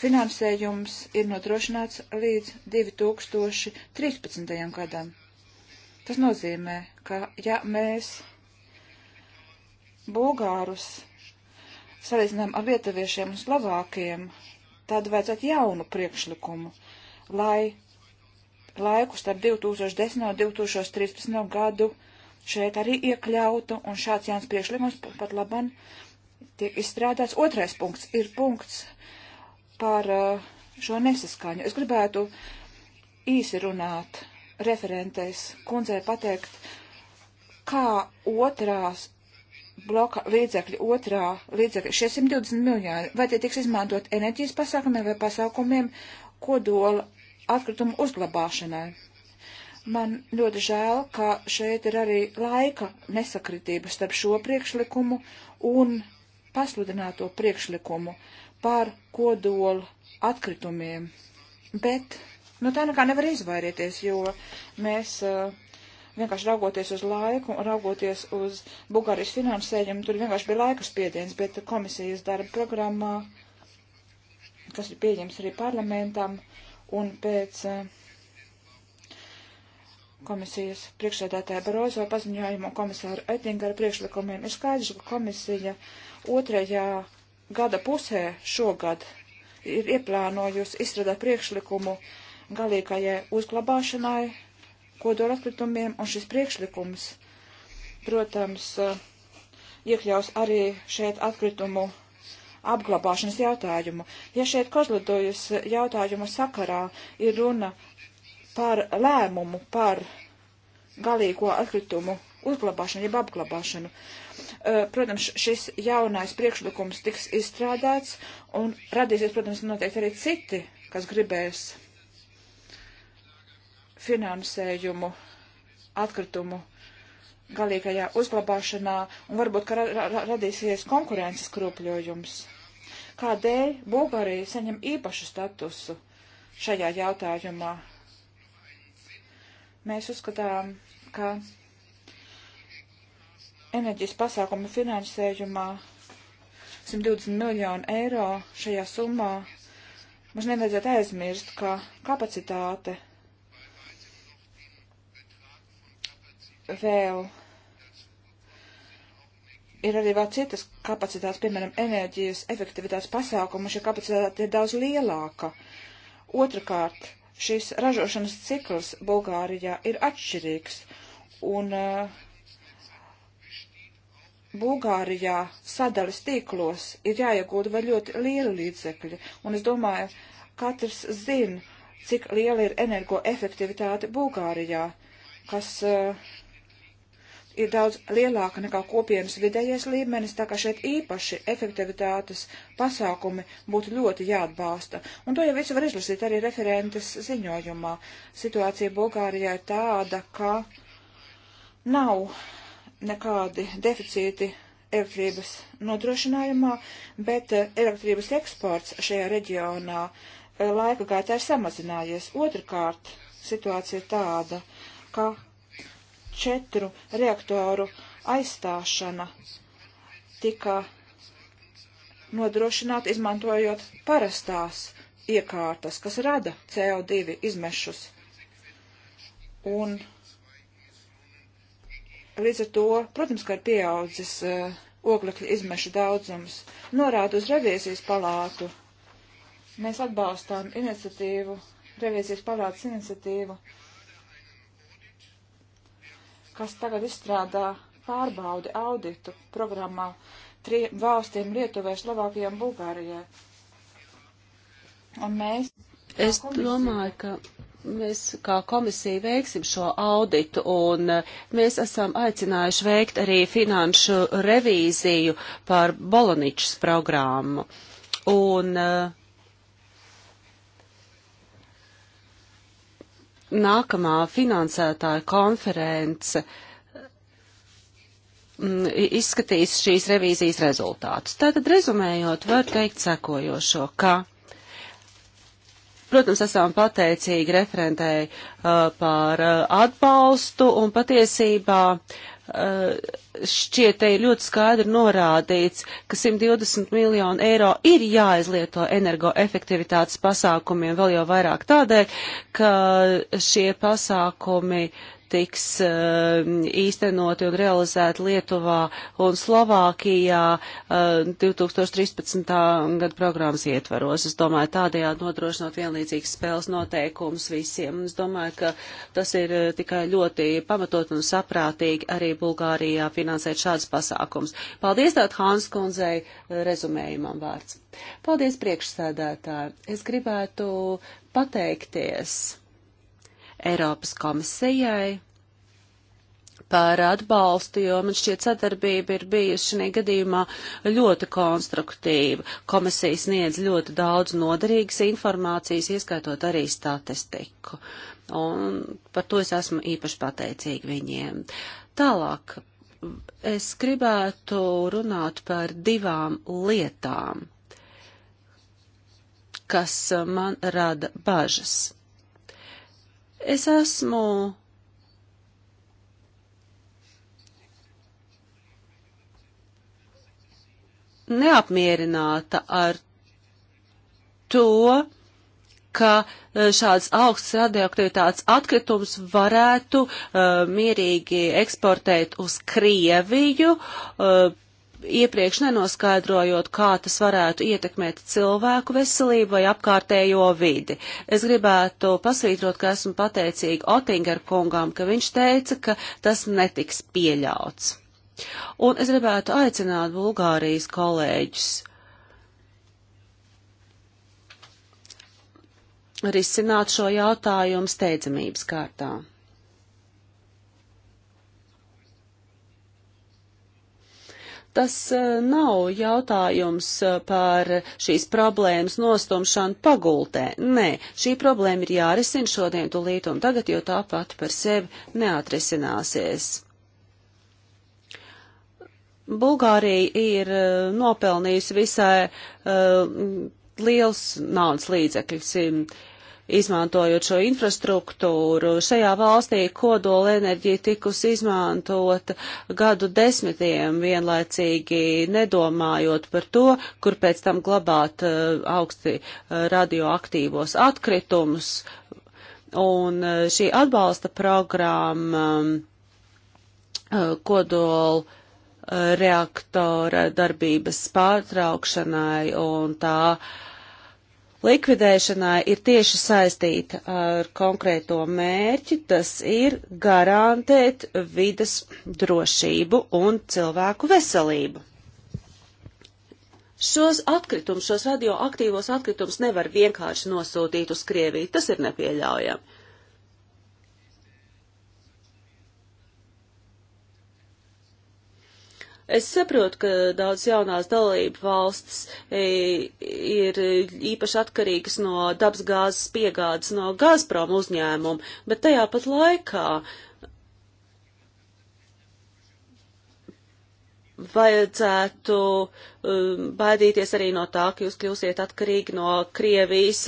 S2: finansējums ir nodrošināts līdz 2013. gadam. Tas nozīmē, ka ja mēs bulgārus salīdzinām ar lietuviešiem un slovākiem, tad vajadzētu jaunu priekšlikumu, lai laiku starp 2010. un 2013. gadu šeit arī iekļautu, un šāds jauns priekšlikums pat laban tiek izstrādāts. Otrais punkts ir punkts par uh, šo nesaskaņu. Es gribētu īsi runāt referentēs kundzei pateikt, kā otrās bloka līdzekļi, otrā līdzekļi, 620 miljoni, vai tie tiks izmantot enerģijas pasākumiem vai pasākumiem kodola atkritumu uzglabāšanai. Man ļoti žēl, ka šeit ir arī laika nesakritība starp šo priekšlikumu un pasludināto priekšlikumu par kodolu atkritumiem. Bet, nu tā nekā nevar izvairīties, jo mēs uh, vienkārši raugoties uz laiku un raugoties uz Bulgārijas finansējumu, tur vienkārši bija laika spiediens, bet komisijas darba programmā, kas ir pieņems arī parlamentam, un pēc uh, komisijas priekšsēdētāja Barozo paziņojumu un komisāra Ettingera priekšlikumiem ir skaidrs, ka komisija otrajā gada pusē šogad ir ieplānojusi izstrādāt priekšlikumu galīgajai uzglabāšanai kodola atkritumiem, un šis priekšlikums, protams, iekļaus arī šeit atkritumu apglabāšanas jautājumu. Ja šeit kozlidojas jautājumu sakarā ir runa par lēmumu par galīgo atkritumu uzglabāšanu, jeb apglabāšanu. Protams, šis jaunais priekšlikums tiks izstrādāts un radīsies, protams, noteikti arī citi, kas gribēs finansējumu atkritumu galīgajā uzglabāšanā un varbūt, ka ra ra radīsies konkurences kropļojums. Kādēļ Bulgārija saņem īpašu statusu šajā jautājumā? Mēs uzskatām, ka enerģijas pasākumu finansējumā 120 miljonu eiro šajā summā mums nevajadzētu aizmirst, ka kapacitāte vēl ir arī vēl citas kapacitātes, piemēram, enerģijas efektivitātes pasākumu, šī kapacitāte ir daudz lielāka. Otrakārt, šis ražošanas cikls Bulgārijā ir atšķirīgs, un uh, Bulgārijā sadalis tīklos ir jāiegūt vēl ļoti lieli līdzekļi, un es domāju, katrs zin, cik liela ir energoefektivitāte Bulgārijā, kas uh, ir daudz lielāka nekā kopienas vidējais līmenis, tā kā šeit īpaši efektivitātes pasākumi būtu ļoti jāatbalsta. Un to jau visu var izlasīt arī referentes ziņojumā. Situācija Bulgārijā ir tāda, ka nav nekādi deficīti elektrības nodrošinājumā, bet eh, elektrības eksports šajā reģionā eh, laika gaitā ir samazinājies. Otrakārt, situācija ir tāda, ka četru reaktoru aizstāšana tika nodrošināta izmantojot parastās iekārtas, kas rada CO2 izmešus. Un līdz ar to, protams, ka ir pieaudzis uh, oglekļa izmešu daudzums. Norāda uz revīzijas palātu. Mēs atbalstām iniciatīvu, revīzijas palātas iniciatīvu uh, kas tagad izstrādā pārbaudi auditu programmā trim valstīm - Lietuvai, Slovākijai un Bulgārijai.
S1: Un mēs. Es komisija... domāju, ka mēs kā komisija veiksim šo auditu un uh, mēs esam aicinājuši veikt arī finanšu revīziju par Boloničs programmu. Un uh, nākamā finansētāja konference mm, izskatīs šīs revīzijas rezultātus. Tātad rezumējot, var teikt sekojošo, ka, protams, esam pateicīgi referentēji uh, par uh, atbalstu un patiesībā uh, Eh, šķiet, te ir ļoti skaidri norādīts, ka 120 miljonu eiro ir jāizlieto energoefektivitātes pasākumiem, vēl jau vairāk tādēļ, ka šie pasākumi tiks eh, īstenoti un realizēti Lietuvā un Slovākijā 2013. Eh, gada programmas ietvaros. Es domāju, tādējādi nodrošinot vienlīdzīgas spēles noteikumus visiem. Es domāju, ka tas ir eh, tikai ļoti pamatot un saprātīgi arī Bulgārijā finansēt šādas pasākums. Paldies, tāt Hāns kundzei, rezumējumam vārds. Paldies, priekšsēdētāji. Es gribētu pateikties Eiropas komisijai par atbalstu, jo man šķiet sadarbība ir bijusi šī gadījumā ļoti konstruktīva. Komisija sniedz ļoti daudz noderīgas informācijas, ieskaitot arī statistiku. Un par to es esmu īpaši pateicīga viņiem. Tālāk es gribētu runāt par divām lietām, kas man rada bažas. Es esmu neapmierināta ar to, ka e, šāds augsts radioaktivitātes atkritums varētu uh, mierīgi eksportēt uz Krieviju, uh, iepriekš nenoskaidrojot, kā tas varētu ietekmēt cilvēku veselību vai apkārtējo vidi. Es gribētu pasvītrot, ka esmu pateicīga Otingar kungam, ka viņš teica, ka tas netiks pieļauts. Un es gribētu aicināt Bulgārijas kolēģus risināt šo jautājumu steidzamības kārtā. Tas e, nav jautājums e, par šīs problēmas nostumšanu pagultē. Nē, šī problēma ir jārisina šodien tulīt un tagad, jo tā pati par sevi neatrisināsies. Bulgārija ir e, nopelnījusi visai uh, liels naudas līdzekļus. Uh, izmantojot šo infrastruktūru. Šajā valstī kodola enerģija tikusi izmantot gadu desmitiem vienlaicīgi, nedomājot par to, kur pēc tam glabāt uh, augsti uh, radioaktīvos atkritumus. Un uh, šī atbalsta programma um, kodola reaktora darbības pārtraukšanai un tā uh, likvidēšanai ir tieši saistīta ar konkrēto mērķi, tas ir garantēt vidas drošību un cilvēku veselību. Šos atkritumus, šos radioaktīvos atkritumus nevar vienkārši nosūtīt uz Krieviju, tas ir nepieļaujami. Es saprotu, ka daudz jaunās dalību valstis e, ir īpaši atkarīgas no dabasgāzes piegādes no Gazprom uzņēmuma, bet tajā pat laikā vajadzētu um, baidīties arī no tā, ka jūs kļūsiet atkarīgi no Krievijas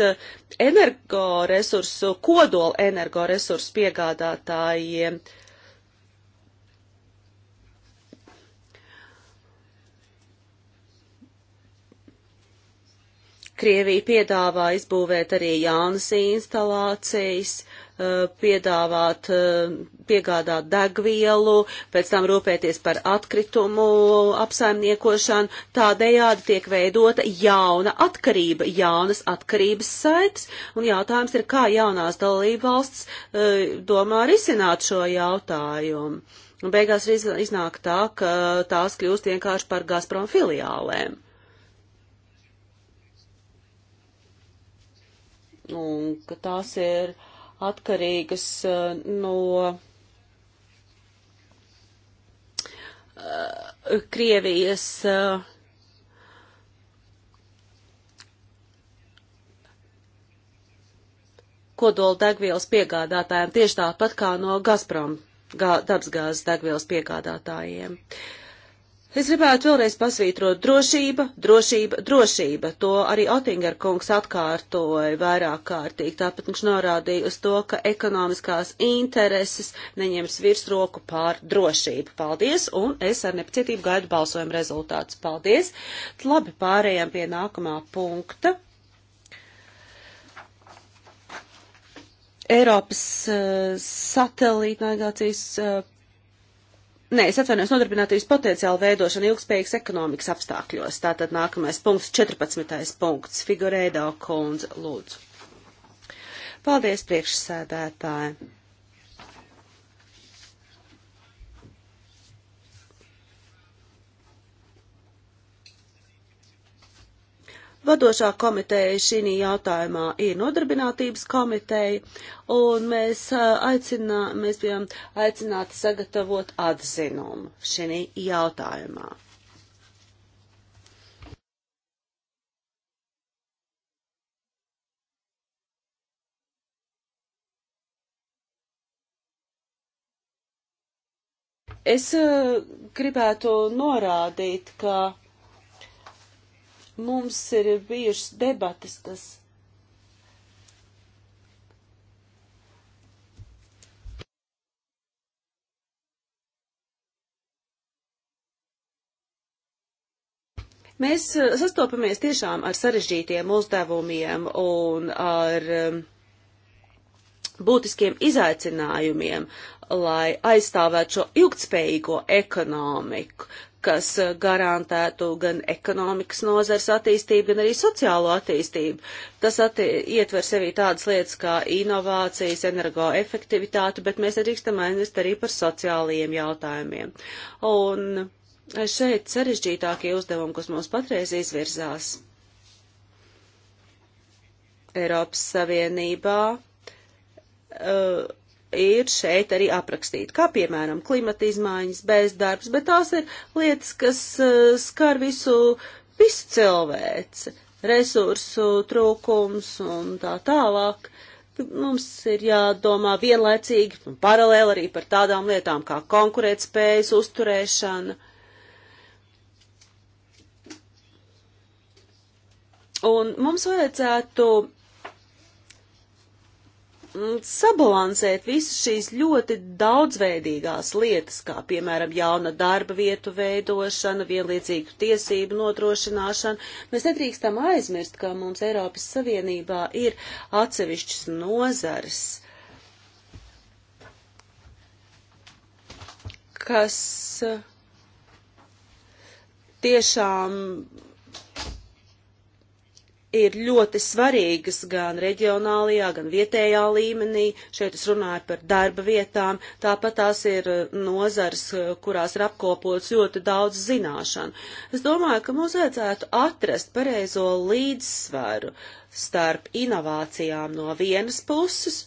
S1: energoresursu, kodola energoresursu piegādātājiem. Uh, Krievija piedāvā izbūvēt arī jaunas instalācijas, eh, piedāvāt, eh, piegādāt degvielu, pēc tam rūpēties par atkritumu apsaimniekošanu. Tādējādi tiek veidota jauna atkarība, jaunas atkarības saites, un jautājums ir, kā jaunās dalībvalsts eh, domā risināt šo jautājumu. Un beigās iznāk tā, ka tās kļūst vienkārši par Gazprom filiālēm. un ka tās ir atkarīgas eh, no eh, Krievijas eh, kodola degvielas piegādātājiem, tieši tāpat kā no Gazprom dabasgāzes degvielas piegādātājiem. Uh, Es gribētu vēlreiz pasvītrot drošība, drošība, drošība. To arī Otinger kungs atkārtoja vairāk kārtīgi. Tāpat viņš norādīja uz to, ka ekonomiskās intereses neņems virsroku pār drošību. Paldies, un es ar nepacietību gaidu balsojumu rezultātus. Paldies. Labi, pārējām pie nākamā punkta. Eiropas uh, eh, satelītnavigācijas uh, eh, Nē, es atvainojos nodarbinātības potenciāla veidošana ilgspējīgas ekonomikas apstākļos. Tātad nākamais punkts, 14. punkts, figurēdo kundze, lūdzu. Paldies, priekšsēdētāji. Vadošā komiteja šī jautājumā ir nodarbinātības komiteja, un mēs, aicinā, mēs bijām aicināti sagatavot atzinumu šī jautājumā. Es gribētu norādīt, ka Mums ir bijušas debatas, kas Mēs uh, sastopamies tiešām ar sarežģītiem uzdevumiem un ar um, būtiskiem izaicinājumiem, lai aizstāvētu šo ilgtspējīgo ekonomiku, kas eh, garantētu gan ekonomikas nozars attīstību, gan arī sociālo attīstību. Tas atti ietver sevī tādas lietas kā inovācijas, energoefektivitāti, bet mēs nedrīkstam aizmirst arī par sociālajiem jautājumiem. Un šeit sarežģītākie uzdevumi, kas mums patreiz izvirzās. Eiropas Savienībā. Uh, ir šeit arī aprakstīti, kā piemēram klimata izmaiņas, bezdarbs, bet tās ir lietas, kas eh, skar visu, visu cilvēci, resursu trūkums un tā tālāk. Mums ir jādomā vienlaicīgi un paralēli arī par tādām lietām kā konkurētspējas uzturēšana. Un mums vajadzētu sabalansēt visas šīs ļoti daudzveidīgās lietas, kā piemēram jauna darba vietu veidošana, vienlīdzīgu tiesību notrošināšana. Mēs nedrīkstam aizmirst, ka mums Eiropas Savienībā ir atsevišķas nozares, kas eh, tiešām ir ļoti svarīgas gan reģionālajā, gan vietējā līmenī. Šeit es runāju par darba vietām. Tāpat tās ir uh, nozars, uh, kurās ir apkopots ļoti daudz zināšanu. Es domāju, ka mums vajadzētu atrast pareizo līdzsvaru starp inovācijām no vienas puses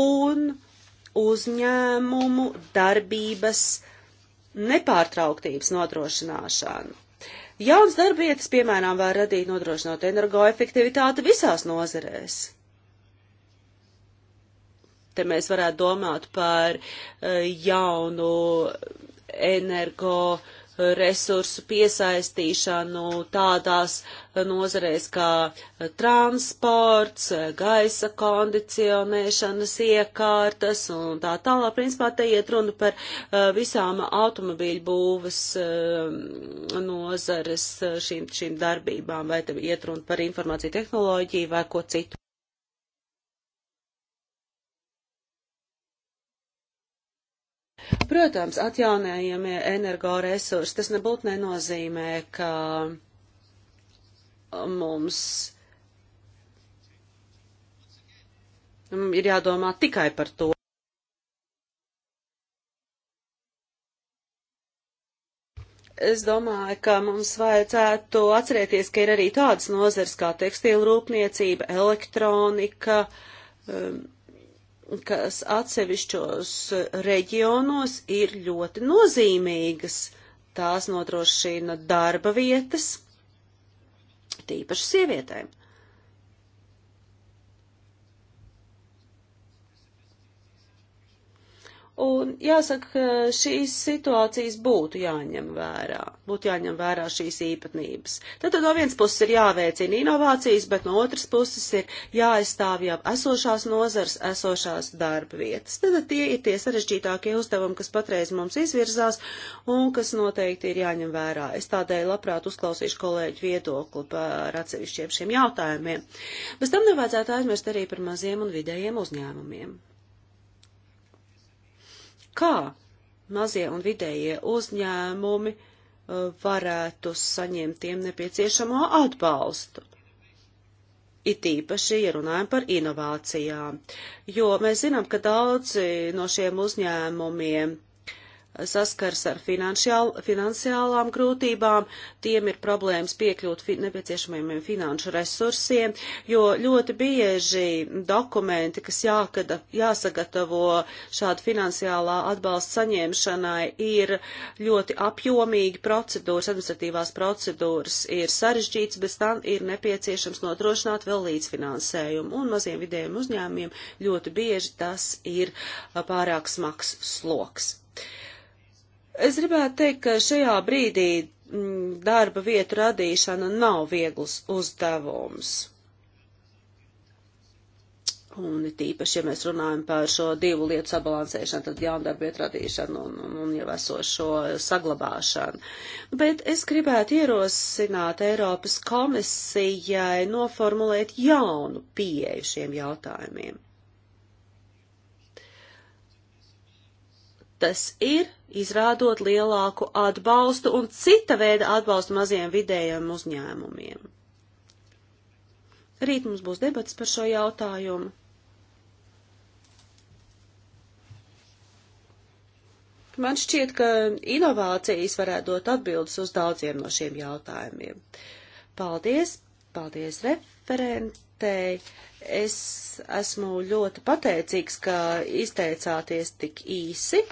S1: un uzņēmumu darbības nepārtrauktības nodrošināšanu. Jauns darbietis, piemēram, var radīt nodrošinot energoefektivitāti visās nozerēs. Te mēs varētu domāt par eh, jaunu energo uh, resursu piesaistīšanu tādās nozarēs kā transports, gaisa kondicionēšanas iekārtas un tā tālāk. Principā te iet runa par eh, visām automobīļu būvas eh, nozares eh, šīm, šīm darbībām, vai te iet runa par informāciju tehnoloģiju vai ko citu. Protams, atjaunējamie energoresursi, tas nebūtu nenozīmē, ka um, mums um, ir jādomā tikai par to. Es domāju, ka mums vajadzētu atcerēties, ka ir arī tādas nozars kā tekstīlrūpniecība, elektronika, um, kas atsevišķos reģionos ir ļoti nozīmīgas. Tās nodrošina darba vietas, tīpaši sievietēm. Un jāsaka, šīs situācijas būtu jāņem vērā, būtu jāņem vērā šīs īpatnības. Tad no vienas puses ir jāveicina inovācijas, bet no otras puses ir jāaizstāv jau esošās nozars, esošās darba vietas. Tad tie ir tie sarežģītākie uzdevumi, kas patreiz mums izvirzās un kas noteikti ir jāņem vērā. Es tādēļ labprāt uzklausīšu kolēģu viedokli par atsevišķiem šiem jautājumiem. Bez tam nevajadzētu aizmirst arī par maziem un vidējiem uzņēmumiem kā mazie un vidējie uzņēmumi uh, varētu saņemt tiem nepieciešamo atbalstu. It īpaši, ja runājam par inovācijām, jo mēs zinām, ka daudzi no šiem uzņēmumiem saskars ar finansiālām grūtībām, tiem ir problēmas piekļūt fi nepieciešamajiem finanšu resursiem, jo ļoti bieži dokumenti, kas jākada, jāsagatavo šāda finansiālā atbalsta saņemšanai, ir ļoti apjomīgi procedūras, administratīvās procedūras ir sarežģītas, bez tam ir nepieciešams nodrošināt vēl līdzfinansējumu, un maziem vidējiem uzņēmumiem ļoti bieži tas ir pārāk smags sloks. Yeah. Es gribētu teikt, ka šajā brīdī mm, darba vietu radīšana nav viegls uzdevums. Un tīpaši, ja mēs runājam par šo divu lietu sabalansēšanu, tad jaundarba vietu radīšanu un, un, un jau esošo saglabāšanu. Bet es gribētu ierosināt Eiropas komisijai noformulēt jaunu pieeju šiem jautājumiem. tas ir izrādot lielāku atbalstu un cita veida atbalstu maziem vidējiem uzņēmumiem. Rīt mums būs debats par šo jautājumu. Man šķiet, ka inovācijas varētu dot atbildes uz daudziem no šiem jautājumiem. Paldies, paldies referentei. Es esmu ļoti pateicīgs, ka izteicāties tik īsi.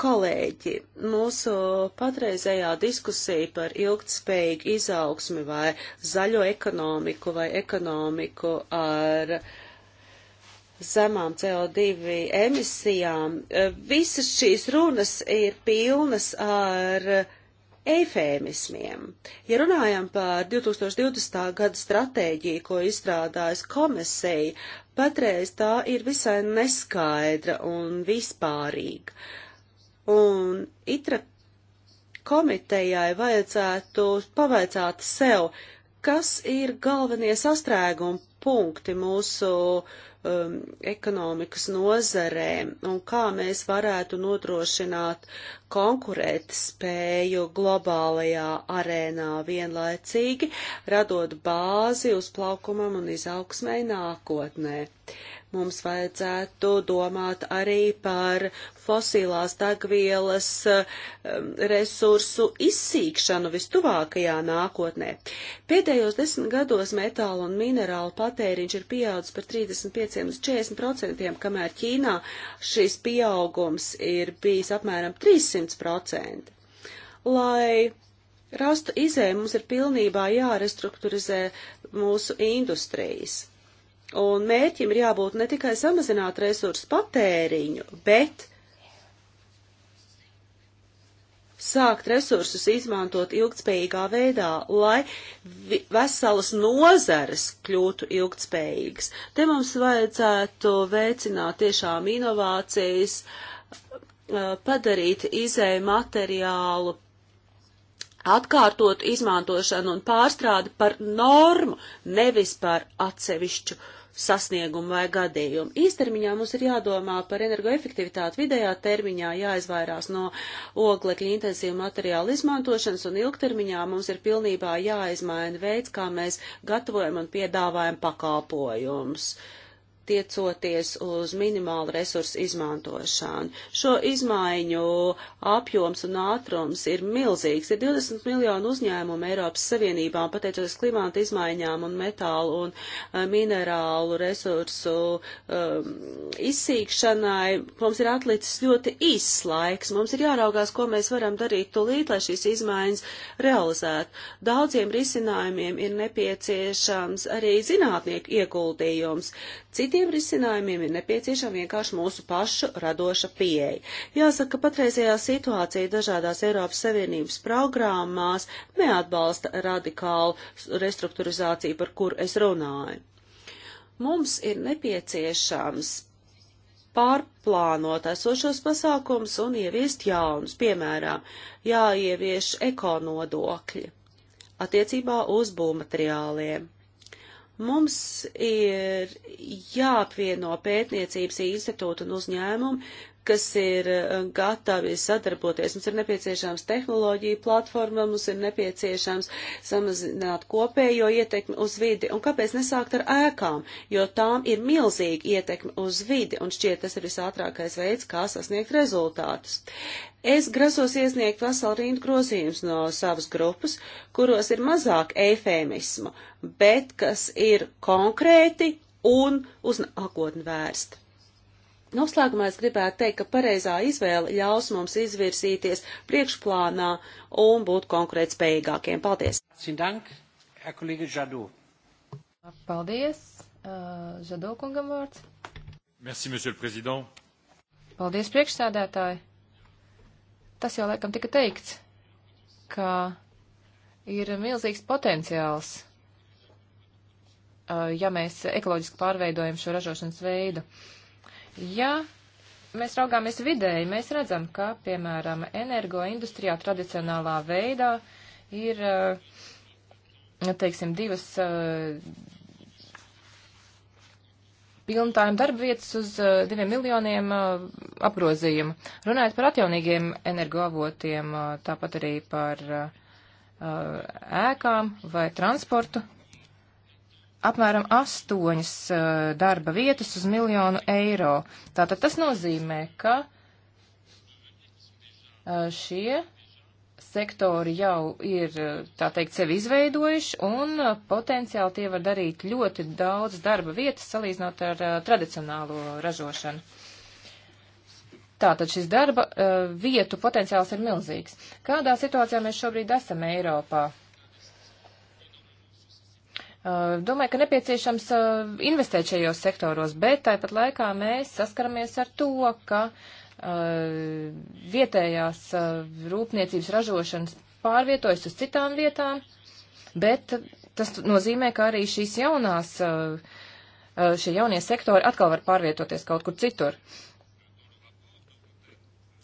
S1: Kolēģi, mūsu patreizējā diskusija par ilgtspējīgu izaugsmi vai zaļo ekonomiku vai ekonomiku ar zemām CO2 emisijām, eh, visas šīs runas ir pilnas ar eifēmismiem. Ja runājam par 2020. gada stratēģiju, ko izstrādājas komisija, patreiz tā ir visai neskaidra un vispārīga. Un itra komitejai vajadzētu pavaicāt sev, kas ir galvenie sastrēgumi punkti mūsu um, ekonomikas nozarē un kā mēs varētu nodrošināt konkurēt spēju globālajā arēnā vienlaicīgi, radot bāzi uz plaukumam un izaugsmai nākotnē. Uh, Mums vajadzētu domāt arī par fosilās degvielas um, resursu izsīkšanu vistuvākajā nākotnē. Pēdējos desmit gados metālu un minerālu patēriņš ir pieaudzis par 35 līdz 40 procentiem, kamēr Ķīnā šis pieaugums ir bijis apmēram 300 procenti. Lai rastu izēju, mums ir pilnībā jārestruktūrizē mūsu industrijas. Un mērķim ir jābūt ne tikai samazināt resursu patēriņu, bet sākt resursus izmantot ilgtspējīgā veidā, lai veselas nozares kļūtu ilgtspējīgas. Te mums vajadzētu veicināt tiešām inovācijas, eh, padarīt izēju materiālu atkārtot izmantošanu un pārstrādi par normu, nevis par atsevišķu uh, sasniegumu vai gadījumu. Īstermiņā mums ir jādomā par energoefektivitāti vidējā termiņā, jāizvairās no oglekļa intensīvu materiālu izmantošanas un ilgtermiņā mums ir pilnībā jāizmaina veids, kā mēs gatavojam un piedāvājam pakalpojumus. Uh, attiecoties uz minimālu resursu izmantošanu. Šo izmaiņu apjoms un ātrums ir milzīgs. Ir 20 miljonu uzņēmumu Eiropas Savienībā, un pateicoties klimata izmaiņām un metālu un eh, minerālu resursu um, izsīkšanai, mums ir atlicis ļoti īss laiks. Mums ir jāraugās, ko mēs varam darīt tulīt, lai šīs izmaiņas realizētu. Daudziem risinājumiem ir nepieciešams arī zinātnieku ieguldījums. Citiem efektīvu risinājumiem ir nepieciešama vienkārši mūsu pašu radoša pieeja. Jāsaka, ka patreizējā situācija dažādās Eiropas Savienības programmās neatbalsta radikālu restruktūrizāciju, par kur es runāju. Mums ir nepieciešams pārplānot esošos pasākums un ieviest jaunus, piemēram, jāievieš ekonodokļi attiecībā uz būvmateriāliem. Mums ir jāapvieno pētniecības institūti un uzņēmumi, kas ir eh, gatavi sadarboties. Mums ir nepieciešams tehnoloģija platforma, mums ir nepieciešams samazināt kopējo ietekmi uz vidi. Un kāpēc nesākt ar ēkām? Jo tām ir milzīga ietekme uz vidi, un šķiet tas ir visātrākais veids, kā sasniegt rezultātus. Es grasos iesniegt veselu rindu grozījumus no savas grupas, kuros ir mazāk eifēmismu, bet kas ir konkrēti un uz nākotni vērsti. Noslēgumā es gribētu teikt, ka pareizā izvēle ļaus mums izvirsīties priekšplānā un būt konkrēt spējīgākiem. Paldies! Paldies! Žado uh, kungam vārds. Merci, monsieur le président.
S3: Paldies, priekšsēdētāji. Tas jau laikam tika teikts, ka ir milzīgs potenciāls, uh, ja mēs ekoloģiski pārveidojam šo ražošanas veidu. Uh, Ja mēs raugāmies vidēji, mēs redzam, ka, piemēram, energoindustrijā tradicionālā veidā ir, eh, teiksim, divas eh, pilntājiem darba vietas uz eh, diviem miljoniem apgrozījumu. Runājot par atjaunīgiem energoavotiem, tāpat arī par ēkām vai transportu, apmēram astoņas uh, darba vietas uz miljonu eiro. Tātad tas nozīmē, ka uh, šie sektori jau ir, eh, tā teikt, sevi izveidojuši un uh, potenciāli tie var darīt ļoti daudz darba vietas salīdzinot ar tradicionālo ražošanu. Tātad šis darba vietu potenciāls ir milzīgs. Kādā situācijā mēs šobrīd esam Eiropā? Domāju, ka nepieciešams investēt šajos sektoros, bet tāpat laikā mēs saskaramies ar to, ka vietējās rūpniecības ražošanas pārvietojas uz citām vietām, bet tas nozīmē, ka arī šīs jaunās, šie jaunie sektori atkal var pārvietoties kaut kur citur.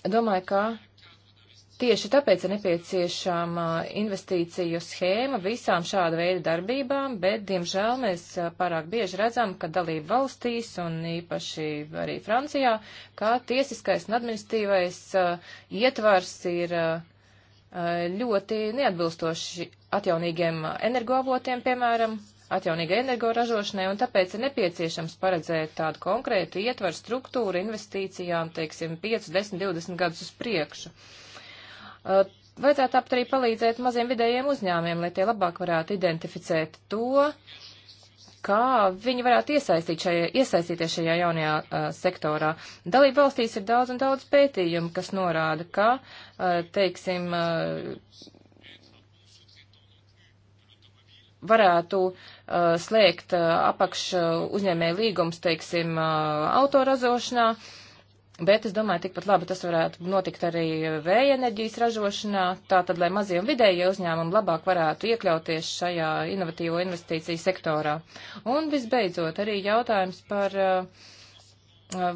S3: Domāju, ka Tieši tāpēc ir nepieciešama investīciju schēma visām šāda veida darbībām, bet, diemžēl, mēs pārāk bieži redzam, ka dalību valstīs un īpaši arī Francijā, kā tiesiskais un administratīvais uh, ietvars ir uh, ļoti neatbilstoši atjaunīgiem energoavotiem, piemēram, atjaunīga energoražošanai, un tāpēc ir nepieciešams paredzēt tādu konkrētu ietvaru struktūru investīcijām, teiksim, 5, 10, 20 gadus uz priekšu. Uh, Vajadzētu apt arī palīdzēt maziem vidējiem uzņēmiem, lai tie labāk varētu identificēt to, kā viņi varētu iesaistīt šajā, iesaistīties šajā jaunajā uh, sektorā. Dalība valstīs ir daudz un daudz pētījumu, kas norāda, ka, uh, teiksim, uh, varētu uh, slēgt uh, apakš uh, uzņēmēju līgums, teiksim, uh, autorazošanā. Uh, Bet es domāju, tikpat labi tas varētu notikt arī vēja enerģijas ražošanā, tātad, lai mazie un vidējie uzņēmumi labāk varētu iekļauties šajā inovatīvo investīciju sektorā. Un visbeidzot, arī jautājums par uh,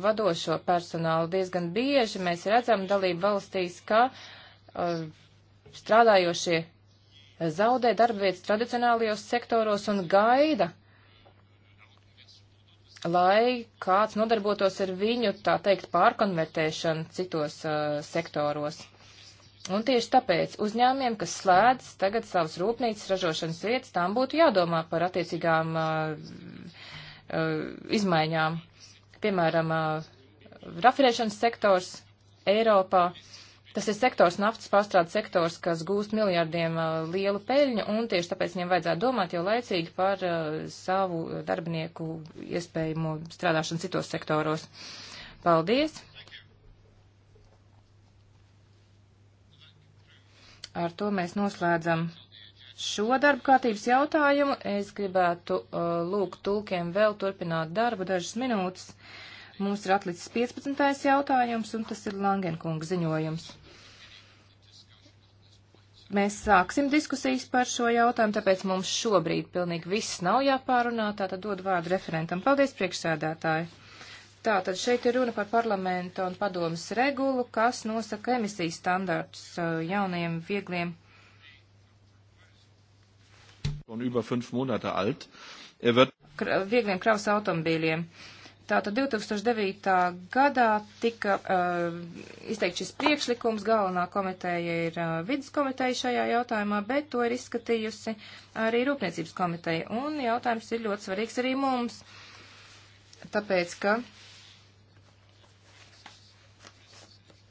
S3: vadošo personālu. Diezgan bieži mēs redzam dalību valstīs, ka uh, strādājošie zaudē darbvietas tradicionālajos sektoros un gaida, lai kāds nodarbotos ar viņu, tā teikt, pārkonvertēšanu citos uh, sektoros. Un tieši tāpēc uzņēmiem, kas slēdz tagad savas rūpnīcas ražošanas vietas, tām būtu jādomā par attiecīgām uh, uh, izmaiņām. Piemēram, uh, rafinēšanas sektors Eiropā uh, Tas ir sektors, naftas pārstrādes sektors, kas gūst miljardiem uh, lielu peļņu, un tieši tāpēc viņiem vajadzētu domāt jau laicīgi par uh, savu darbinieku iespējamo strādāšanu citos sektoros. Paldies! Ar to mēs noslēdzam šo darba kārtības jautājumu. Es gribētu uh, lūgt tulkiem vēl turpināt darbu dažas minūtes. Mums ir atlicis 15. jautājums, un tas ir Langenkunga ziņojums mēs sāksim diskusijas par šo jautājumu, tāpēc mums šobrīd pilnīgi viss nav jāpārunā, tātad dod vārdu referentam. Paldies, priekšsēdētāji! Tātad šeit ir runa par parlamenta un padomas regulu, kas nosaka emisijas standārtus uh, jauniem viegliem.
S1: Un über fünf Monate
S3: alt. Er wird... Viegliem kravas automobīļiem. Uh, Tātad 2009. gadā tika uh, izteikt šis priekšlikums, galvenā komiteja ir uh, vidas komiteja šajā jautājumā, bet to ir izskatījusi arī Rūpniecības komiteja. Un jautājums ir ļoti svarīgs arī mums, tāpēc, ka uh,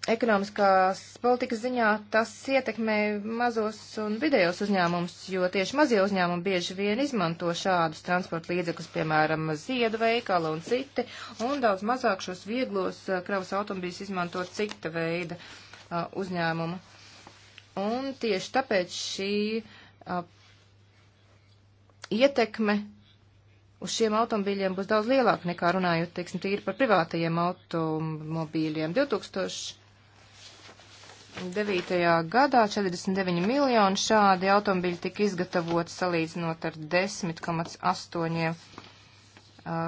S3: ekonomiskās politikas ziņā tas ietekmē mazos un vidējos uzņēmumus, jo tieši mazie uzņēmumi bieži vien izmanto šādus transporta līdzekļus, piemēram, ziedu veikala un citi, un daudz mazāk šos vieglos eh, kravas automobīļus izmanto cita veida uh, uzņēmumu. Un tieši tāpēc šī uh, ietekme uz šiem automobīļiem būs daudz lielāka nekā runājot, teiksim, tīri par privātajiem automobīļiem. 2000 2009. gadā 49 miljoni šādi automobiļi tika izgatavoti salīdzinot ar 10,8 uh,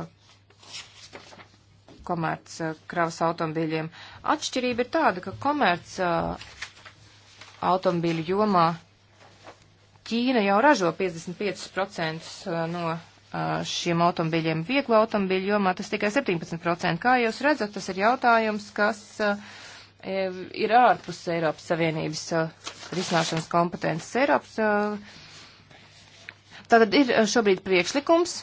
S3: komerc uh, kravas automobiļiem. Atšķirība ir tāda, ka komerc uh, automobiļu jomā Ķīna jau ražo 55% no šiem automobiļiem. Vieglo automobiļu jomā tas tikai 17%. Kā jūs redzat, tas ir jautājums, kas. Uh, E, ir ārpus Eiropas Savienības e, risināšanas kompetences Eiropas. E. Tātad ir šobrīd priekšlikums,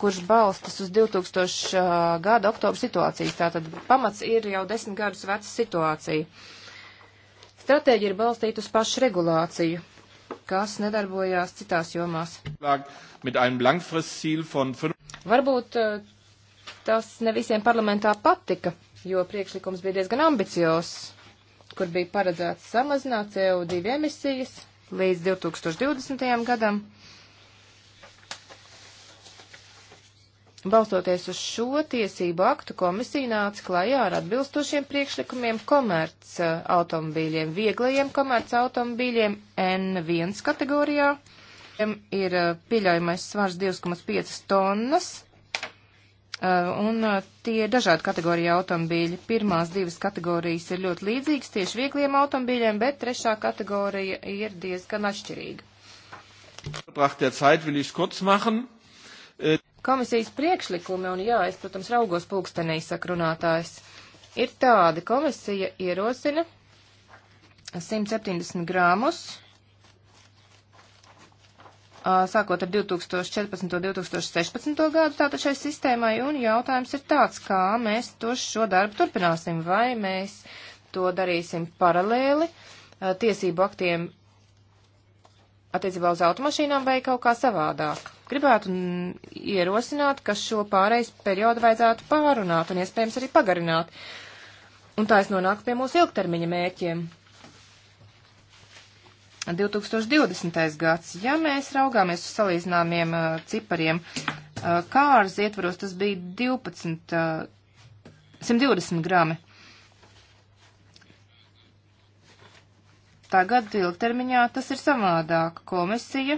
S3: kurš balstas uz 2000 gada oktobra situācijas. Tātad pamats ir jau desmit gadus veca situācija. Stratēģija ir balstīta uz pašregulāciju, kas nedarbojās citās jomās. Varbūt tas ne visiem parlamentā patika jo priekšlikums bija diezgan ambiciozs, kur bija paredzēts samazināt CO2 emisijas līdz 2020. gadam. Balstoties uz šo tiesību aktu, komisija nāca klajā ar atbilstošiem priekšlikumiem komerc eh, automobīļiem, vieglajiem komerc automobīļiem N1 kategorijā. Ir eh, pieļaujamais svars 2,5 tonnas, Uh, un uh, tie ir dažādi kategorija automobīļi. Pirmās divas kategorijas ir ļoti līdzīgas tieši viegliem automobīļiem, bet trešā kategorija ir diezgan atšķirīga. Äh, Komisijas priekšlikumi, un jā, es, protams, raugos pulkstenī, saka runātājs, ir tādi. Komisija ierosina 170 grāmus sākot ar 2014. un 2016. gadu tātad šai sistēmai, un jautājums ir tāds, kā mēs to šo darbu turpināsim, vai mēs to darīsim paralēli tiesību aktiem attiecībā uz automašīnām vai kaut kā savādāk. Gribētu ierosināt, ka šo pārejas periodu vajadzētu pārunāt un iespējams arī pagarināt. Un tā es nonāku pie mūsu ilgtermiņa mērķiem. 2020. gads. Ja mēs raugāmies uz salīdzināmiem uh, cipariem, uh, kārs ietvaros tas bija 12, uh, 120 grami. Tagad ilgtermiņā tas ir savādāk. Komisija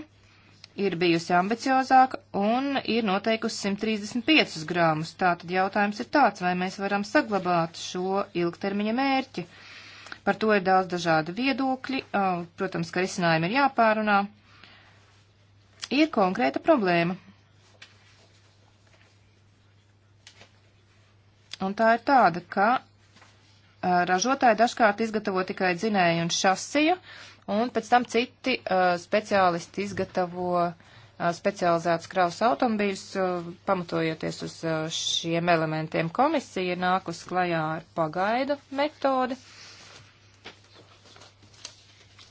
S3: ir bijusi ambiciozāka un ir noteikusi 135 grāmus. Tātad jautājums ir tāds, vai mēs varam saglabāt šo ilgtermiņa mērķi. Uh, Par to ir daudz dažādu viedokļi, protams, ka risinājumi ir jāpārunā. Ir konkrēta problēma. Un tā ir tāda, ka ražotāji dažkārt izgatavo tikai dzinēju un šasiju, un pēc tam citi speciālisti izgatavo specializētus kravas automobīļus, pamatojoties uz šiem elementiem. Komisija nākus klajā ar pagaidu metodi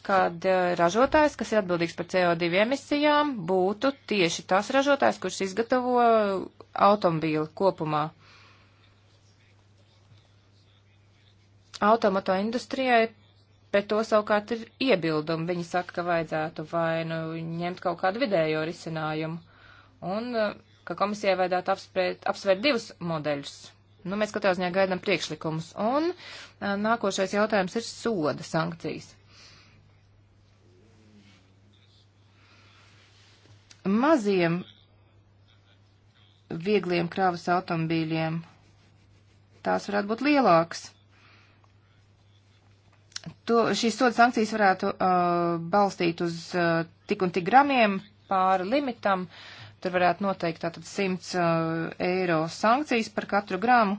S3: kad eh, ražotājs, kas ir atbildīgs par CO2 emisijām, būtu tieši tas ražotājs, kurš izgatavo eh, automobīli kopumā. Automoto industrijai pret to savukārt ir iebildumi. Viņi saka, ka vajadzētu vai nu ņemt kaut kādu vidējo risinājumu un eh, ka komisijai vajadzētu apsprēt, apsvērt divus modeļus. Nu, mēs katrā ziņā gaidām priekšlikumus. Un nākošais jautājums ir soda sankcijas. maziem viegliem kravas automobīļiem. Tās varētu būt lielākas. To, šīs soda sankcijas varētu uh, balstīt uz uh, tik un tik gramiem pāri limitam. Tur varētu noteikt tātad 100 uh, eiro sankcijas par katru gramu.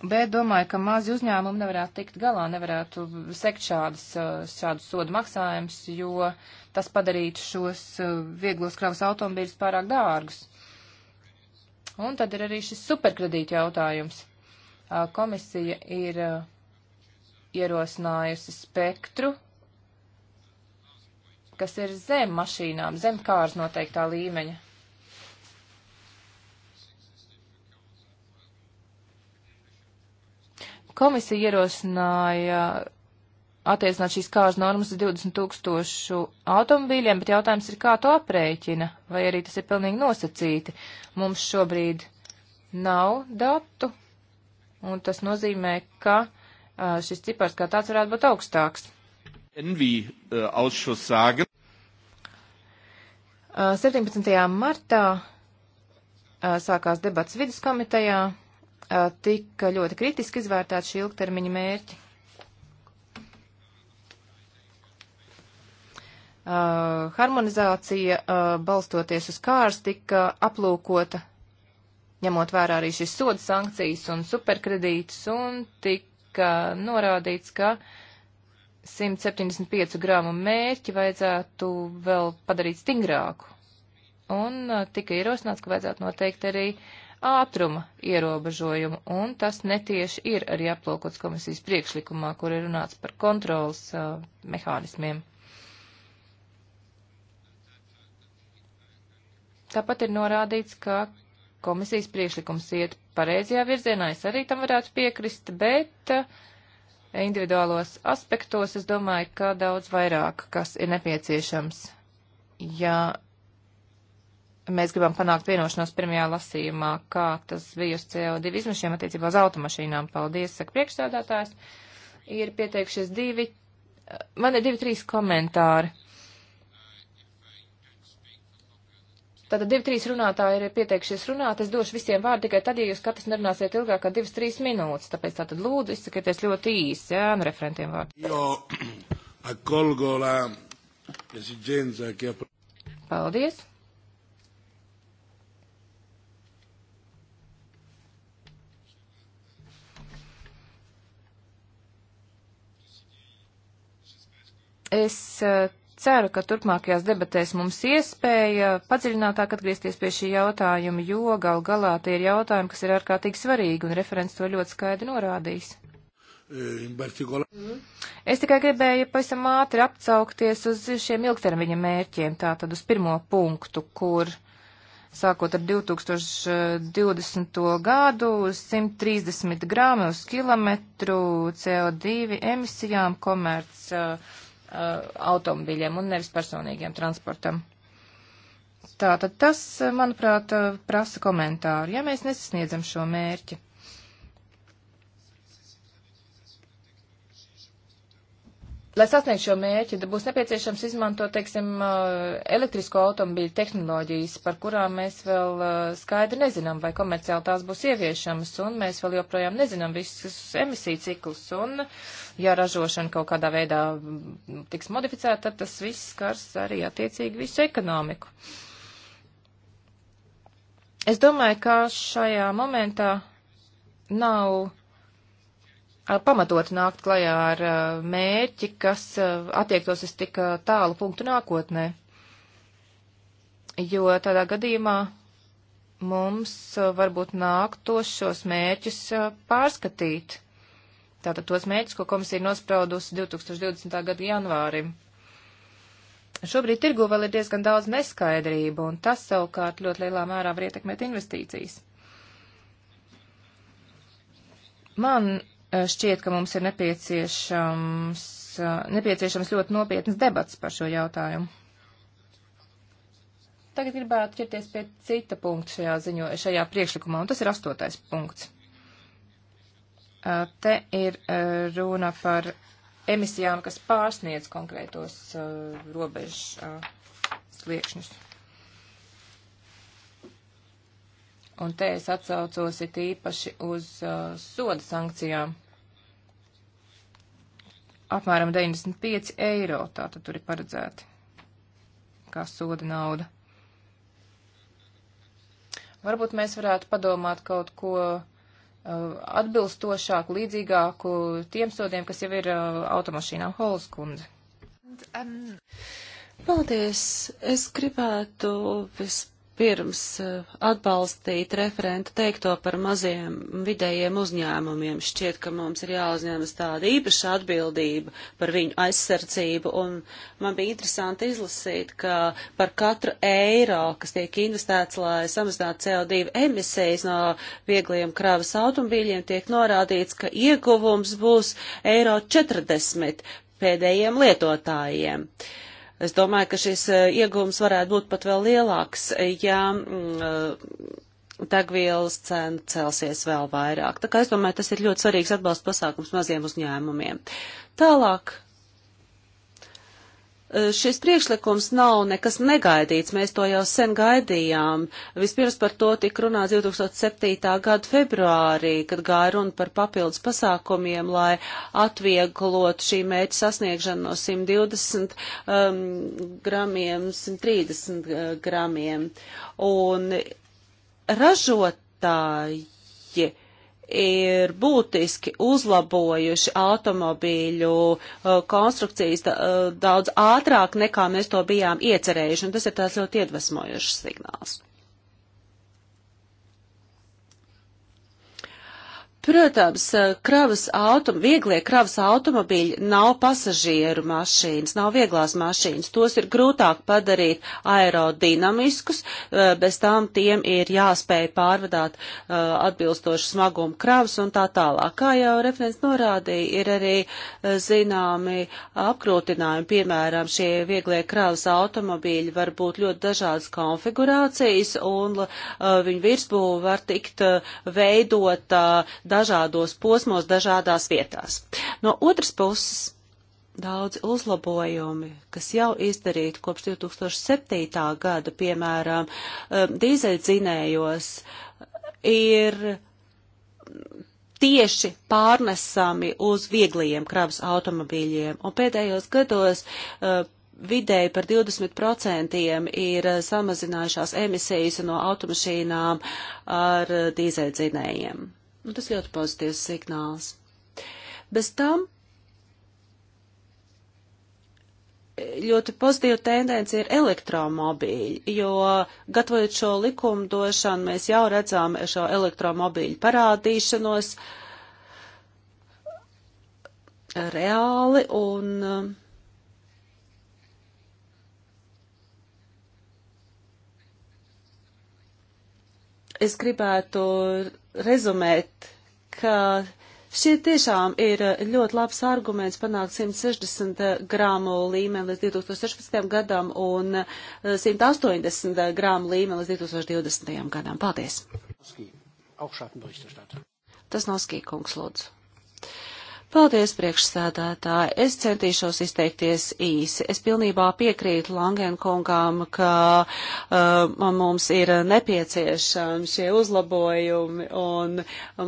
S3: Bet domāju, ka mazi uzņēmumi nevarētu tikt galā, nevarētu sekt šādas, uh, šādus sodu maksājumus, jo tas padarītu šos uh, vieglos kravas automobīļus pārāk dārgus. Un tad ir arī šis superkredīti jautājums. Uh, komisija ir ierosinājusi spektru, kas ir zem mašīnām, zem kārs noteiktā līmeņa. Komisija ierosināja attiecināt šīs kārs normas uz 20 tūkstošu automobīļiem, bet jautājums ir, kā to aprēķina, vai arī tas ir pilnīgi nosacīti. Mums šobrīd nav datu, un tas nozīmē, ka šis cipars kā tāds varētu būt augstāks.
S1: Envī uh, ausschuss sagen.
S3: 17. martā sākās debats viduskomitejā Eh, tika ļoti kritiski izvērtēti šī ilgtermiņa mērķi. Uh, harmonizācija uh, balstoties uz kārs tika aplūkota, ņemot vērā arī šīs soda sankcijas un superkredītus, un tika norādīts, ka 175 gramu mērķi vajadzētu vēl padarīt stingrāku. Un uh, tika ierosināts, ka vajadzētu noteikt arī uh, ātruma ierobežojumu, un tas netieši ir arī aplūkots komisijas priekšlikumā, kur ir runāts par kontrolas uh, mehānismiem. Tāpat ir norādīts, ka komisijas priekšlikums iet pareizajā virzienā, es arī tam varētu piekrist, bet uh, individuālos aspektos es domāju, ka daudz vairāk, kas ir nepieciešams, ja mēs gribam panākt vienošanos pirmajā lasījumā, kā tas bija uz CO2 izmešiem attiecībā uz automašīnām. Paldies, saka priekšstādātājs. Ir pieteikšies divi, man ir divi, trīs komentāri. Tātad divi, trīs runātāji ir pieteikšies runāt. Es došu visiem vārdu tikai tad, ja jūs katrs nerunāsiet ilgāk kā divas, trīs minūtes. Tāpēc tātad lūdzu izsakieties ļoti īsi, jā, nu referentiem vārdu.
S2: Jo, akolgo la esigenza, ka...
S3: Paldies. Es eh, ceru, ka turpmākajās debatēs mums iespēja padziļinātāk atgriezties pie šī jautājuma, jo gal galā tie ir jautājumi, kas ir ārkārtīgi svarīgi, un referents to ļoti skaidri norādījis. Eh, es tikai gribēju pavisam ātri apcaukties uz šiem ilgtermiņa mērķiem, tātad uz pirmo punktu, kur sākot ar 2020. gadu 130 grāmi uz kilometru CO2 emisijām komerc. Uh, Uh, automobiļiem un nevis personīgiem transportam. Tātad tas, uh, manuprāt, uh, prasa komentāru, ja mēs nesasniedzam šo mērķi. Lai sasniegtu šo mērķi, būs nepieciešams izmantot, teiksim, uh, elektrisko automobīļu tehnoloģijas, par kurām mēs vēl uh, skaidri nezinām, vai komerciāli tās būs ieviešamas, un mēs vēl joprojām nezinām visus emisiju ciklus, un ja ražošana kaut kādā veidā mm, tiks modificēta, tad tas viss skars arī attiecīgi visu ekonomiku. Es domāju, ka šajā momentā nav pamatot nākt klajā ar mērķi, kas attiektos uz tik tālu punktu nākotnē. Jo tādā gadījumā mums varbūt nāktos šos mērķus pārskatīt. Tātad tos mērķus, ko komisija nospraudusi 2020. gada janvārim. Šobrīd tirgu vēl ir diezgan daudz neskaidrību, un tas savukārt ļoti lielā mērā var ietekmēt investīcijas. Man Eh, šķiet, ka mums ir nepieciešams, eh, nepieciešams ļoti nopietnas debats par šo jautājumu. Tagad gribētu ķerties pie cita punkta šajā, ziņo, šajā priekšlikumā, un tas ir astotais punkts. Eh, te ir runa par emisijām, kas pārsniedz konkrētos robežas sliekšņus. Un te es atsaucos it īpaši uz uh, soda sankcijām. Apmēram 95 eiro tātad tur ir paredzēti kā soda nauda. Varbūt mēs varētu padomāt kaut ko uh, atbilstošāku, līdzīgāku tiem sodiem, kas jau ir uh, automašīnām Holas kundze.
S1: Um. Paldies! Es gribētu vis vispirms eh, atbalstīt referentu teikto par maziem vidējiem uzņēmumiem. Šķiet, ka mums ir jāuzņemas tāda īpaša atbildība par viņu aizsardzību, un man bija interesanti izlasīt, ka par katru eiro, kas tiek investēts, lai samazinātu CO2 emisijas no viegliem kravas automobīļiem, tiek norādīts, ka ieguvums būs eiro 40 pēdējiem lietotājiem. Uh, Es domāju, ka šis eh, iegūms varētu būt pat vēl lielāks, ja mm, eh, degvielas cena celsies vēl vairāk. Tā kā es domāju, tas ir ļoti svarīgs atbalsta pasākums maziem uzņēmumiem. Tālāk Eh, šis priekšlikums nav nekas negaidīts, mēs to jau sen gaidījām. Vispirms par to tika runāts 2007. gada februārī, kad gāja runa par papildus pasākumiem, lai atvieglotu šī mērķa sasniegšanu no 120 um, ehm, gramiem, 130 eh, gramiem. Un ražotāji ir būtiski uzlabojuši automobīļu uh, konstrukcijas uh, daudz ātrāk nekā mēs to bijām iecerējuši, un tas ir tās ļoti iedvesmojušas signāls. Protams, eh, kravas autom, vieglie kravas automobīļi nav pasažieru mašīnas, nav vieglās mašīnas. Tos ir grūtāk padarīt aerodinamiskus, eh, bez tām tiem ir jāspēj pārvadāt eh, atbilstošu smagumu kravas un tā tālāk. Kā jau referents norādīja, ir arī zināmi apgrūtinājumi, piemēram, šie vieglie kravas automobīļi var būt ļoti dažādas konfigurācijas un viņu virsbūve var tikt veidota dažādos posmos, dažādās vietās. No otras puses, daudzi uzlabojumi, kas jau izdarīti kopš 2007. gada, piemēram, um, dīzeļdzinējos, ir tieši pārnesami uz viegliem kravas automobīļiem. Un pēdējos gados uh, vidēji par 20% ir uh, samazinājušās emisijas no automašīnām ar uh, dīzeļdzinējiem. Un nu, tas ļoti pozitīvs signāls. Bez tam ļoti pozitīva tendence ir elektromobīļi, jo gatavojot šo likumdošanu, mēs jau redzām šo elektromobīļu parādīšanos reāli un um, es gribētu rezumēt, ka šie tiešām ir ļoti labs arguments panākt 160 grāmu līmeni līdz 2016. gadam un 180 eh, grāmu līmeni līdz 2020. gadam. Paldies! Tas nav skīkungs, lūdzu. Paldies, priekšsēdētāji. Es centīšos izteikties īsi. Es pilnībā piekrītu Langenkungām, ka uh, mums ir nepieciešami šie uzlabojumi un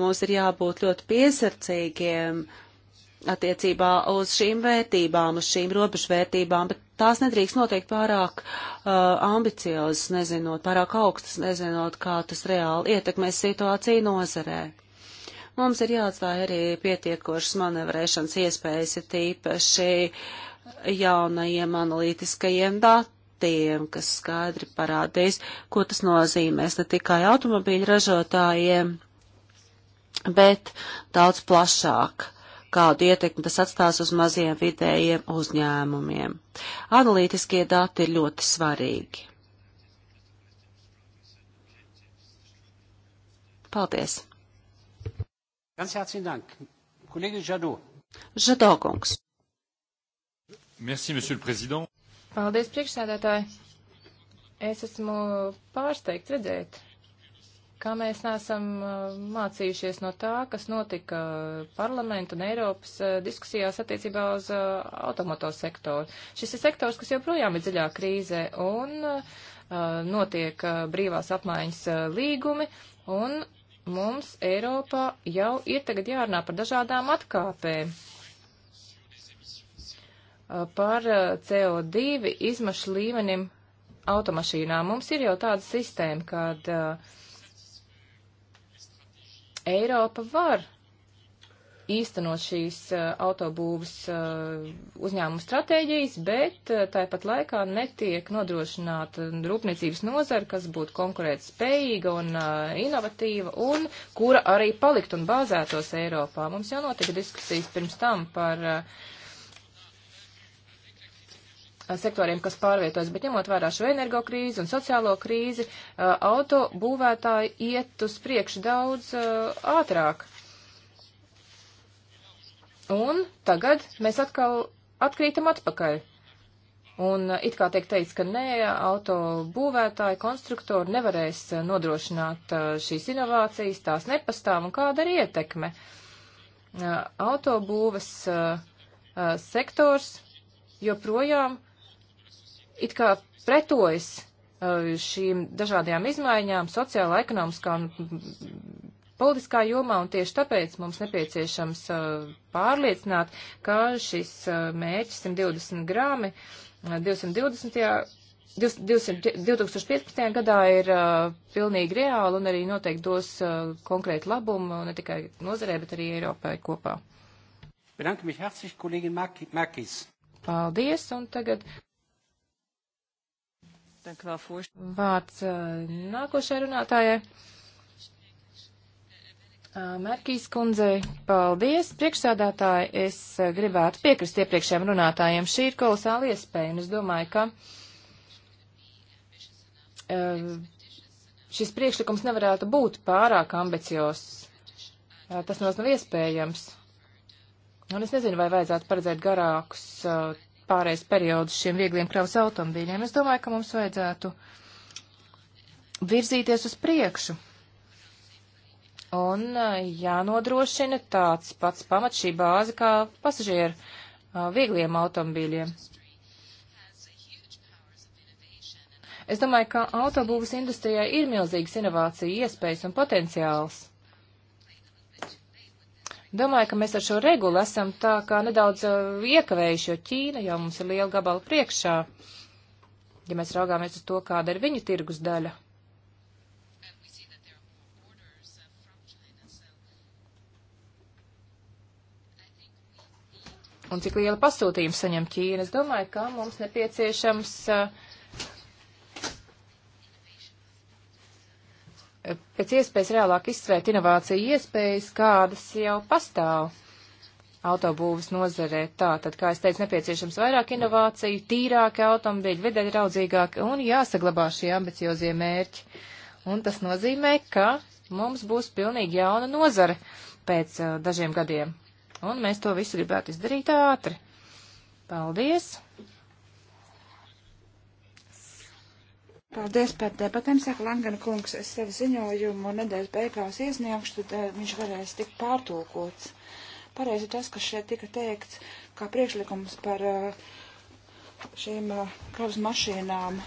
S1: mums ir jābūt ļoti piesardzīgiem attiecībā uz šīm vērtībām, uz šīm robežvērtībām, bet tās nedrīkst noteikt pārāk uh, ambiciozas, nezinot, pārāk augstas, nezinot, kā tas reāli ietekmēs situāciju nozarē. Mums ir jāatstāj arī pietiekošas manevrēšanas iespējas, ir tīpaši jaunajiem analītiskajiem datiem, kas skaidri parādīs, ko tas nozīmēs ne tikai automobīļu ražotājiem, bet daudz plašāk kādu ietekmi tas atstās uz maziem vidējiem uzņēmumiem. Analītiskie dati ir ļoti svarīgi. Paldies!
S3: Ganz herzlichen Dank. Kollege Jadot.
S1: Jadot kungs. Merci, monsieur le président.
S3: Paldies, priekšsēdētāji. Es esmu pārsteigts redzēt, kā mēs neesam uh, mācījušies no tā, kas notika parlamentu un Eiropas uh, diskusijās attiecībā uz uh, automotosektoru. Šis ir sektors, kas joprojām ir dziļā krīzē un notiek brīvās apmaiņas līgumi un mums Eiropā jau ir tagad jārunā par dažādām atkāpēm par CO2 izmašu līmenim automašīnām. Mums ir jau tāda sistēma, kad uh, Eiropa var īstenot šīs eh, autobūvas eh, uzņēmumu stratēģijas, bet eh, tāpat laikā netiek nodrošināta rūpniecības nozara, kas būtu konkurēt spējīga un inovatīva un kura arī palikt un bāzētos Eiropā. Mums jau notika diskusijas pirms tam par sektoriem, kas pārvietojas, bet ņemot vērā šo energo krīzi un sociālo krīzi, auto būvētāji iet uz priekšu daudz ātrāk. Un tagad mēs atkal atkrītam atpakaļ. Un uh, it kā tiek teikt, ka nē, auto būvētāji, konstruktori nevarēs uh, nodrošināt uh, šīs inovācijas, tās nepastāv un kāda ir ietekme. Autobūves sektors joprojām it kā pretojas šīm dažādajām izmaiņām, sociāla, ekonomiskā un politiskā jomā, un tieši tāpēc mums nepieciešams uh, pārliecināt, ka šis uh, mērķis 120 grāmi 220. 200, 2015. gadā ir uh, pilnīgi reāli un arī noteikti dos uh, konkrētu labumu ne tikai nozarē, bet arī Eiropai kopā. Paldies, un tagad vārds uh, nākošai runātājai. Merkīs kundzei, paldies. Priekšsādātāji, es gribētu piekrist iepriekšējiem runātājiem. Šī ir kolosāla iespēja, un es domāju, ka šis priekšlikums nevarētu būt pārāk ambiciozs. Tas nav iespējams. Un es nezinu, vai vajadzētu paredzēt garākus pārējais periodus šiem viegliem kravas automobīļiem. Es domāju, ka mums vajadzētu virzīties uz priekšu un jānodrošina tāds pats pamats šī bāze kā pasažieru viegliem automobīļiem. Es domāju, ka autobūvas industrijai ir milzīgas inovācija iespējas un potenciāls. Domāju, ka mēs ar šo regulu esam tā kā nedaudz iekavējuši, jo Ķīna jau mums ir liela gabala priekšā, ja mēs raugāmies uz to, kāda ir viņu tirgus daļa. un cik liela pasūtījuma saņem Ķīna. Es domāju, ka mums nepieciešams eh, pēc iespējas reālāk izsvērt inovāciju iespējas, kādas jau pastāv autobūvas nozarē. Tā tad, kā es teicu, nepieciešams vairāk inovāciju, tīrāki automobīļi, vidē raudzīgāki un jāsaglabā šie ambiciozie mērķi. Un tas nozīmē, ka mums būs pilnīgi jauna nozare pēc uh, dažiem gadiem un mēs to visu gribētu izdarīt ātri. Paldies! Paldies par debatēm,
S2: saka Langana kungs, es sev ziņojumu nedēļas beigās iesniegšu, tad uh, viņš varēs tikt pārtulkots. Pareizi tas, kas šeit tika teikts, kā priekšlikums par uh, šīm uh, kravas mašīnām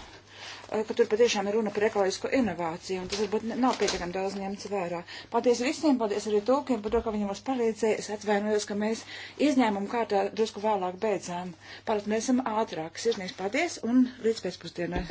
S2: Eh, ka tur patiešām ir runa par ekoloģisko inovāciju, un tas varbūt nav pietiekami daudz ņemts vērā. Paldies visiem, paldies arī tūkiem par to, ka viņi mums palīdzēja. Es atvainojos, ka mēs izņēmumu kārtā drusku vēlāk beidzām. Parasti mēs esam ātrāk. Sirsnīgs paldies un līdz pēcpusdienai.